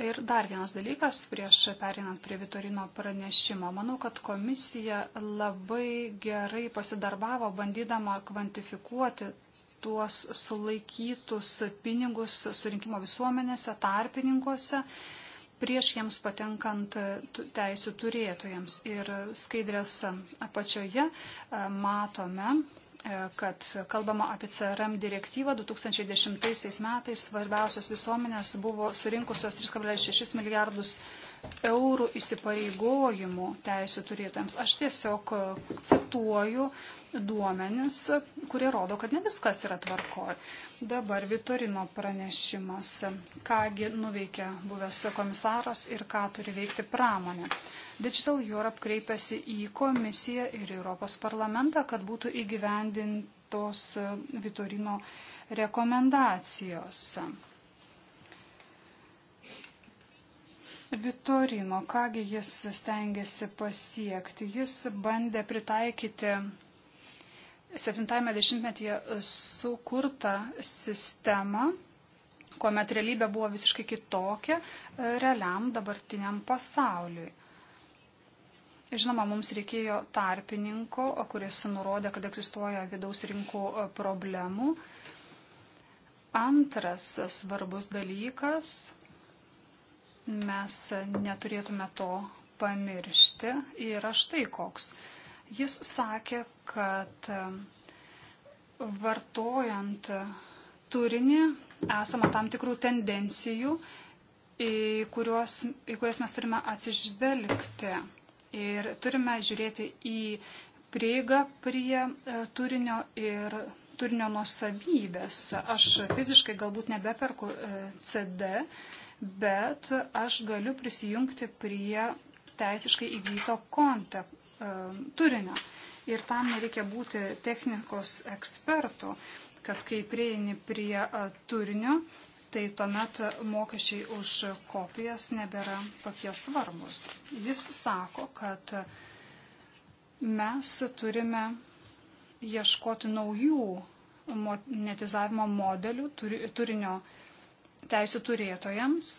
[SPEAKER 3] Ir dar vienas dalykas, prieš perinant prie Vitorino pranešimo. Manau, kad komisija labai gerai pasidarbavo, bandydama kvantifikuoti tuos sulaikytus pinigus surinkimo visuomenėse, tarpininkuose, prieš jiems patenkant teisų turėtojams. Ir skaidrės apačioje e, matome E, kad kalbama apie CRM direktyvą 2010 metais svarbiausios visuomenės buvo surinkusios 3,6 milijardus eurų įsipareigojimų teisų turėtams. Aš tiesiog cituoju duomenis, kurie rodo, kad ne viskas yra tvarkoj. Dabar Vitorino pranešimas, kągi nuveikia buvęs komisaras ir ką turi veikti pramonė. Digital Europe kreipiasi į komisiją ir Europos parlamentą, kad būtų įgyvendintos e, Vitorino rekomendacijos. Vitorino, kągi jis stengiasi pasiekti? Jis bandė pritaikyti 70-metyje sukurtą sistemą, kuomet realybė buvo visiškai kitokia e, realiam dabartiniam pasauliui. Žinoma, mums reikėjo tarpininko, kuris nurodė, kad egzistuoja vidaus rinkų e, problemų. Antras svarbus dalykas, mes neturėtume to pamiršti, yra štai koks. Jis sakė, kad e, vartojant turinį esama tam tikrų tendencijų, į, kuriuos, į kurias mes turime atsižvelgti. Ir turime žiūrėti į prieigą prie e, turinio ir turinio nuosavybės. Aš fiziškai galbūt nebeperku e, CD, bet aš galiu prisijungti prie teisiškai įgyto konte, e, turinio. Ir tam nereikia būti technikos ekspertų, kad kai prieini prie turinio, tai tuomet mokesčiai už kopijas nebėra tokie svarbus. Jis sako, kad mes turime ieškoti naujų monetizavimo modelių turinio teisų turėtojams.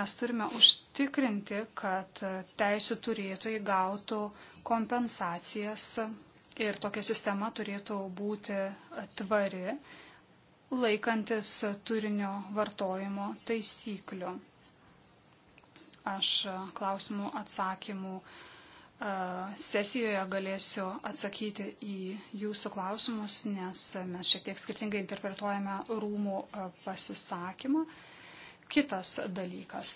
[SPEAKER 3] Mes turime užtikrinti, kad teisų turėtojai gautų kompensacijas ir tokia sistema turėtų būti tvari, laikantis turinio vartojimo taisyklių. Aš e, klausimų atsakymų e, sesijoje galėsiu atsakyti į jūsų klausimus, nes mes šiek tiek skirtingai interpretuojame rūmų e, pasisakymą. Kitas dalykas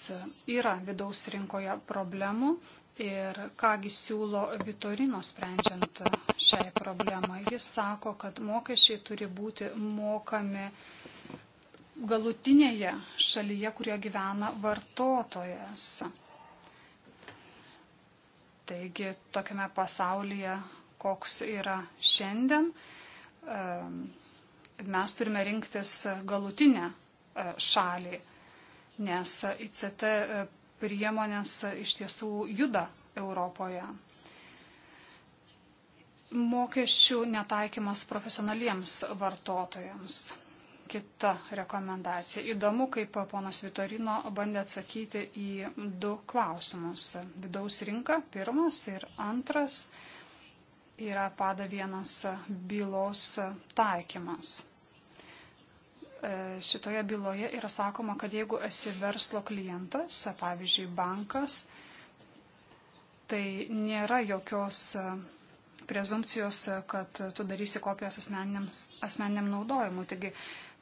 [SPEAKER 3] yra vidaus rinkoje problemų ir kągi siūlo Vitorino sprendžiant šiai problemai. Jis sako, kad mokesčiai turi būti mokami galutinėje šalyje, kurioje gyvena vartotojas. Taigi tokiame pasaulyje, koks yra šiandien, mes turime rinktis galutinę e, šalį, nes ICT e, priemonės iš tiesų juda Europoje mokesčių netaikymas profesionaliems vartotojams. Kita rekomendacija. Įdomu, kaip ponas Vitorino bandė atsakyti į du klausimus. Vidaus rinka pirmas ir antras yra pada vienas bylos taikymas. E, šitoje byloje yra sakoma, kad jeigu esi verslo klientas, pavyzdžiui, bankas, tai nėra jokios prezumcijos, kad tu darysi kopijas asmeniniam naudojimui. Taigi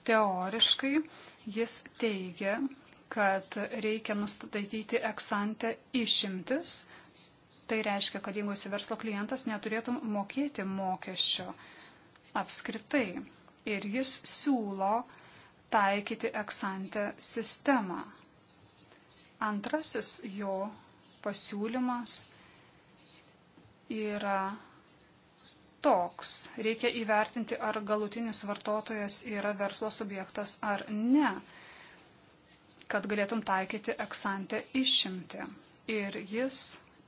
[SPEAKER 3] teoriškai jis teigia, kad reikia nustatyti eksantę išimtis. Tai reiškia, kad jeigu esi verslo klientas, neturėtum mokėti mokesčio apskritai. Ir jis siūlo taikyti eksantę sistemą. Antrasis jo pasiūlymas yra toks. Reikia įvertinti, ar galutinis vartotojas yra verslo subjektas ar ne, kad galėtum taikyti eksantę išimti. Ir jis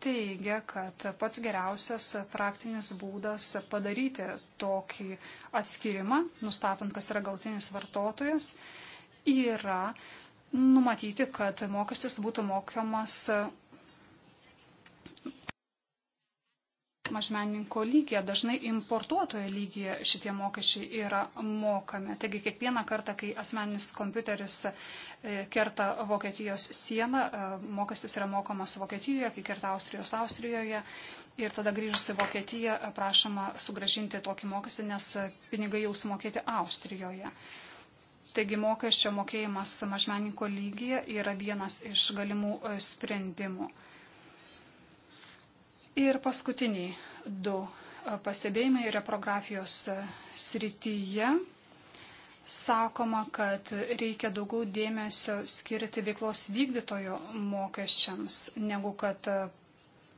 [SPEAKER 3] teigia, kad pats geriausias praktinis būdas padaryti tokį atskirimą, nustatant, kas yra galutinis vartotojas, yra numatyti, kad mokestis būtų mokiamas mažmeninko lygyje, dažnai importuotojo lygyje šitie mokesčiai yra mokami. Taigi kiekvieną kartą, kai asmeninis kompiuteris e, kerta Vokietijos sieną, e, mokestis yra mokamas Vokietijoje, kai kerta Austrijos Austrijoje. Ir tada grįžus į Vokietiją e, prašoma sugražinti tokį mokestį, nes pinigai jau sumokėti Austrijoje. Taigi mokesčio mokėjimas mažmeninko lygyje yra vienas iš galimų sprendimų. Ir paskutiniai du e, pastebėjimai reprografijos e, srityje. Sakoma, kad reikia daugiau dėmesio skirti veiklos vykdytojo mokesčiams, negu kad e,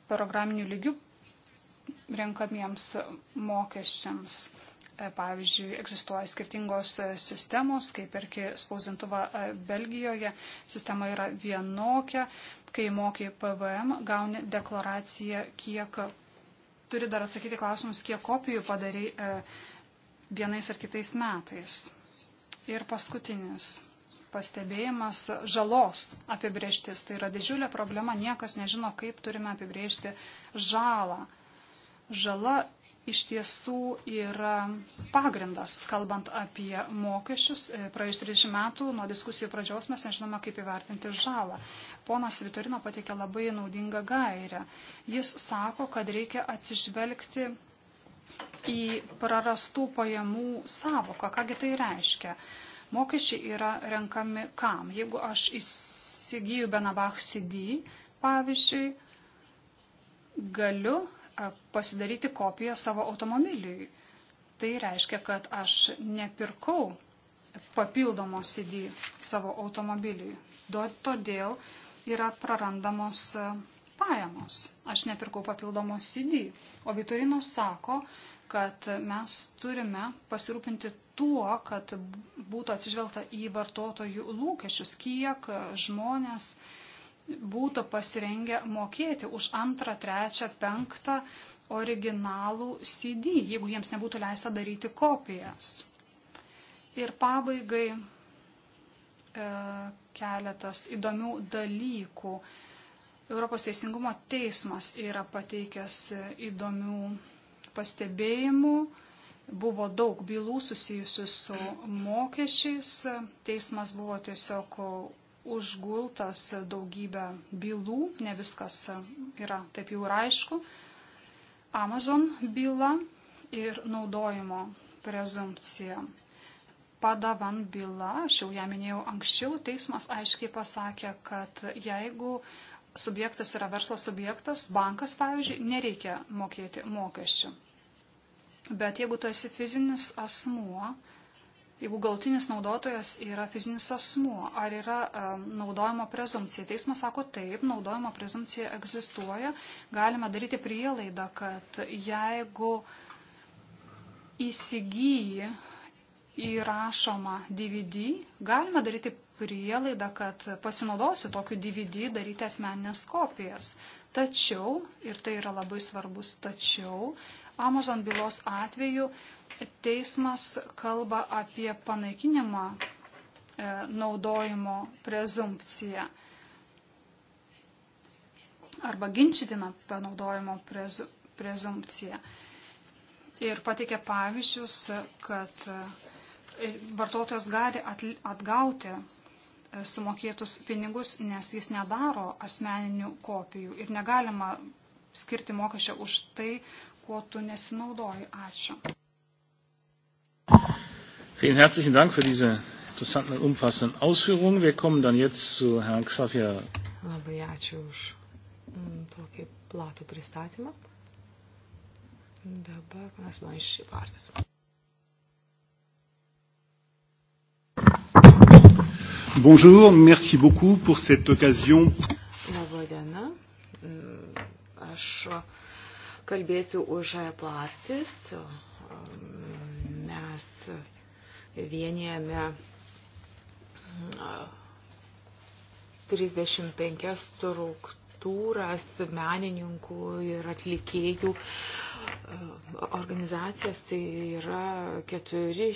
[SPEAKER 3] programinių lygių renkamiems mokesčiams. Pavyzdžiui, egzistuoja skirtingos sistemos, kaip ir spausdintuvą Belgijoje. Sistema yra vienokia, kai mokė PVM, gauni deklaraciją, kiek turi dar atsakyti klausimus, kiek kopijų padarai e, vienais ar kitais metais. Ir paskutinis pastebėjimas - žalos apibrieštis. Tai yra didžiulė problema, niekas nežino, kaip turime apibriežti žalą. Žala iš tiesų yra pagrindas, kalbant apie mokesčius. E, praėjus 30 metų nuo diskusijų pradžios mes nežinome, kaip įvertinti žalą. Ponas Vitorino pateikė labai naudingą gairę. Jis sako, kad reikia atsižvelgti į prarastų pajamų savoką. Kągi tai reiškia? Mokesčiai yra renkami kam? Jeigu aš įsigyju Benabach CD, pavyzdžiui, galiu pasidaryti kopiją savo automobiliui. Tai reiškia, kad aš nepirkau papildomo CD savo automobiliui. Todėl yra prarandamos pajamos. Aš nepirkau papildomo CD. O Vitorino sako, kad mes turime pasirūpinti tuo, kad būtų atsižvelgta į vartotojų lūkesčius, kiek žmonės uh, būtų pasirengę mokėti už antrą, trečią, penktą originalų CD, jeigu jiems nebūtų leista daryti kopijas. Ir pabaigai e, keletas įdomių dalykų. Europos Teisingumo teismas yra pateikęs įdomių pastebėjimų. Buvo daug bylų susijusių su mokesčiais. Teismas buvo tiesiog užgultas daugybę bylų, ne viskas yra taip jau ir aišku. Amazon byla ir naudojimo prezumcija. Padavan byla, aš jau ją minėjau anksčiau, teismas aiškiai pasakė, kad jeigu subjektas yra verslo subjektas, bankas, pavyzdžiui, nereikia mokėti mokesčių. Bet jeigu tu esi fizinis asmuo, Jeigu galtinis naudotojas yra fizinis asmuo, ar yra um, e, naudojimo prezumcija? Teismas sako taip, naudojimo prezumcija egzistuoja. Galime daryti prielaidą, kad jeigu įsigyji įrašoma DVD, galime daryti prielaidą, kad pasinaudosi tokiu DVD daryti asmeninės kopijas. Tačiau, ir tai yra labai svarbus, tačiau Amazon bylos atveju teismas kalba apie panaikinimą e, naudojimo prezumpciją arba ginčytiną panaudojimo prezumpciją. Ir pateikė pavyzdžius, kad e, vartotojas gali atgauti e, sumokėtus pinigus, nes jis nedaro asmeninių kopijų ir negalima skirti mokesčio už tai, kuo tu nesinaudoji. Ačiū.
[SPEAKER 1] Vielen herzlichen Dank für diese interessanten und umfassenden Ausführungen. Wir kommen dann jetzt zu Herrn Xavier.
[SPEAKER 2] Labai ačiū už mm, tokį platų pristatymą. Dabar mes man iš Ivarės.
[SPEAKER 1] Bonjour, merci beaucoup pour cette occasion.
[SPEAKER 2] Labą dieną. Mm, aš kalbėsiu už plastis. Mes vienijame 35 struktūrų kultūras, menininkų ir atlikėjų organizacijas, tai yra 4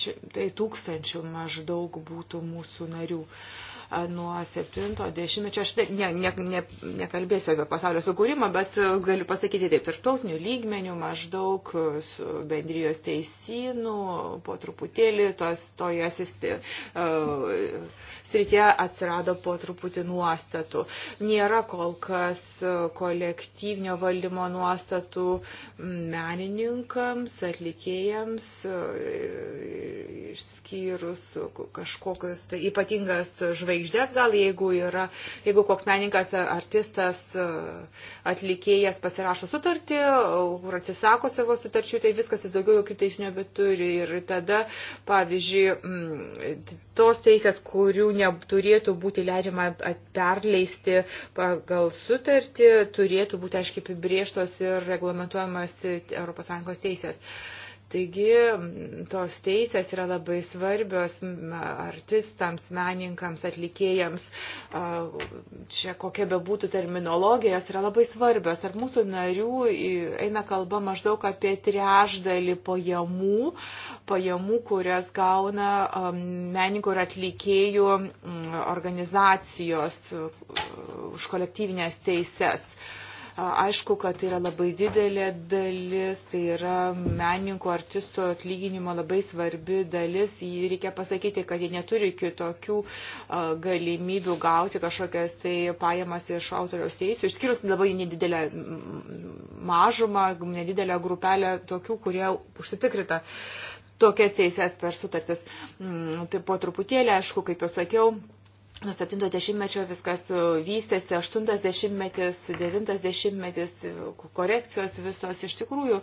[SPEAKER 2] šimtai tūkstančių maždaug būtų mūsų narių. Uh, nuo 70-mečio. Aš ne, ne, ne, nekalbėsiu apie pasaulio sukūrimą, bet galiu pasakyti taip, tarptautinių lygmenių maždaug su bendrijos teisynų po truputėlį tos toje e, srityje atsirado po truputį nuostatų. Nėra kol kas kolektyvinio valdymo nuostatų menininkams, atlikėjams, e, išskyrus kažkokius tai ypatingas žvaigždės žvaigždės, gal jeigu, yra, jeigu koks menininkas, artistas, atlikėjas pasirašo sutartį, kur atsisako savo sutarčių, tai viskas jis daugiau jokių teisinių beturi. Ir tada, pavyzdžiui, mm, tos teisės, kurių neturėtų būti leidžiama perleisti pagal sutartį, turėtų būti aiškiai apibrieštos ir reglamentuojamas ES teisės. Taigi tos teisės yra labai svarbios artistams, meninkams, atlikėjams. Čia kokia bebūtų terminologija, jos yra labai svarbios. Ar mūsų narių eina kalba maždaug apie trešdalį pajamų, pajamų, kurias gauna meninkų ir atlikėjų organizacijos už kolektyvinės teises. Aišku, kad tai yra labai didelė dalis, tai yra menininkų, artistų atlyginimo labai svarbi dalis. Jį reikia pasakyti, kad jie neturi kitokių galimybių gauti kažkokias tai pajamas iš autoriaus teisų, išskyrus labai nedidelę mažumą, nedidelę grupelę tokių, kurie užsitikrita tokias teises per sutartis. Mm, tai po truputėlį, aišku, kaip jau sakiau, Nuo 70-mečio viskas e, vystėsi, 80-metis, 90-metis, korekcijos visos iš tikrųjų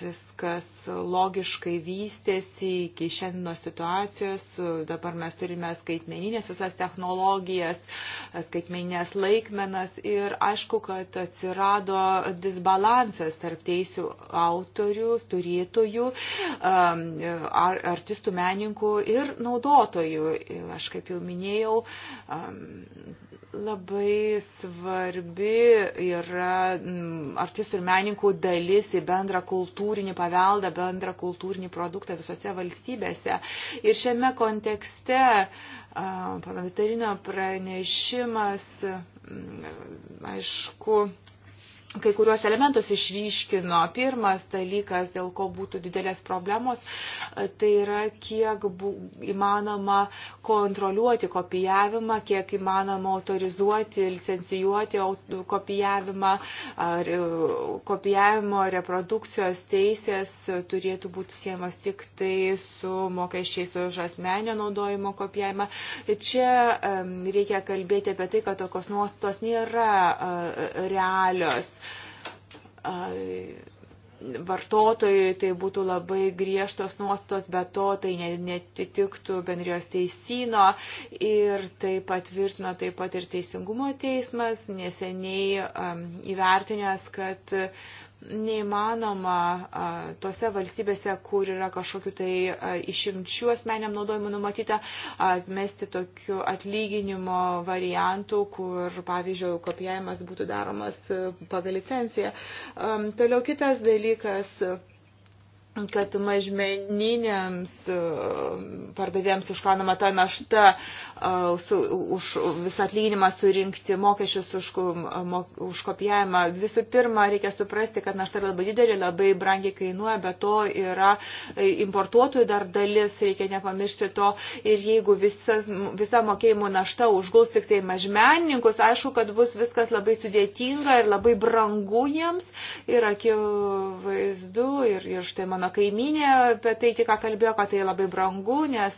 [SPEAKER 2] viskas logiškai vystėsi iki šiandienos situacijos. Dabar mes turime skaitmeninės visas technologijas, skaitmeninės laikmenas ir aišku, kad atsirado disbalansas tarp teisių autorių, turėtojų, um, artistų, menininkų ir naudotojų. Aš kaip jau minėjau, um, Labai svarbi yra mm, artistų ir meninkų dalis į bendrą kultūrinį paveldą, bendrą kultūrinį produktą visose valstybėse. Ir šiame kontekste pana Vitarino pranešimas, mm, aišku, kai kuriuos elementus išryškino. Pirmas dalykas, dėl ko būtų didelės problemos, e, tai yra kiek bu, įmanoma kontroliuoti kopijavimą, kiek įmanoma autorizuoti, licencijuoti kopijavimą, ar e, kopijavimo reprodukcijos teisės turėtų būti siemas tik tai su mokesčiais už asmenio naudojimo kopijavimą. Čia reikia kalbėti apie tai, kad tokios nuostatos nėra e, realios vartotojui tai būtų labai griežtos nuostos, bet to tai netitiktų bendrijos teisino ir tai patvirtino taip pat ir Teisingumo teismas, neseniai um, įvertinęs, kad neįmanoma a, tose valstybėse, kur yra kažkokiu tai a, išimčių asmeniam naudojimu numatyta, atmesti tokiu atlyginimo variantų, kur, pavyzdžiui, kopijavimas būtų daromas pagal licenciją. A, toliau kitas dalykas. A, kad mažmeniniams e, pardavėjams užkraunama ta našta e, su, už visą atlyginimą surinkti mokesčius už, už kopijavimą. Visų pirma, reikia suprasti, kad našta yra labai didelė, labai brangiai kainuoja, bet to yra e, importuotojų dar dalis, reikia nepamiršti to. Ir jeigu visas, visa mokėjimų našta užguls tik tai mažmenininkus, aišku, kad bus viskas labai sudėtinga ir labai brangu jiems ir akivaizdu. Ir, ir štai man mano kaiminė apie tai tik kalbėjo, kad tai labai brangu, nes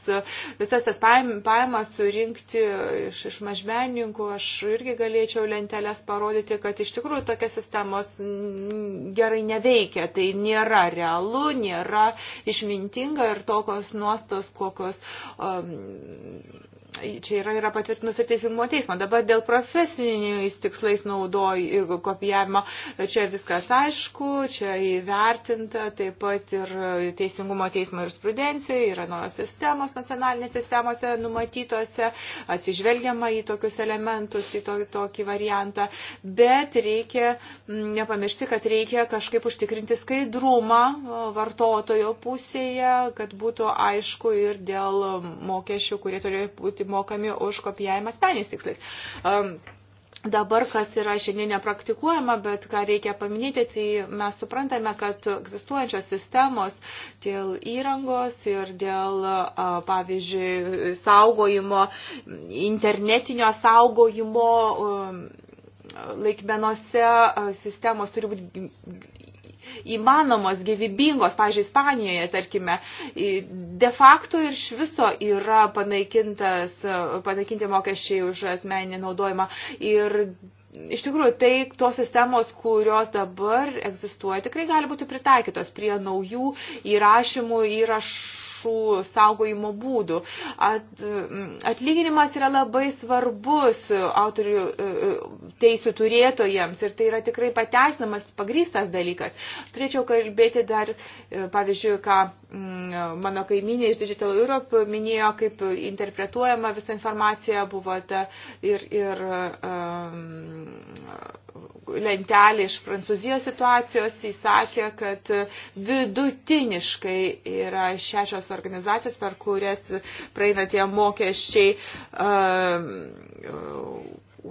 [SPEAKER 2] visas tas pajamas surinkti iš, iš mažmenininkų, aš irgi galėčiau lentelės parodyti, kad iš tikrųjų tokios sistemos gerai neveikia, tai nėra realu, nėra išmintinga ir tokios nuostos, kokios um, čia yra, yra patvirtinus ir teisingumo teismo. Dabar dėl profesiniais tikslais naudoj e, kopijavimo, čia viskas aišku, čia įvertinta, taip pat ir teisingumo teismo ir sprudencijoje, yra naujos sistemos, nacionalinės sistemose numatytose, atsižvelgiama į tokius elementus, į to, tokį variantą, bet reikia nepamiršti, kad reikia kažkaip užtikrinti skaidrumą e, vartotojo pusėje, kad būtų aišku ir dėl mokesčių, kurie turėjo būti būti mokami už kopijavimą asmeniais tikslais. Um, Dabar, kas yra šiandien nepraktikuojama, bet ką reikia paminėti, tai mes suprantame, kad egzistuojančios sistemos dėl įrangos ir dėl, pavyzdžiui, saugojimo, internetinio saugojimo laikmenose sistemos turi būti įmanomos, gyvybingos, pažiūrėjau, Ispanijoje, tarkime, de facto ir iš viso yra panaikinti mokesčiai už asmeninį naudojimą. Ir iš tikrųjų, tai tos sistemos, kurios dabar egzistuoja, tikrai gali būti pritaikytos prie naujų įrašymų, įrašų lėšų saugojimo būdų. At, atlyginimas yra labai svarbus e, autorių e, e, teisų turėtojams ir tai yra tikrai pateisinamas, pagrystas dalykas. Turėčiau kalbėti dar, pavyzdžiui, ką mano kaiminė iš Digital Europe minėjo, kaip interpretuojama visa informacija buvo ta ir, ir um, lentelė iš Prancūzijos situacijos, jis sakė, kad vidutiniškai yra šešios organizacijos, per kurias praeina tie mokesčiai. Uh,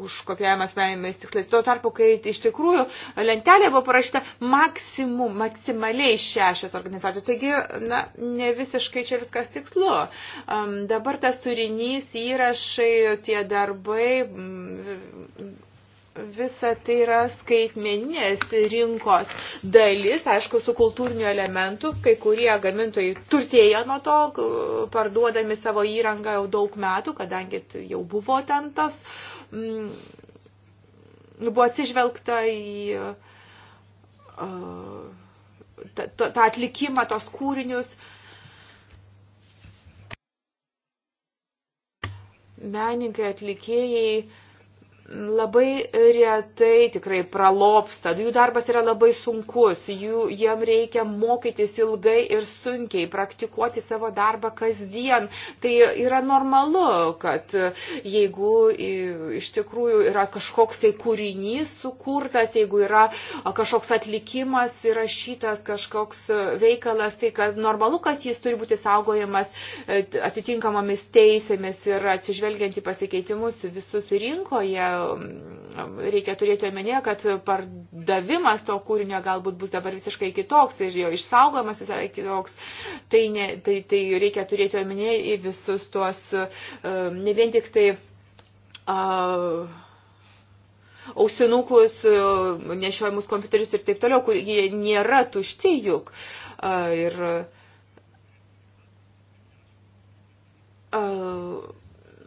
[SPEAKER 2] už kopijavimą asmeniniais tikslais. Tuo tarpu, kai iš tikrųjų lentelė buvo parašyta maksimum, maksimaliai šešios organizacijos. Taigi, na, ne visiškai čia viskas tikslu. Um, dabar tas turinys, įrašai, tie darbai. Um, visa tai yra skaitmeninės rinkos dalis, aišku, su kultūriniu elementu, kai kurie gamintojai turtėja nuo to, parduodami savo įrangą jau daug metų, kadangi jau buvo ten tas, m, mm, buvo atsižvelgta į tą atlikimą, tos kūrinius. Meninkai, atlikėjai, labai retai tikrai pralopsta, jų darbas yra labai sunkus, jų, jiem reikia mokytis ilgai ir sunkiai, praktikuoti savo darbą kasdien. Tai yra normalu, kad jeigu iš tikrųjų yra kažkoks tai kūrinys sukurtas, jeigu yra kažkoks atlikimas įrašytas, kažkoks veikalas, tai kad normalu, kad jis turi būti saugojamas e, atitinkamomis teisėmis ir atsižvelgiant į pasikeitimus visus rinkoje Um, reikia turėti omenyje, kad pardavimas to kūrinio galbūt bus dabar visiškai kitoks ir jo išsaugomas yra kitoks. Tai, ne, tai, tai reikia turėti omenyje į visus tuos, um, ne vien tik tai. Uh, ausinukus, uh, nešiojimus kompiuterius ir taip toliau, kur jie nėra tušti juk. Uh, ir uh,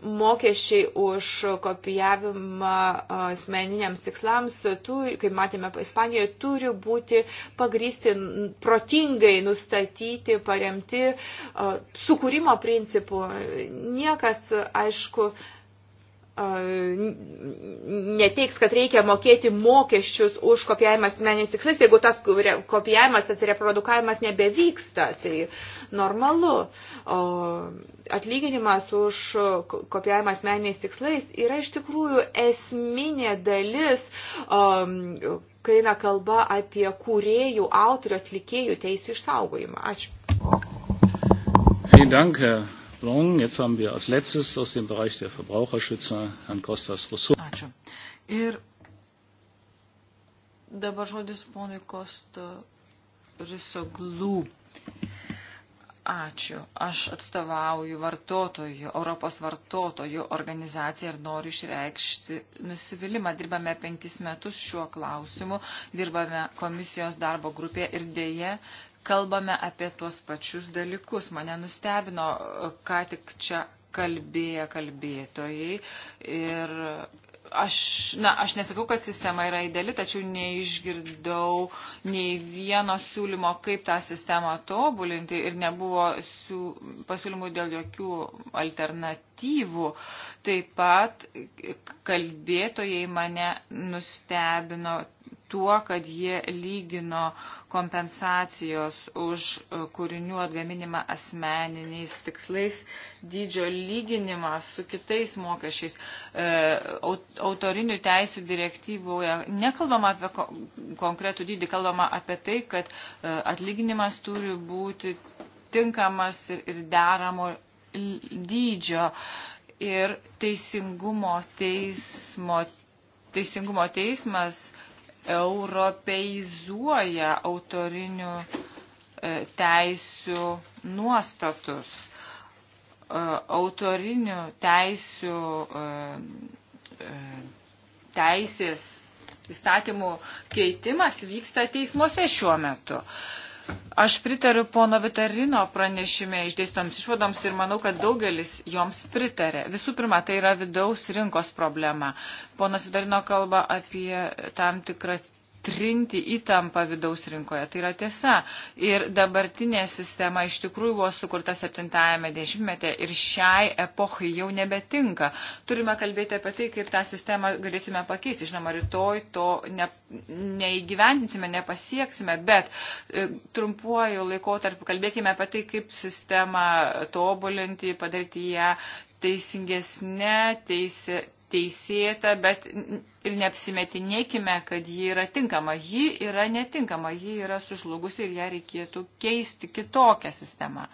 [SPEAKER 2] mokesčiai už kopijavimą asmeniniams tikslams, turi, kaip matėme Ispanijoje, turi būti pagrysti, protingai nustatyti, paremti sukūrimo principų. Niekas, aišku, neteiks, kad reikia mokėti mokesčius už kopijavimą asmeniniais tikslais, jeigu tas kopijavimas, tas reprodukavimas nebevyksta, tai normalu. O atlyginimas už kopijavimą asmeniniais tikslais yra iš tikrųjų esminė dalis, kai eina kalba apie kūrėjų, autorių, atlikėjų teisų išsaugojimą. Ačiū.
[SPEAKER 1] Vielen Dank, Herr Long. Jetzt haben wir als letztes aus dem Bereich der Verbraucherschützer Herrn Kostas Rousseau. Ačiū. Ir
[SPEAKER 6] dabar žodis ponui Kosto Risoglų. Ačiū. Aš atstovauju vartotojų, Europos vartotojų organizaciją ir noriu išreikšti nusivylimą. Dirbame penkis metus šiuo klausimu, dirbame komisijos darbo grupėje ir dėje kalbame apie tuos pačius dalykus. Mane nustebino, e, ką tik čia kalbėję kalbėtojai. Ir aš, na, aš nesakau, kad sistema yra ideali, tačiau neišgirdau nei vieno siūlymo, kaip tą sistemą tobulinti ir nebuvo siū, pasiūlymų dėl jokių alternatyvų. Taip pat kalbėtojai mane nustebino tuo, kad jie lygino kompensacijos už e, kūrinių atgaminimą asmeniniais tikslais dydžio lyginimą su kitais mokesčiais. E, autorinių teisų direktyvoje nekalbama apie konkretų dydį, kalbama apie tai, kad e, atlyginimas turi būti tinkamas ir deramo dydžio. Ir teisingumo teismo. Teisingumo teismas uh, europeizuoja autorinių e, teisių nuostatus. E, autorinių teisių e, teisės įstatymų keitimas vyksta teismuose šiuo metu. Uh, Aš pritariu pono Vitarino pranešime išdėstoms išvadoms ir manau, kad daugelis joms pritarė. Visų pirma, tai yra vidaus rinkos problema. Ponas Vitarino kalba apie tam tikrą ištrinti įtampą vidaus rinkoje. Tai yra tiesa. Ir dabartinė sistema iš tikrųjų buvo sukurta 70-ame dešimtmete ir šiai epochai jau nebetinka. Turime kalbėti apie tai, kaip tą sistemą galėtume pakeisti. Žinoma, rytoj to ne, neįgyvendinsime, nepasieksime, bet e, trumpuoju laikotarpiu kalbėkime apie tai, kaip sistemą tobulinti, padaryti ją teisingesnė, teisė, teisėta, bet ir neapsimetinėkime, kad ji yra tinkama. Ji yra netinkama, ji yra sužlugusi ir ją reikėtų keisti kitokią sistemą.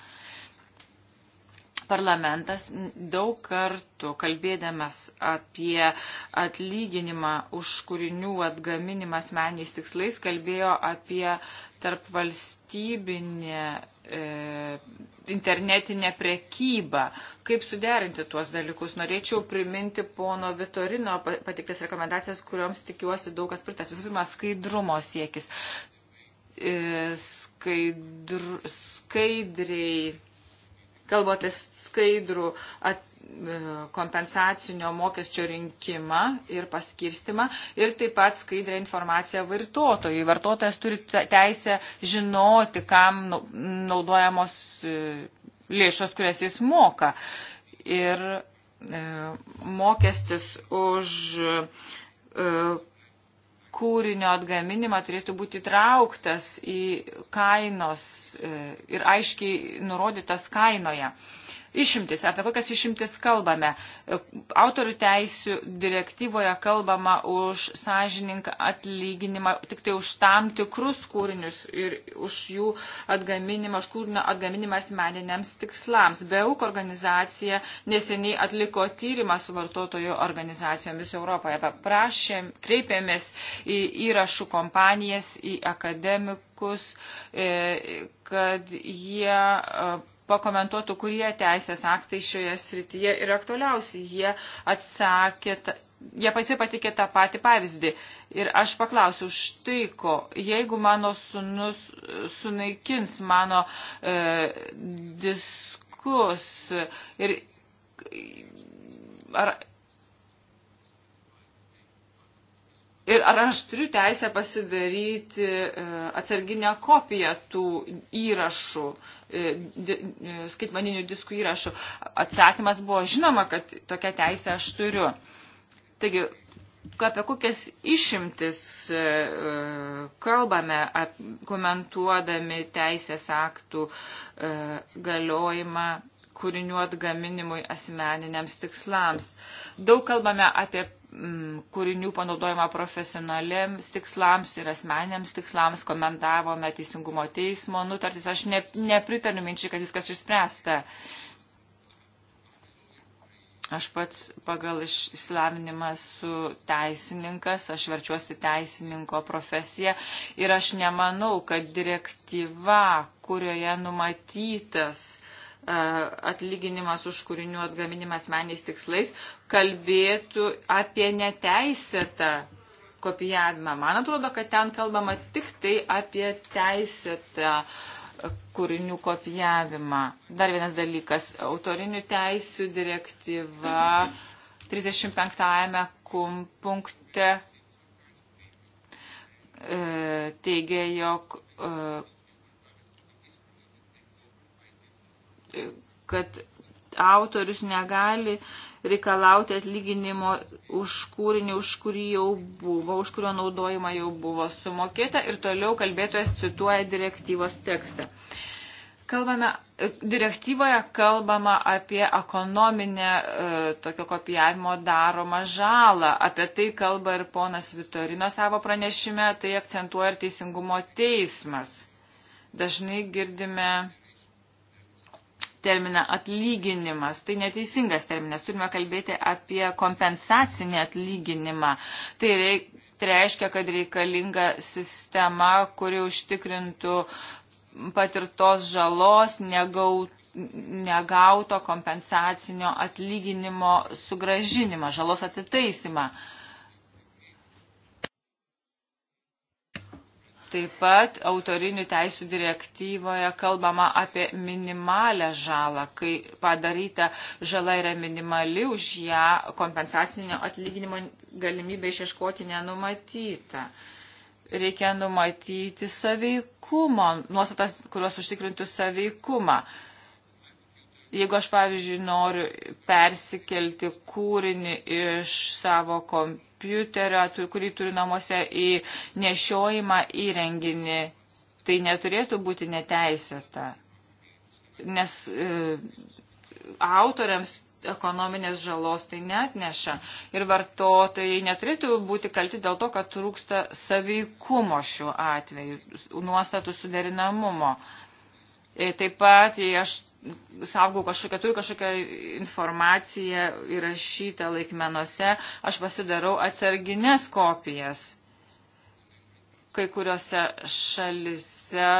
[SPEAKER 6] Parlamentas daug kartų kalbėdamas apie atlyginimą už kūrinių atgaminimą asmeniais tikslais kalbėjo apie tarp valstybinę E, internetinė prekyba. Kaip suderinti tuos dalykus? Norėčiau priminti pono Vitorino patiktas rekomendacijas, kurioms tikiuosi daug kas pritas. Visų pirma, skaidrumo siekis. E, Skaidr, skaidriai kalbu apie skaidrų at, e, kompensacinio mokesčio rinkimą ir paskirstimą ir taip pat skaidrę informaciją vartotojui. Vartotojas turi teisę žinoti, kam naudojamos e, lėšos, kurias jis moka. Ir e, mokestis už kūrinio atgaminimą turėtų būti trauktas į kainos e, ir aiškiai nurodytas kainoje. Išimtis, apie kokias išimtis kalbame. Autorių teisių direktyvoje kalbama už sąžininką atlyginimą, tik tai už tam tikrus kūrinius ir už jų atgaminimą, už kūrinio atgaminimą asmeniniams tikslams. BEUK organizacija neseniai atliko tyrimą su vartotojų organizacijomis Europoje. Paprašėm, kreipėmės į įrašų kompanijas, į akademikus, e, kad jie e, pakomentuotų, kurie teisės aktai šioje srityje yra aktualiausi. Jie atsakė, jie pasipatikė tą patį pavyzdį. Ir aš paklausiau, štai ko, jeigu mano sunus sunaikins mano e, diskus ir ar Ir ar aš turiu teisę pasidaryti e, atsarginę kopiją tų įrašų, e, e, skaitmaninių diskų įrašų? Atsakymas buvo žinoma, kad tokią teisę aš turiu. Taigi, apie kokias išimtis kalbame, komentuodami teisės aktų galiojimą kūrinių atgaminimui asmeniniams tikslams. Daug kalbame apie mm, kūrinių panaudojimą profesionaliems tikslams ir asmeniniams tikslams, komentavome teisingumo teismo nutartis. Aš ne, nepritariu minčiai, kad viskas išspręsta. Aš pats pagal išsilavinimą su teisininkas, aš verčiuosi teisininko profesiją ir aš nemanau, kad direktyva, kurioje numatytas uh, atlyginimas už kūrinių atgaminimą asmeniais tikslais kalbėtų apie neteisėtą kopijavimą. Man atrodo, kad ten kalbama tik tai apie teisėtą kūrinių kopijavimą. Dar vienas dalykas - autorinių teisų direktyva 35 punkte e, teigia, jog e, kad autorius negali reikalauti atlyginimo už kūrinį, už kurį jau buvo, už kurio naudojimą jau buvo sumokėta ir toliau kalbėtojas cituoja direktyvos tekstą. Kalbame, direktyvoje kalbama apie ekonominę e, tokio kopijavimo daromą žalą. Apie tai kalba ir ponas Vitorino savo pranešime, tai akcentuoja ir teisingumo teismas. Dažnai girdime terminą atlyginimas. Tai neteisingas terminas. Turime kalbėti apie kompensacinį atlyginimą. Tai, reik, tai reiškia, kad reikalinga sistema, kuri užtikrintų patirtos žalos negautų negauto kompensacinio atlyginimo sugražinimą, žalos atitaisimą. Uh, Taip pat autorinių teisų direktyvoje kalbama apie minimalę žalą, kai padaryta žala yra minimali, už ją kompensacinio atlyginimo galimybė išieškoti nenumatyta. Reikia numatyti saveikumą, nuostatas, kurios užtikrintų saveikumą. Uh, Jeigu aš, pavyzdžiui, noriu persikelti kūrinį iš savo kompiuterio, kurį turiu namuose, į nešiojimą įrenginį, tai neturėtų būti neteisėta. Nes e, autoriams ekonominės žalos tai netneša. Ir vartotojai neturėtų būti kalti dėl to, kad trūksta saveikumo šiuo atveju, nuostatų suderinamumo. E, E, taip pat, jei aš saugau kažkokią, turiu kažkokią informaciją įrašytą laikmenuose, aš pasidarau atsarginės kopijas. Kai kuriuose šalise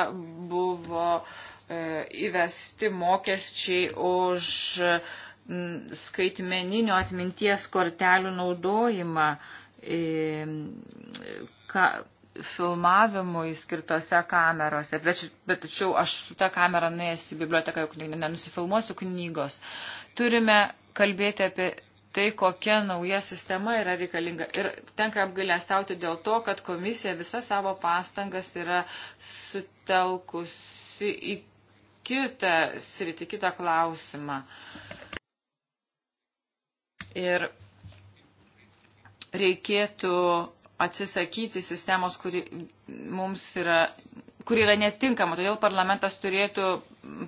[SPEAKER 6] buvo e, įvesti mokesčiai už m, skaitmeninio atminties kortelių naudojimą. E, ka, filmavimui skirtose kamerose, bet, bet tačiau aš su tą kamerą nuėjęs į biblioteką, juk nenusifilmuosiu knygos. Turime kalbėti apie tai, kokia nauja sistema yra reikalinga. Ir tenka apgailestauti dėl to, kad komisija visą savo pastangas yra sutelkusi į kitą sritį, kitą klausimą. Ir reikėtų atsisakyti sistemos, kuri mums yra, kuri yra netinkama. Todėl parlamentas turėtų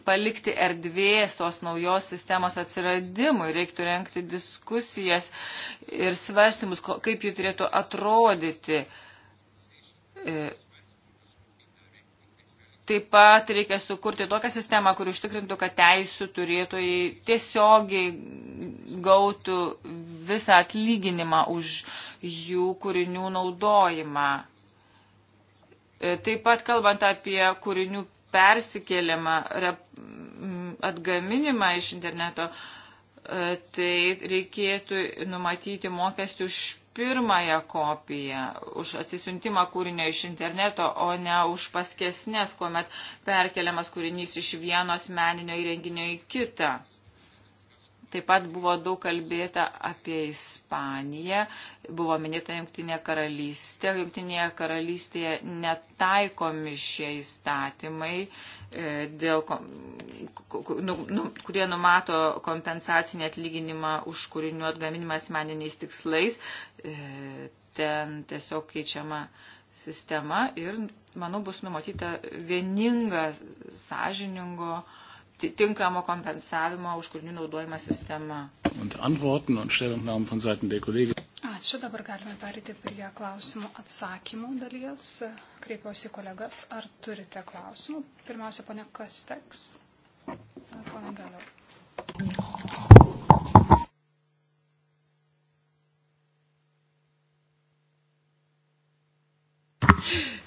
[SPEAKER 6] palikti erdvės tos naujos sistemos atsiradimui. Reiktų renkti diskusijas ir svarstymus, kaip jų turėtų atrodyti. E, Taip pat reikia sukurti tokią sistemą, kur užtikrintų, kad teisų turėtojai tiesiogiai gautų visą atlyginimą už jų kūrinių naudojimą. E, taip pat kalbant apie kūrinių persikėlimą, atgaminimą iš interneto, E, tai reikėtų numatyti mokestį už pirmąją kopiją, už atsisiuntimą kūrinio iš interneto, o ne už paskesnės, kuomet perkeliamas kūrinys iš vieno asmeninio įrenginio į kitą. Taip pat buvo daug kalbėta apie Ispaniją, buvo minėta Junktinė karalystė. Junktinėje karalystėje netaikomi šie įstatymai, e, dėl, nu, nu, kurie numato kompensacinį atlyginimą už kūrinių atgaminimą asmeniniais tikslais. E, ten tiesiog keičiama sistema ir, manau, bus numatyta vieninga sąžiningo tinkamo kompensavimo už kūrinių naudojimą sistema.
[SPEAKER 1] Und antworten und Stellungnahmen von Seiten der Kollegen.
[SPEAKER 3] Ačiū, dabar galime perėti prie klausimų atsakymų dalies. Kreipiuosi kolegas, ar turite klausimų? Pirmiausia, ponia Kasteks. Pone Galiau.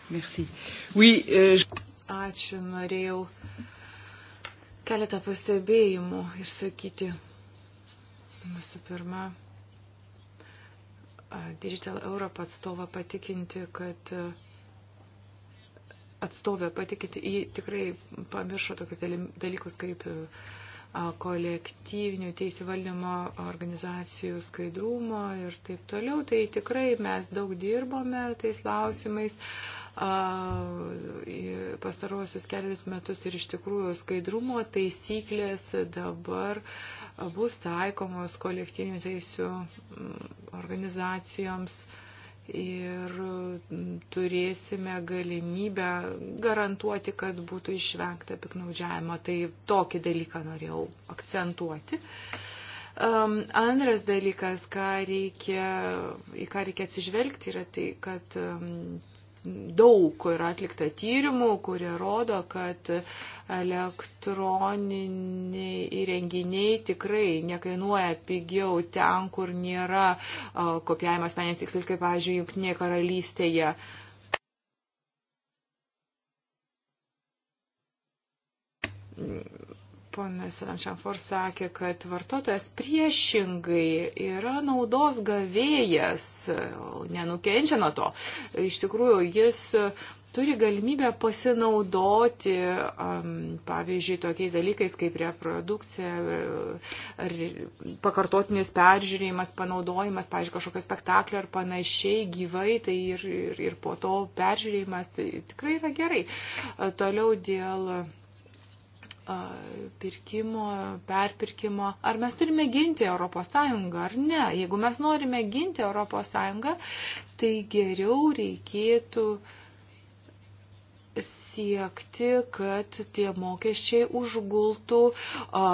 [SPEAKER 3] Merci. Oui,
[SPEAKER 2] euh... Ačiū, norėjau keletą pastebėjimų išsakyti. Visų pirma, Digital Europe atstovą patikinti, kad atstovę patikinti, jį tikrai pamiršo tokius dalykus kaip kolektyvinių teisų valdymo organizacijų skaidrumo ir taip toliau. Tai tikrai mes daug dirbome tais klausimais. Uh, pastarosius kelius metus ir iš tikrųjų skaidrumo taisyklės dabar bus taikomos kolektyvinių teisių mm, organizacijoms ir mm, turėsime galimybę garantuoti, kad būtų išvengta piknaudžiavimo. Tai tokį dalyką norėjau akcentuoti. Um, antras dalykas, ką reikia, į ką reikia atsižvelgti, yra tai, kad um, daug yra atlikta tyrimų, kurie rodo, kad elektroniniai įrenginiai tikrai nekainuoja pigiau ten, kur nėra kopijavimas menės tikslais, kaip, pavyzdžiui, Junktinėje karalystėje. Ponas Ranšanfor sakė, kad vartotojas priešingai yra naudos gavėjas, nenukenčia nuo to. Iš tikrųjų, jis turi galimybę pasinaudoti, pavyzdžiui, tokiais dalykais kaip reprodukcija, ar pakartotinis peržiūrėjimas, panaudojimas, pavyzdžiui, kažkokio spektaklio ar panašiai gyvai, tai ir, ir, ir po to peržiūrėjimas tai tikrai yra gerai. Toliau dėl pirkimo, perpirkimo. Ar mes turime ginti ES ar ne? Jeigu mes norime ginti ES, tai geriau reikėtų uh, siekti, kad tie mokesčiai užgultų a,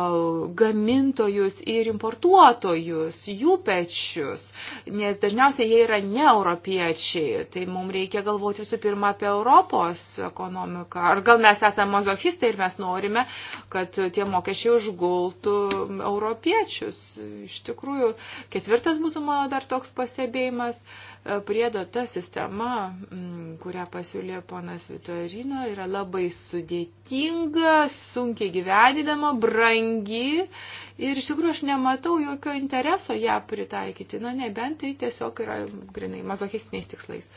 [SPEAKER 2] gamintojus ir importuotojus, jų pečius, nes dažniausiai jie yra ne europiečiai. Tai mums reikia galvoti visų pirma apie Europos ekonomiką. Ar gal mes esame mazochistai ir mes norime, kad tie mokesčiai užgultų europiečius. Iš tikrųjų, ketvirtas būtų mano dar toks pastebėjimas. Uh, priedo ta sistema, mm, kurią pasiūlė ponas Vitorino, yra labai sudėtinga, sunkiai gyvenidama, brangi ir iš tikrųjų aš nematau jokio intereso ją pritaikyti, na nebent tai tiesiog yra grinai mazochistiniais tikslais.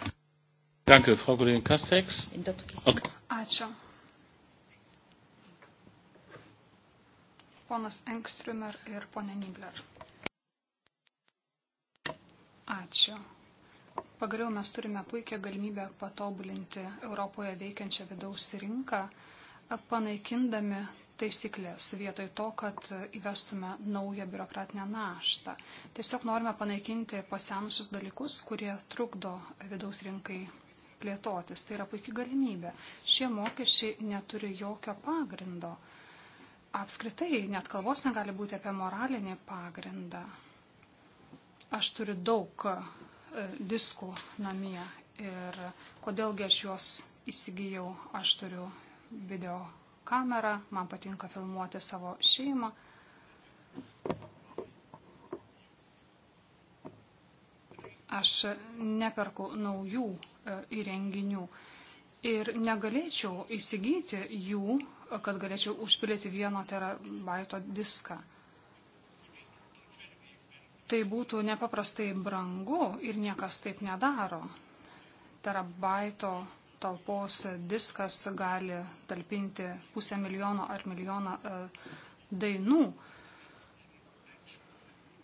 [SPEAKER 1] Danke, Frau Kollegin Kastex. Okay.
[SPEAKER 3] Ačiū. Ponas Engströmer ir ponė Nibler. Ačiū. Pagaliau mes turime puikią galimybę patobulinti Europoje veikiančią vidaus rinką, panaikindami taisyklės vietoj to, kad įvestume naują biurokratinę naštą. Tiesiog norime panaikinti pasenusius dalykus, kurie trukdo vidaus rinkai plėtotis. Tai yra puikia galimybė. Šie mokesčiai neturi jokio pagrindo. Apskritai, net kalbos negali būti apie moralinį pagrindą. Aš turiu daug E, diskų namie ir kodėlgi aš juos įsigijau, aš turiu video kamerą, man patinka filmuoti savo šeimą. Aš neperku naujų e, įrenginių ir negalėčiau įsigyti jų, kad galėčiau užpildyti vieno terabaito diską tai būtų nepaprastai brangu ir niekas taip nedaro. Terabaito talpos diskas gali talpinti pusę milijono ar milijoną e, dainų.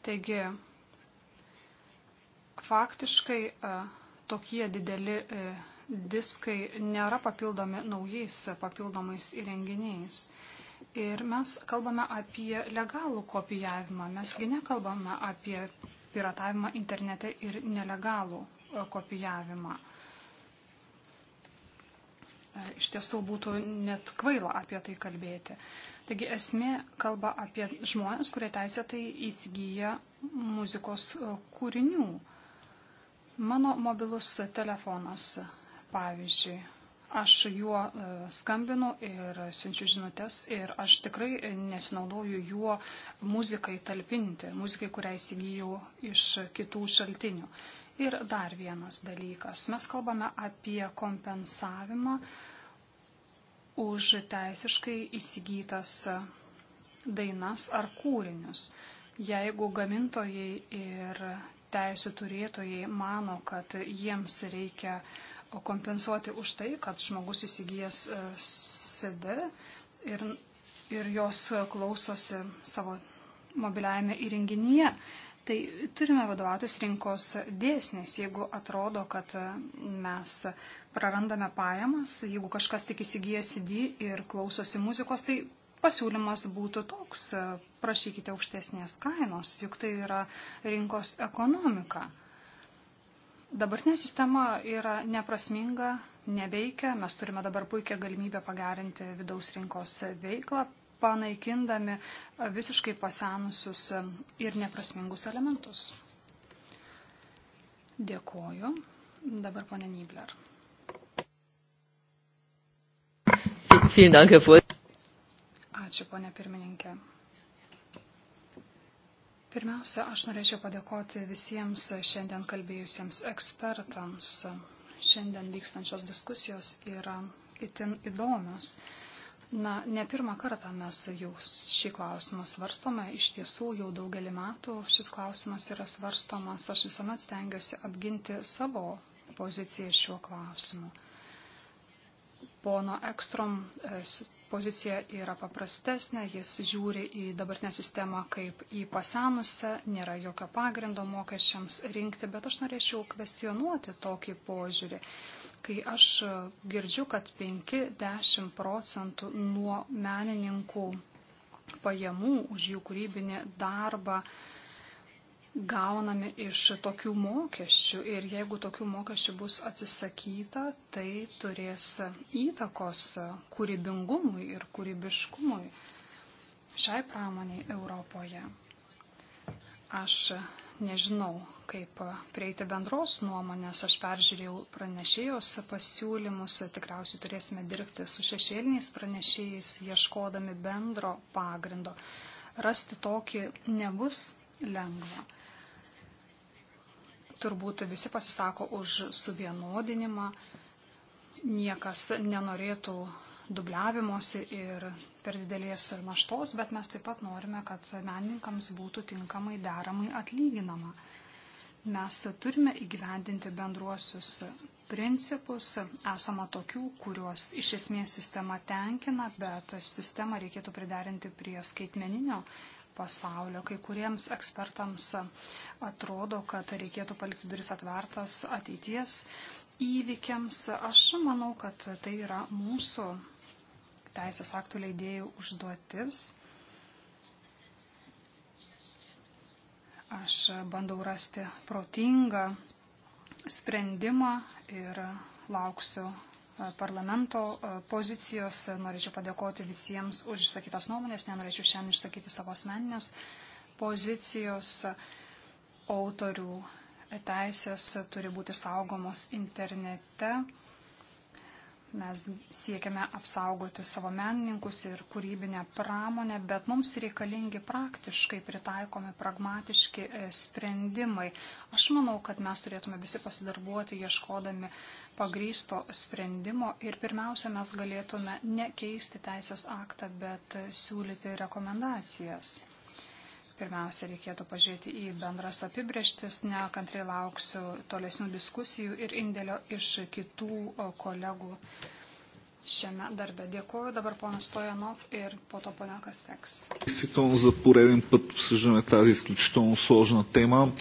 [SPEAKER 3] Taigi, faktiškai e, tokie dideli e, diskai nėra papildomi naujais papildomais įrenginiais. Ir mes kalbame apie legalų kopijavimą, mesgi nekalbame apie piratavimą internete ir nelegalų e, kopijavimą. E, iš tiesų būtų net kvaila apie tai kalbėti. Taigi esmė kalba apie žmonės, kurie teisėtai įsigyja muzikos e, kūrinių. Mano mobilus telefonas, pavyzdžiui, Aš juo e, skambinu ir siunčiu žinutės ir aš tikrai nesinaudoju juo muzikai talpinti, muzikai, kurią įsigijau iš kitų šaltinių. Ir dar vienas dalykas. Mes kalbame apie kompensavimą už teisiškai įsigytas dainas ar kūrinius. Jeigu gamintojai ir teisų turėtojai mano, kad jiems reikia uh, o kompensuoti už tai, kad žmogus įsigijęs CD e, ir, ir jos klausosi savo mobiliajame įrenginyje. Tai turime vadovautis rinkos dėsnės, jeigu atrodo, kad e, mes prarandame pajamas, jeigu kažkas tik įsigyja CD ir klausosi muzikos, tai pasiūlymas būtų toks, e, prašykite aukštesnės kainos, juk tai yra rinkos ekonomika. Dabartinė sistema yra neprasminga, neveikia. Mes turime dabar puikią galimybę pagerinti vidaus rinkos veiklą, panaikindami visiškai pasenusius ir neprasmingus elementus. Dėkoju. Dabar ponė Nybler. Ačiū, ponė pirmininkė. Pirmiausia, aš norėčiau padėkoti visiems šiandien kalbėjusiems ekspertams. Šiandien vykstančios diskusijos yra itin įdomios. Na, ne pirmą kartą mes jau šį klausimą svarstome, iš tiesų jau daugelį metų šis klausimas yra svarstomas, aš visuomet stengiuosi apginti savo poziciją šiuo klausimu. Pono Ekstrom e, pozicija yra paprastesnė, jis žiūri į dabartinę sistemą kaip į pasenusią, nėra jokio pagrindo mokesčiams rinkti, bet aš norėčiau kvestionuoti tokį požiūrį. Kai aš girdžiu, kad 5-10 procentų nuo menininkų pajamų už jų kūrybinį darbą uh, gauname iš tokių mokesčių ir jeigu tokių mokesčių bus atsisakyta, tai turės įtakos kūrybingumui ir kūrybiškumui šiai pramoniai Europoje. Aš nežinau, kaip prieiti bendros nuomonės, aš peržiūrėjau pranešėjos pasiūlymus, tikriausiai turėsime dirbti su šešėliniais pranešėjais, ieškodami bendro pagrindo. Rasti tokį nebus lengva. Turbūt visi pasisako už suvienodinimą, niekas nenorėtų dubliavimuose ir per didelės naštos, bet mes taip pat norime, kad menininkams būtų tinkamai deramai atlyginama. Mes turime įgyvendinti bendruosius principus, esama tokių, kuriuos iš esmės sistema tenkina, bet sistemą reikėtų pridarinti prie skaitmeninio pasaulio. Kai kuriems ekspertams atrodo, kad reikėtų palikti duris atvertas ateities įvykiams. Aš manau, kad tai yra mūsų teisės aktų leidėjų užduotis. Aš bandau rasti protingą sprendimą ir lauksiu parlamento e, pozicijos. Norėčiau padėkoti visiems už išsakytas nuomonės, nenorėčiau šiandien išsakyti savo asmeninės pozicijos autorių teisės turi būti saugomos internete. Mes siekiame apsaugoti savo menininkus ir kūrybinę pramonę, bet mums reikalingi praktiškai pritaikomi pragmatiški e, sprendimai. Aš manau, kad mes turėtume visi pasidarbuoti ieškodami pagrysto sprendimo ir pirmiausia, mes galėtume ne keisti teisės aktą, bet e, siūlyti rekomendacijas. Pirmiausia, reikėtų pažiūrėti į bendras apibrieštis, nekantriai lauksiu tolesnių diskusijų ir indėlio iš kitų kolegų šiame darbe. Dėkuoju dabar ponas Stojanov ir po to ponia Kasteks.
[SPEAKER 4] Действително за пореден път обсъждаме тази изключително сложна тема.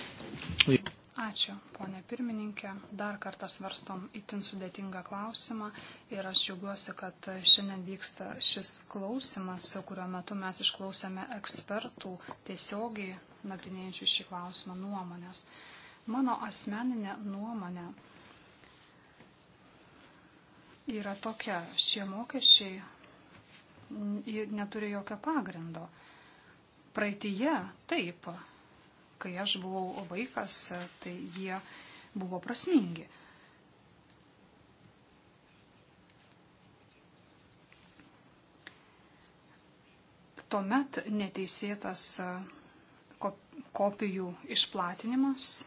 [SPEAKER 3] Ačiū, ponė pirmininkė. Dar kartą svarstom itin sudėtingą klausimą ir aš džiaugiuosi, kad šiandien vyksta šis klausimas, kurio metu mes išklausėme ekspertų tiesiogiai nagrinėjančių šį klausimą nuomonės. Mano asmeninė nuomonė yra tokia, šie mokesčiai neturi jokio pagrindo. Praeitie taip kai aš buvau vaikas, tai jie buvo prasmingi. Tuomet neteisėtas e, kopijų išplatinimas e,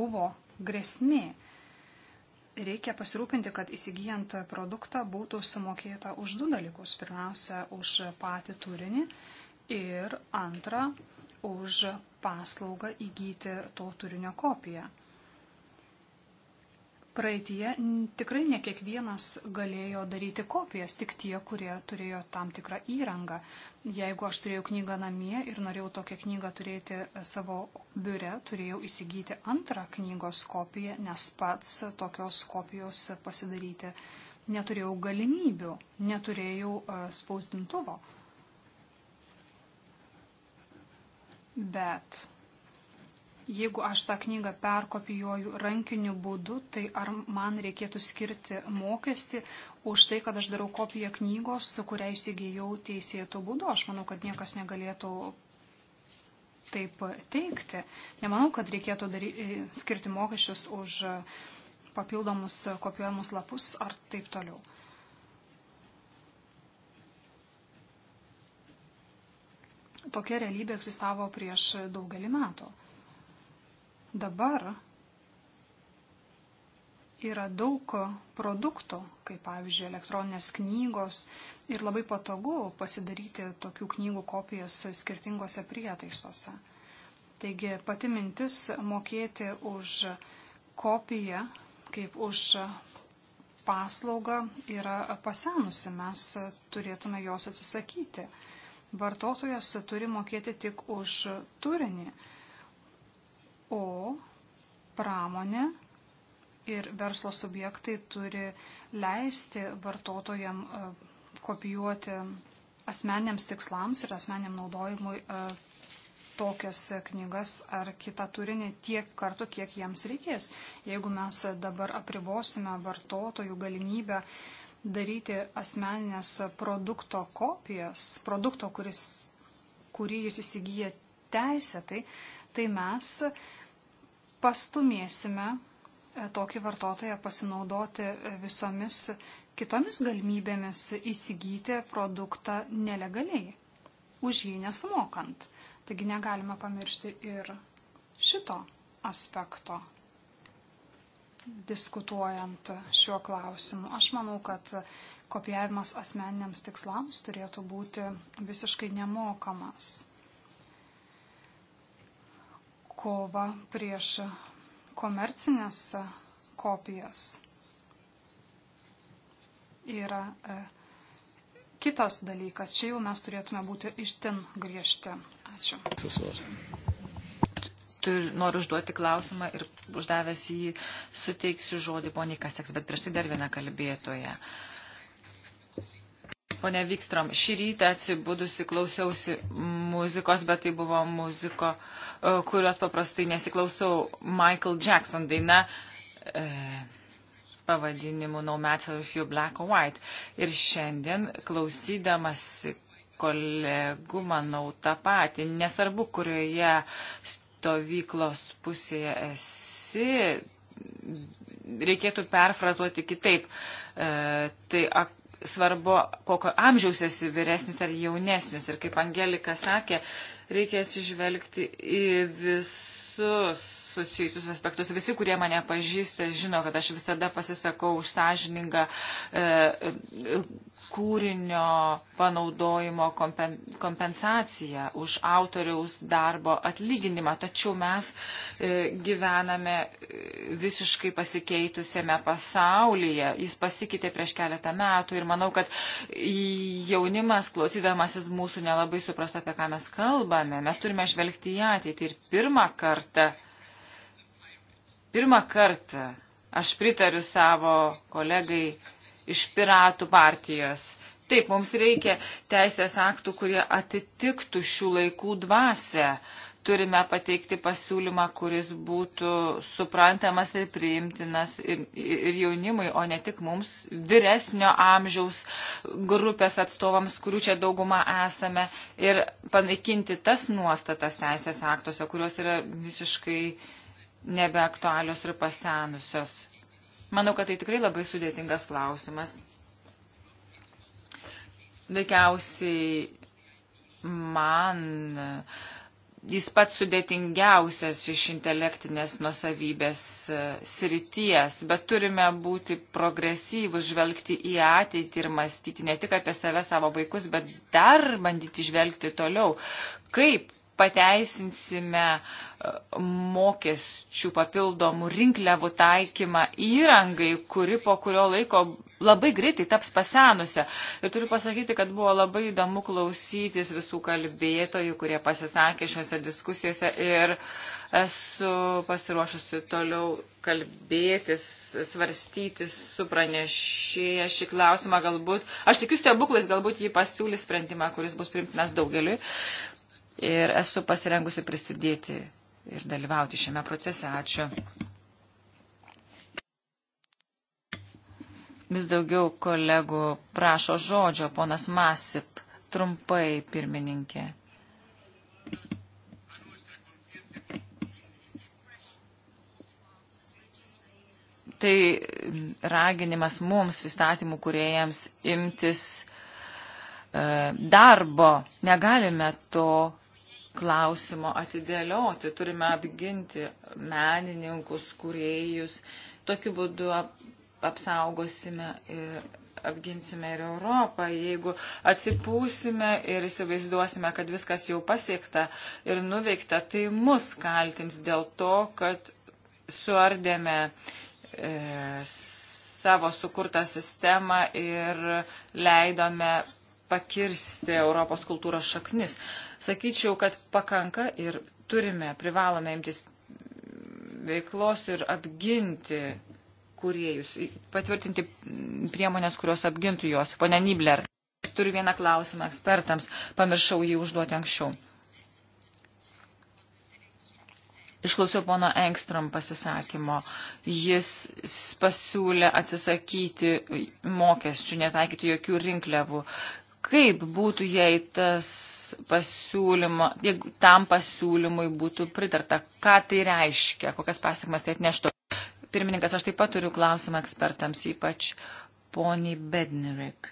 [SPEAKER 3] buvo grėsmė. Reikia pasirūpinti, kad įsigijant produktą būtų sumokėta už du dalykus. Pirmiausia, už patį turinį ir antra, už paslaugą įgyti to turinio kopiją. Praeitie tikrai ne kiekvienas galėjo daryti kopijas, tik tie, kurie turėjo tam tikrą įrangą. Jeigu aš turėjau knygą namie ir norėjau tokią knygą turėti e, savo biure, turėjau įsigyti antrą knygos kopiją, nes pats tokios kopijos pasidaryti neturėjau galimybių, neturėjau e, spausdintuvo. Bet jeigu aš tą knygą perkopijuoju rankiniu būdu, tai ar man reikėtų skirti mokestį už tai, kad aš darau kopiją knygos, su kuria įsigijau teisėtų būdu? Aš manau, kad niekas negalėtų taip teikti. Nemanau, kad reikėtų dary, e, skirti mokesčius už papildomus kopijuojamus lapus ar taip toliau. tokia realybė egzistavo prieš daugelį metų. Dabar yra daug produktų, kaip pavyzdžiui elektroninės knygos ir labai patogu pasidaryti tokių knygų kopijas skirtingose prietaisuose. Taigi pati mintis mokėti už kopiją kaip už paslaugą yra pasenusi, mes turėtume jos atsisakyti vartotojas turi mokėti tik už turinį, o pramonė ir verslo subjektai turi leisti vartotojam e, kopijuoti asmeniams tikslams ir asmeniam naudojimui e, tokias knygas ar kitą turinį tiek kartų, kiek jiems reikės. Jeigu mes dabar apribosime vartotojų galimybę daryti asmeninės produkto kopijas, produkto, kuris, kurį jūs įsigyja teisėtai, tai mes pastumėsime e, tokį vartotoją pasinaudoti e, visomis kitomis galimybėmis įsigyti produktą nelegaliai, už jį nesumokant. Taigi negalime pamiršti ir šito aspekto, diskutuojant šiuo klausimu. Aš manau, kad kopijavimas asmeniniams tikslams turėtų būti visiškai nemokamas. Kova prieš komercinės kopijas yra e, kitas dalykas. Čia jau mes turėtume būti ištin griežti. Ačiū.
[SPEAKER 4] Susuosim
[SPEAKER 6] tur, noriu užduoti klausimą ir uždavęs jį suteiksiu žodį poniai Kaseks, bet prieš tai dar vieną kalbėtoją. Pone Vikstrom, šį rytą atsibudusi klausiausi muzikos, bet tai buvo muziko, e, kurios paprastai nesiklausau Michael Jackson daina. E, pavadinimu No Matter If You Black or White. Ir šiandien klausydamas kolegų manau tą patį, nesvarbu, kurioje stovyklos pusėje esi, reikėtų perfrazuoti kitaip. E, tai ak, svarbu, kokio amžiaus esi vyresnis ar jaunesnis. Ir kaip Angelika sakė, reikia atsižvelgti į visus susijusius aspektus. Visi, kurie mane pažįsta, žino, kad aš visada pasisakau už sąžiningą e, e kūrinio panaudojimo kompen, kompensaciją, už autoriaus darbo atlyginimą. Tačiau mes e, gyvename e, visiškai pasikeitusiame pasaulyje. Jis pasikeitė prieš keletą metų ir manau, kad jaunimas, klausydamasis mūsų, nelabai suprasta, apie ką mes kalbame. Mes turime žvelgti į ateitį ir pirmą kartą Pirmą kartą aš pritariu savo kolegai iš piratų partijos. Taip, mums reikia teisės aktų, kurie atitiktų šių laikų dvasę. Turime pateikti pasiūlymą, kuris būtų suprantamas ir priimtinas ir, ir jaunimui, o ne tik mums, vyresnio amžiaus grupės atstovams, kurių čia dauguma esame, ir panaikinti tas nuostatas teisės aktuose, kurios yra visiškai uh, nebeaktualios ir pasenusios. Manau, kad tai tikrai labai sudėtingas klausimas. Veikiausiai man jis pats sudėtingiausias iš intelektinės nusavybės e, srities, bet turime būti progresyvus, žvelgti į ateitį ir mąstyti ne tik apie save, savo vaikus, bet dar bandyti žvelgti toliau, kaip pateisinsime e, mokesčių papildomų rinkliavų taikymą įrangai, kuri po kurio laiko labai greitai taps pasenusią. Ir turiu pasakyti, kad buvo labai įdomu klausytis visų kalbėtojų, kurie pasisakė šiuose diskusijose ir esu pasiruošusi toliau kalbėtis, svarstyti su pranešėja šį klausimą galbūt. Aš tikiu stebuklais, galbūt jį pasiūlys sprendimą, kuris bus primtinas daugeliui ir esu pasirengusi prisidėti ir dalyvauti šiame procese. Ačiū. Vis daugiau kolegų prašo žodžio, ponas Masip, trumpai pirmininkė. Tai raginimas mums, įstatymų kuriejams, imtis e, darbo. Negalime to klausimo atidėlioti. Turime apginti menininkus, kuriejus. Tokiu būdu apsaugosime ir apginsime ir Europą, jeigu atsipūsime ir įsivaizduosime, kad viskas jau pasiekta ir nuveikta, tai mus kaltins dėl to, kad suardėme e, savo sukurtą sistemą ir leidome pakirsti Europos kultūros šaknis. Sakyčiau, kad pakanka ir turime, privalome imtis veiklos ir apginti kuriejus, patvirtinti priemonės, kurios apgintų juos. Pone Nibler, turiu vieną klausimą ekspertams, pamiršau jį užduoti anksčiau. Išklausiau pono Engstrom pasisakymo. Jis pasiūlė atsisakyti mokesčių, netaikyti jokių rinkliavų kaip būtų, jei tas pasiūlymo, jeigu tam pasiūlymui būtų pritarta, ką tai reiškia, kokias pasiekmes tai atneštų. Pirmininkas, aš taip pat turiu klausimą ekspertams, ypač poniai Bednirik.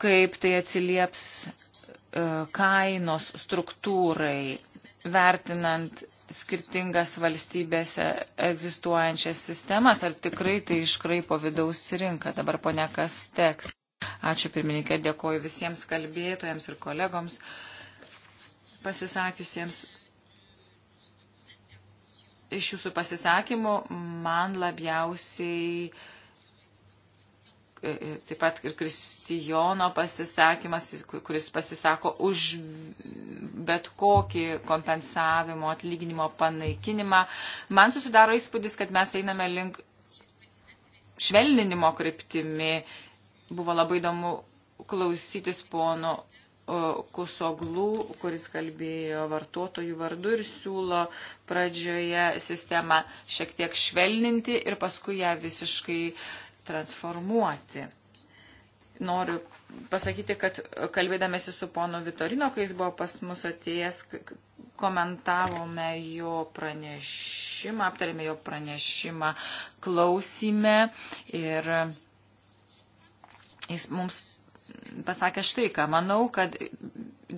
[SPEAKER 6] Kaip tai atsilieps E, kainos struktūrai, vertinant skirtingas valstybėse egzistuojančias sistemas, ar tikrai tai iškraipo vidaus rinką. Dabar ponia kas teks. Ačiū pirmininkė, dėkoju visiems kalbėtojams ir kolegoms pasisakiusiems. Iš jūsų pasisakymų man labiausiai uh, E, e, taip pat ir Kristijono pasisakymas, kuris pasisako už bet kokį kompensavimo atlyginimo panaikinimą. Man susidaro įspūdis, kad mes einame link švelninimo kryptimi. Buvo labai įdomu klausytis pono Kusoglų, kuris kalbėjo vartotojų vardu ir siūlo pradžioje sistemą šiek tiek švelninti ir paskui ją visiškai uh, transformuoti. Noriu pasakyti, kad kalbėdamėsi su pono Vitorino, kai jis buvo pas mus atėjęs, komentavome jo pranešimą, aptarėme jo pranešimą, klausime ir jis mums pasakė štai ką. Manau, kad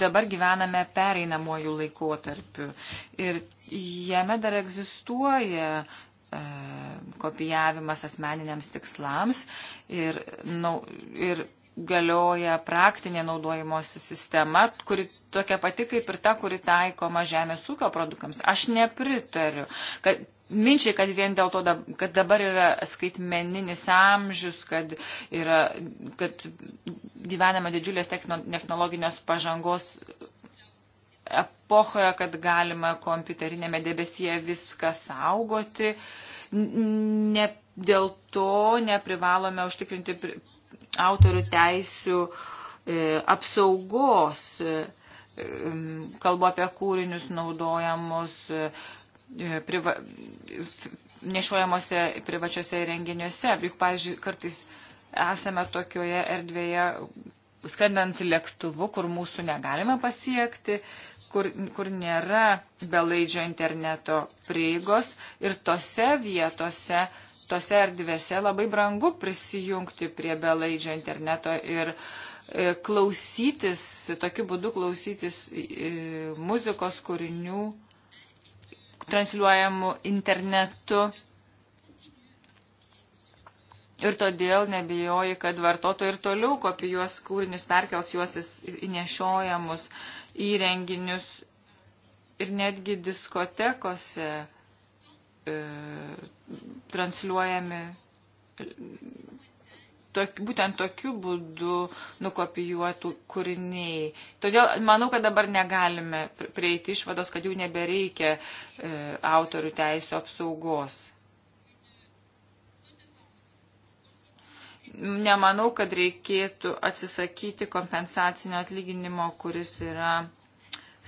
[SPEAKER 6] dabar gyvename pereinamuoju laikotarpiu ir jame dar egzistuoja E, kopijavimas asmeniniams tikslams ir, nau, ir galioja praktinė naudojimosi sistema, kuri tokia pati kaip ir ta, kuri taikoma žemės ūkio produktams. Aš nepritariu, kad minčiai, kad vien dėl to, kad dabar yra skaitmeninis amžius, kad, yra, kad gyvename didžiulės technologinės pažangos epochoje, kad galima kompiuterinėme debesyje viską saugoti. Ne, dėl to neprivalome užtikrinti autorių teisių e, apsaugos. E, e, kalbu apie kūrinius naudojamus e, e priva, nešuojamuose privačiose įrenginiuose. Juk, pavyzdžiui, kartais esame tokioje erdvėje, skandant lėktuvu, kur mūsų negalime pasiekti. E, kur, kur nėra belaidžio interneto prieigos ir tose vietose, tose erdvėse labai brangu prisijungti prie belaidžio interneto ir e, klausytis, tokiu būdu klausytis e, e, muzikos kūrinių transliuojamų internetu. Ir todėl nebijoji, kad vartotojai ir toliau kopijuos kūrinius, perkels juos į nešiojamus uh, įrenginius ir netgi diskotekose e, transliuojami tok, būtent tokiu būdu nukopijuotų kūriniai. Todėl manau, kad dabar negalime prieiti išvados, kad jau nebereikia e, autorių teisų apsaugos. nemanau, kad reikėtų atsisakyti kompensacinio atlyginimo, kuris yra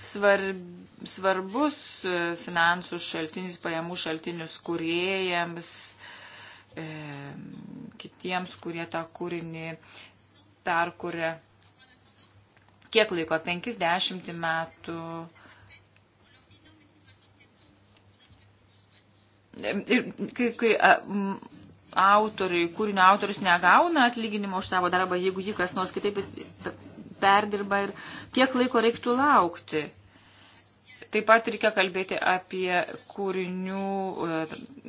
[SPEAKER 6] svarb, svarbus e, finansų šaltinis, pajamų šaltinius kuriejams, e, kitiems, kurie tą kūrinį perkuria. Kiek laiko? 50 metų. E, ir kai, kai a, m, autoriui, kūrinio autorius negauna atlyginimo už savo darbą, jeigu jį kas nors kitaip perdirba ir kiek laiko reiktų laukti. Taip pat reikia kalbėti apie kūrinių e,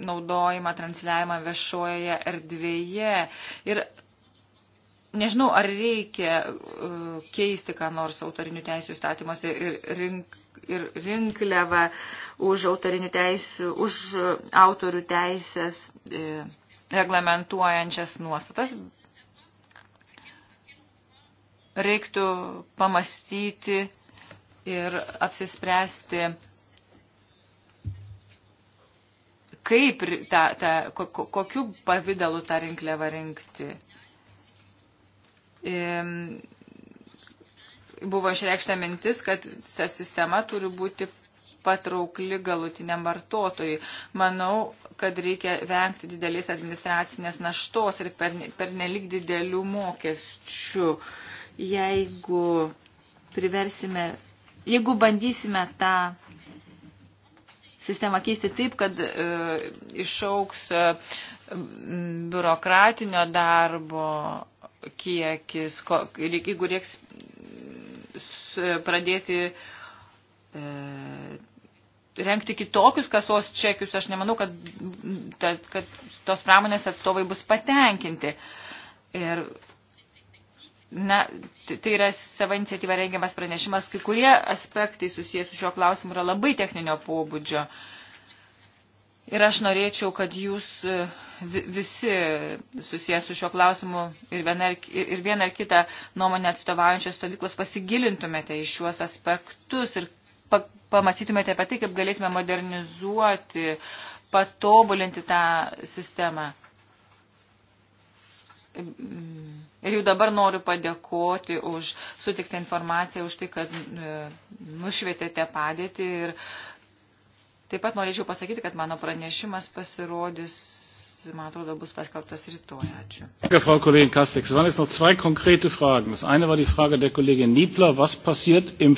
[SPEAKER 6] naudojimą, transliavimą viešojoje erdvėje. Ir nežinau, ar reikia e, keisti, ką nors autorinių teisų įstatymuose ir, rink, ir rinkliavą už autorinių teisų, už e, autorių teisės. E, reglamentuojančias nuostatas, reiktų pamastyti ir apsispręsti, kaip, ta, ta, kokiu pavydalu tą rinkliavą rinkti. Ehm, buvo išreikšta mintis, kad ta sistema turi būti patraukli galutiniam vartotojui. Manau, kad reikia vengti didelės administracinės naštos ir per, per nelik didelių mokesčių. Jeigu priversime, jeigu bandysime tą sistemą keisti taip, kad e, išauks e, biurokratinio darbo kiekis, ko, jeigu reiks pradėti e, renkti kitokius kasos čekius, aš nemanau, kad, kad tos pramonės atstovai bus patenkinti. Ir, na, tai yra savo iniciatyva rengiamas pranešimas, kai kurie aspektai susijęs su šiuo klausimu yra labai techninio pobūdžio. Ir aš norėčiau, kad jūs visi susijęs su šiuo klausimu ir vieną ar, ir vieną ar kitą nuomonę atstovaujančios stovyklos pasigilintumėte į šiuos aspektus ir pamastytumėte apie tai, kaip galėtume modernizuoti, patobulinti tą sistemą. Ir jau dabar noriu padėkoti už sutiktą informaciją, už tai, kad e, nušvietėte padėtį. Ir taip pat norėčiau pasakyti, kad mano pranešimas pasirodys man atrodo, bus paskelbtas rytoj. Ačiū.
[SPEAKER 1] Danke, Frau Kollegin Kastex. Es waren jetzt noch zwei konkrete Fragen. Das eine war die Frage der Kollegin Niebler. Was passiert im...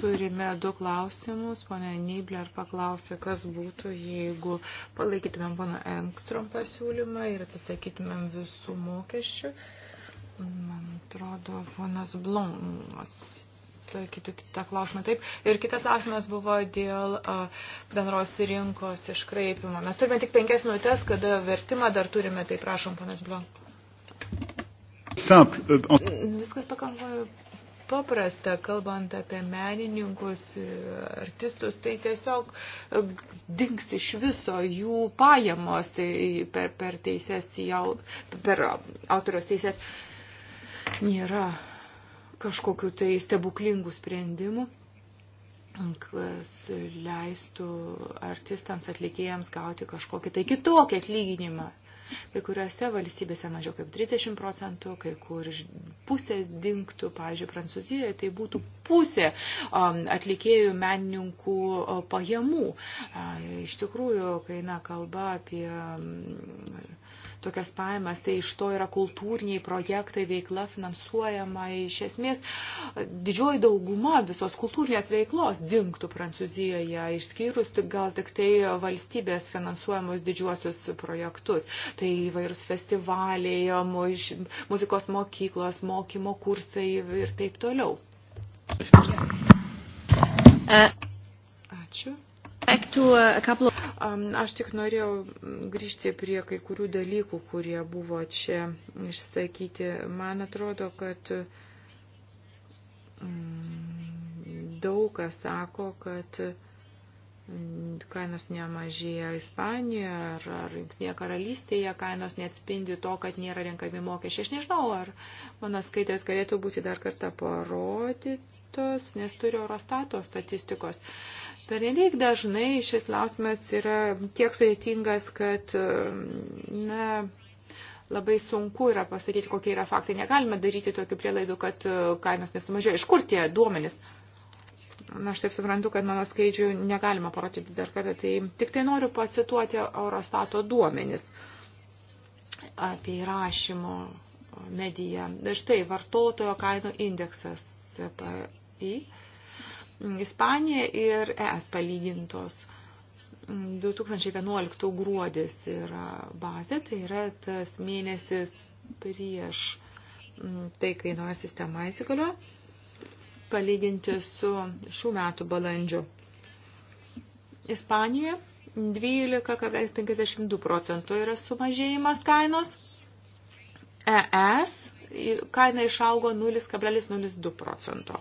[SPEAKER 2] Turime du klausimus. Pone Nibler paklausė, kas būtų, jeigu palaikytumėm pono Engstrom pasiūlymą ir atsisakytumėm visų mokesčių. Man atrodo, ponas Blum atsakytų kitą klausimą taip. Ir kitas klausimas buvo dėl bendros rinkos iškraipimo. Mes turime tik penkias minutės, kada vertimą dar turime, tai prašom, ponas Blum.
[SPEAKER 4] Simple. Euh,
[SPEAKER 2] Viskas pakankamai paprasta, kalbant apie menininkus, artistus, tai tiesiog e, dinks iš viso jų pajamos tai per, per teises, jau, per autorios teises. Nėra kažkokiu tai stebuklingų sprendimų kas leistų artistams, atlikėjams gauti kažkokį tai kitokį atlyginimą. Kai kuriuose valstybėse mažiau kaip 30 procentų, kai kur pusė dinktų, pavyzdžiui, Prancūzijoje tai būtų pusė um, atlikėjų menininkų uh, pajamų. Iš tikrųjų, kai eina kalba apie um, tokias pajamas, tai iš to yra kultūriniai projektai, veikla finansuojama. Iš esmės, didžioji dauguma visos kultūrinės veiklos dinktų Prancūzijoje, išskyrus gal tik tai valstybės finansuojamos didžiuosius projektus. Tai įvairūs festivaliai, muzikos mokyklos, mokymo kursai ir taip toliau. Ačiū. Uh, um, aš tik norėjau grįžti prie kai kurių dalykų, kurie buvo čia išsakyti. Man atrodo, kad mm, daug kas sako, kad mm, kainos nemažėja Ispanijoje ar, ar Junktinėje karalystėje, kainos neatspindi to, kad nėra renkami mokesčiai. Aš nežinau, ar mano skaitės galėtų būti dar kartą parodytos, nes turiu Eurostato statistikos. Uh, Pernelyg dažnai šis klausimas yra tiek sudėtingas, kad na, labai sunku yra pasakyti, kokie yra faktai. Negalime daryti tokių prielaidų, kad e, kainos nesumažėjo. Iš kur tie duomenys? Na, aš taip suprantu, kad mano skaičių negalima parodyti dar kartą. Tai tik tai noriu pacituoti Eurostato duomenis apie įrašymo mediją. Štai vartotojo kainų indeksas CPI Ispanija ir ES palygintos. 2011 gruodis yra bazė, tai yra tas mėnesis prieš mm, tai, kai nauja sistema įsigalio, palyginti su šių metų balandžiu. Ispanijoje 12,52 procentų yra sumažėjimas kainos. ES kaina išaugo 0,02 procento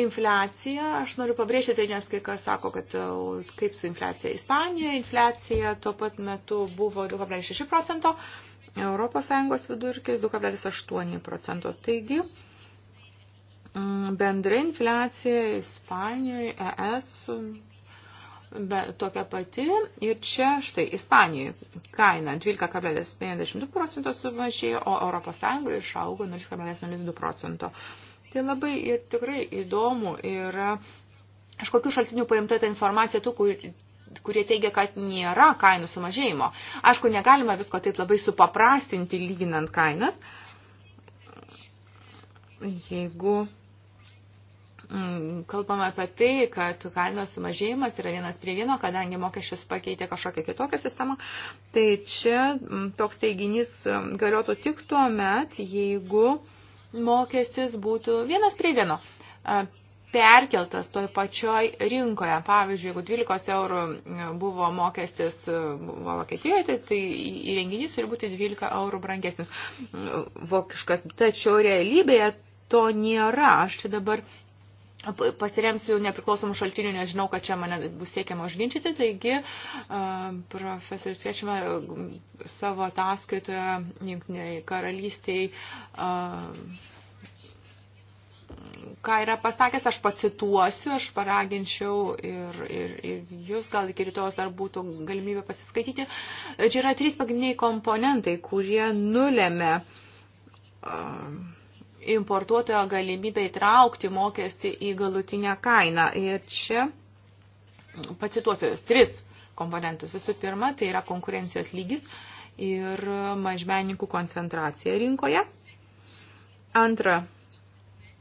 [SPEAKER 2] infliacija, aš noriu pabrėžti tai, nes kai kas sako, kad e, kaip su infliacija Ispanijoje, infliacija tuo pat metu buvo 2,6 procento, ES vidurkis 2,8 procento. Taigi, mm, bendra infliacija Ispanijoje, ES be, tokia pati. Ir čia štai Ispanijoje kaina 12,52 procento sumažėjo, o Europos Sąjungoje išaugo 0,02 procento. Tai labai ir tikrai įdomu yra, iš kokių šaltinių paimta ta informacija tų, kur, kurie teigia, kad nėra kainų sumažėjimo. Aišku, negalima visko taip labai supaprastinti, lyginant kainas. Jeigu mm, kalbame apie tai, kad kainos sumažėjimas yra vienas prie vieno, kadangi mokesčius pakeitė kažkokią kitokią sistemą, tai čia mm, toks teiginys mm, galiotų tik tuo met, jeigu mokestis būtų vienas prie vieno perkeltas toj pačioj rinkoje. Pavyzdžiui, jeigu 12 eurų buvo mokestis Vokietijoje, tai, tai įrenginys turi būti 12 eurų brangesnis vokiškas. Tačiau realybėje to nėra. Aš čia dabar pasiremsiu nepriklausomų šaltinių, nes žinau, kad čia mane bus siekiama užginčyti, taigi profesorius kviečiame savo ataskaitoje Junktiniai karalystiai. Ką yra pasakęs, aš pacituosiu, aš paraginčiau ir, ir, ir jūs gal iki rytojos dar būtų galimybė pasiskaityti. Čia yra trys pagrindiniai komponentai, kurie nulėmė uh, importuotojo galimybę įtraukti mokestį į galutinę kainą. Ir čia pacituosiu tris komponentus. Visų pirma, tai yra konkurencijos lygis ir mažmenininkų koncentracija rinkoje. Antra,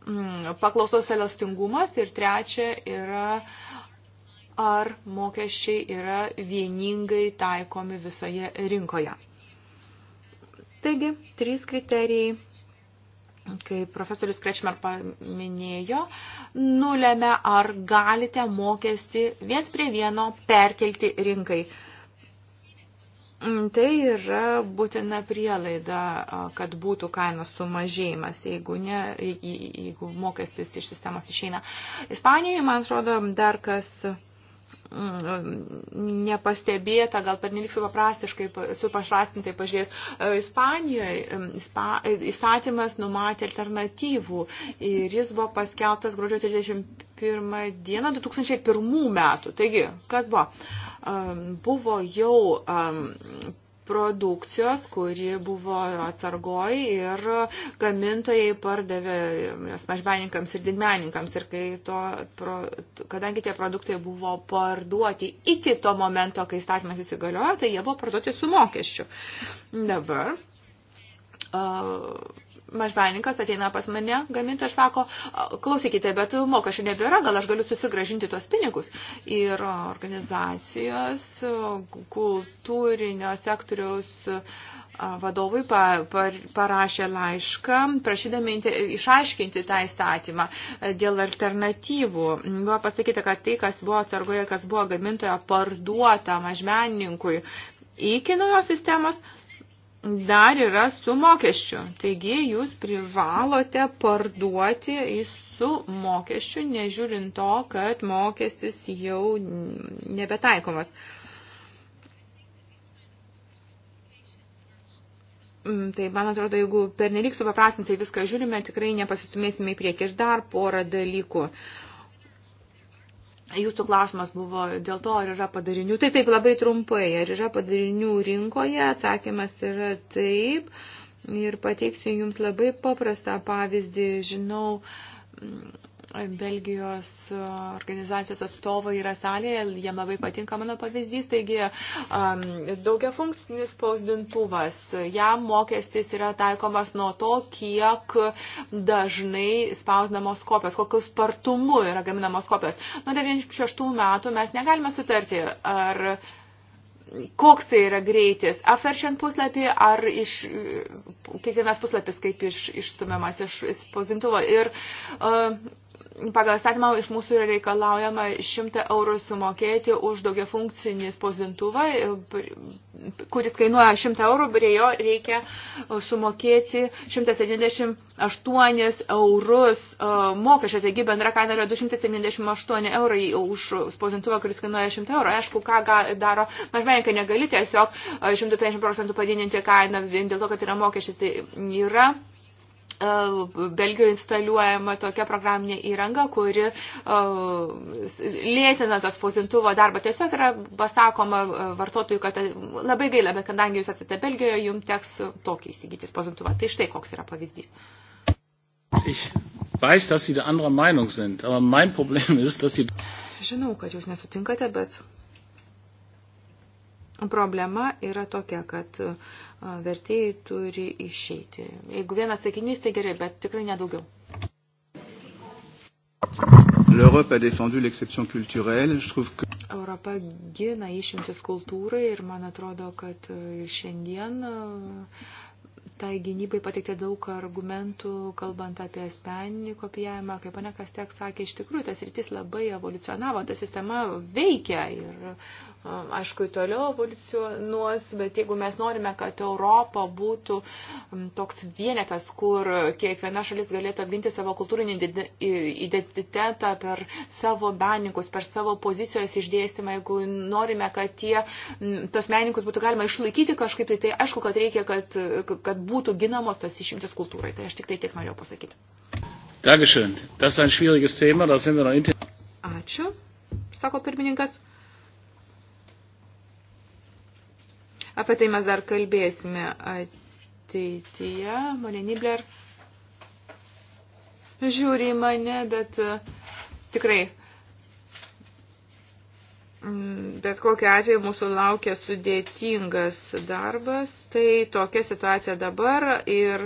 [SPEAKER 2] mm, paklausos elastingumas ir trečia yra ar mokesčiai yra vieningai taikomi visoje rinkoje. Taigi, trys kriterijai kaip profesorius Krečmer paminėjo, nulėmė, ar galite mokestį viens prie vieno perkelti rinkai. Mm, tai yra būtina prielaida, kad būtų kainos sumažėjimas, jeigu, ne, jeigu mokestis iš sistemos išeina. Ispanijoje, man atrodo, dar kas nepastebėta, gal per nelik supaprastiškai, supašlastintai pažiūrės. E, Ispanijoje spa, e, įstatymas numatė alternatyvų ir jis buvo paskeltas gruodžio 31 dieną 2001 metų. Taigi, kas buvo? E, buvo jau produkcijos, kuri buvo atsargoj ir gamintojai pardavė jos mažmeninkams ir didmeninkams. Ir kai to, kadangi tie produktai buvo parduoti iki to momento, kai statymas įsigaliojo, tai jie buvo parduoti su mokesčiu. Dabar. Uh, mažmenininkas ateina pas mane gaminti, aš sako, klausykite, bet mokesčių nebėra, gal aš galiu susigražinti tuos pinigus. Ir organizacijos kultūrinio sektoriaus vadovui pa, pa, parašė laišką, prašydami išaiškinti tą įstatymą e, dėl alternatyvų. Buvo pasakyta, kad tai, kas buvo atsargoje, kas buvo gamintojo parduota mažmenininkui iki naujos sistemos, dar yra su mokesčiu. Taigi jūs privalote parduoti į su mokesčiu, nežiūrint to, kad mokestis jau nebetaikomas. Mm, tai, man atrodo, jeigu per nelik supaprastintai viską žiūrime, tikrai nepasitumėsime į priekį. Ir dar porą dalykų. Uh, Jūsų klausimas buvo dėl to, ar yra padarinių. Tai taip labai trumpai, ar yra padarinių rinkoje, atsakymas yra taip. Ir pateiksiu Jums labai paprastą pavyzdį. Žinau, Belgijos e, organizacijos atstovai yra salėje, jiem labai patinka mano pavyzdys, taigi um, daugia funkcinis spausdintuvas, jam mokestis yra taikomas nuo to, kiek dažnai spausdamos kopijos, kokiu spartumu yra gaminamos kopijos. Nuo 96 metų mes negalime sutarti, ar koks tai yra greitis, apverčiant puslapį ar iš, kiekvienas puslapis kaip iš, išstumiamas iš spausdintuvo. Ir uh, pagal statymą iš mūsų yra reikalaujama 100 eurų sumokėti už daugia funkcinį spausdintuvą, e, kuris kainuoja 100 eurų, prie jo reikia e, sumokėti 178 eurus e, mokesčio, taigi bendra kaina yra 278 eurai už spausdintuvą, kuris kainuoja 100 eurų. Aišku, ką daro mažmenininkai, negali tiesiog 150 procentų padidinti kainą vien dėl to, kad yra mokesčiai. Tai yra Belgijoje instaliuojama tokia programinė įranga, kuri e, lėtina to spausdintuvo darbą. Tiesiog yra pasakoma e, vartotojui, kad e, labai gaila, bet kadangi jūs esate Belgijoje, jums teks tokį įsigyti spausdintuvą. Tai štai koks yra pavyzdys.
[SPEAKER 1] Ich weiß, dass Sie der anderer Meinung sind, aber mein Problem ist, dass Sie...
[SPEAKER 2] Žinau, kad jūs nesutinkate, bet problema yra tokia, kad uh, vertėjai turi išeiti. Jeigu vienas sakinys, tai gerai, bet tikrai nedaugiau.
[SPEAKER 4] L'Europe a défendu l'exception culturelle. Je trouve que...
[SPEAKER 2] Europa gina išimtis kultūrai ir man atrodo, kad e, šiandien uh, tai gynybai pateikti daug argumentų, kalbant apie asmeninį kopijavimą. Kaip pane Kastek sakė, iš tikrųjų tas rytis labai evoliucionavo, ta sistema veikia ir um, aišku, toliau evoliucionuos, bet jeigu mes norime, kad Europa būtų um, toks vienetas, kur kiekviena šalis galėtų apginti savo kultūrinį identitetą per savo menininkus, per savo pozicijos išdėstymą, jeigu norime, kad tie, tos menininkus būtų galima išlaikyti kažkaip, tai, tai aišku, kad reikia, kad, kad būtų ginamos tos išimtis kultūrai. Tai aš tik tai tiek norėjau pasakyti.
[SPEAKER 1] Dankeschön. Das ist ein schwieriges Thema, da sind wir noch intensiv.
[SPEAKER 2] Ačiū, sako pirmininkas. Apie tai mes dar kalbėsime ateityje. Mane Nibler žiūri į mane, bet e, tikrai Bet kokiu atveju mūsų laukia sudėtingas darbas Tai tokia situacija dabar ir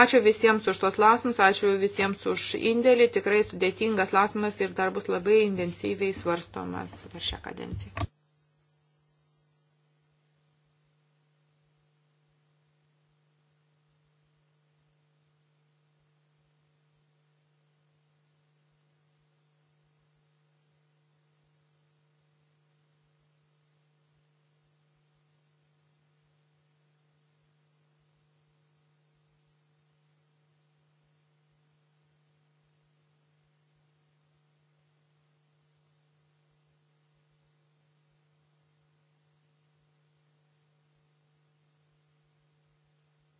[SPEAKER 2] ačiū visiems už tos klausimus, ačiū visiems už indėlį, tikrai sudėtingas klausimas ir dar bus labai intensyviai svarstomas per šią kadenciją.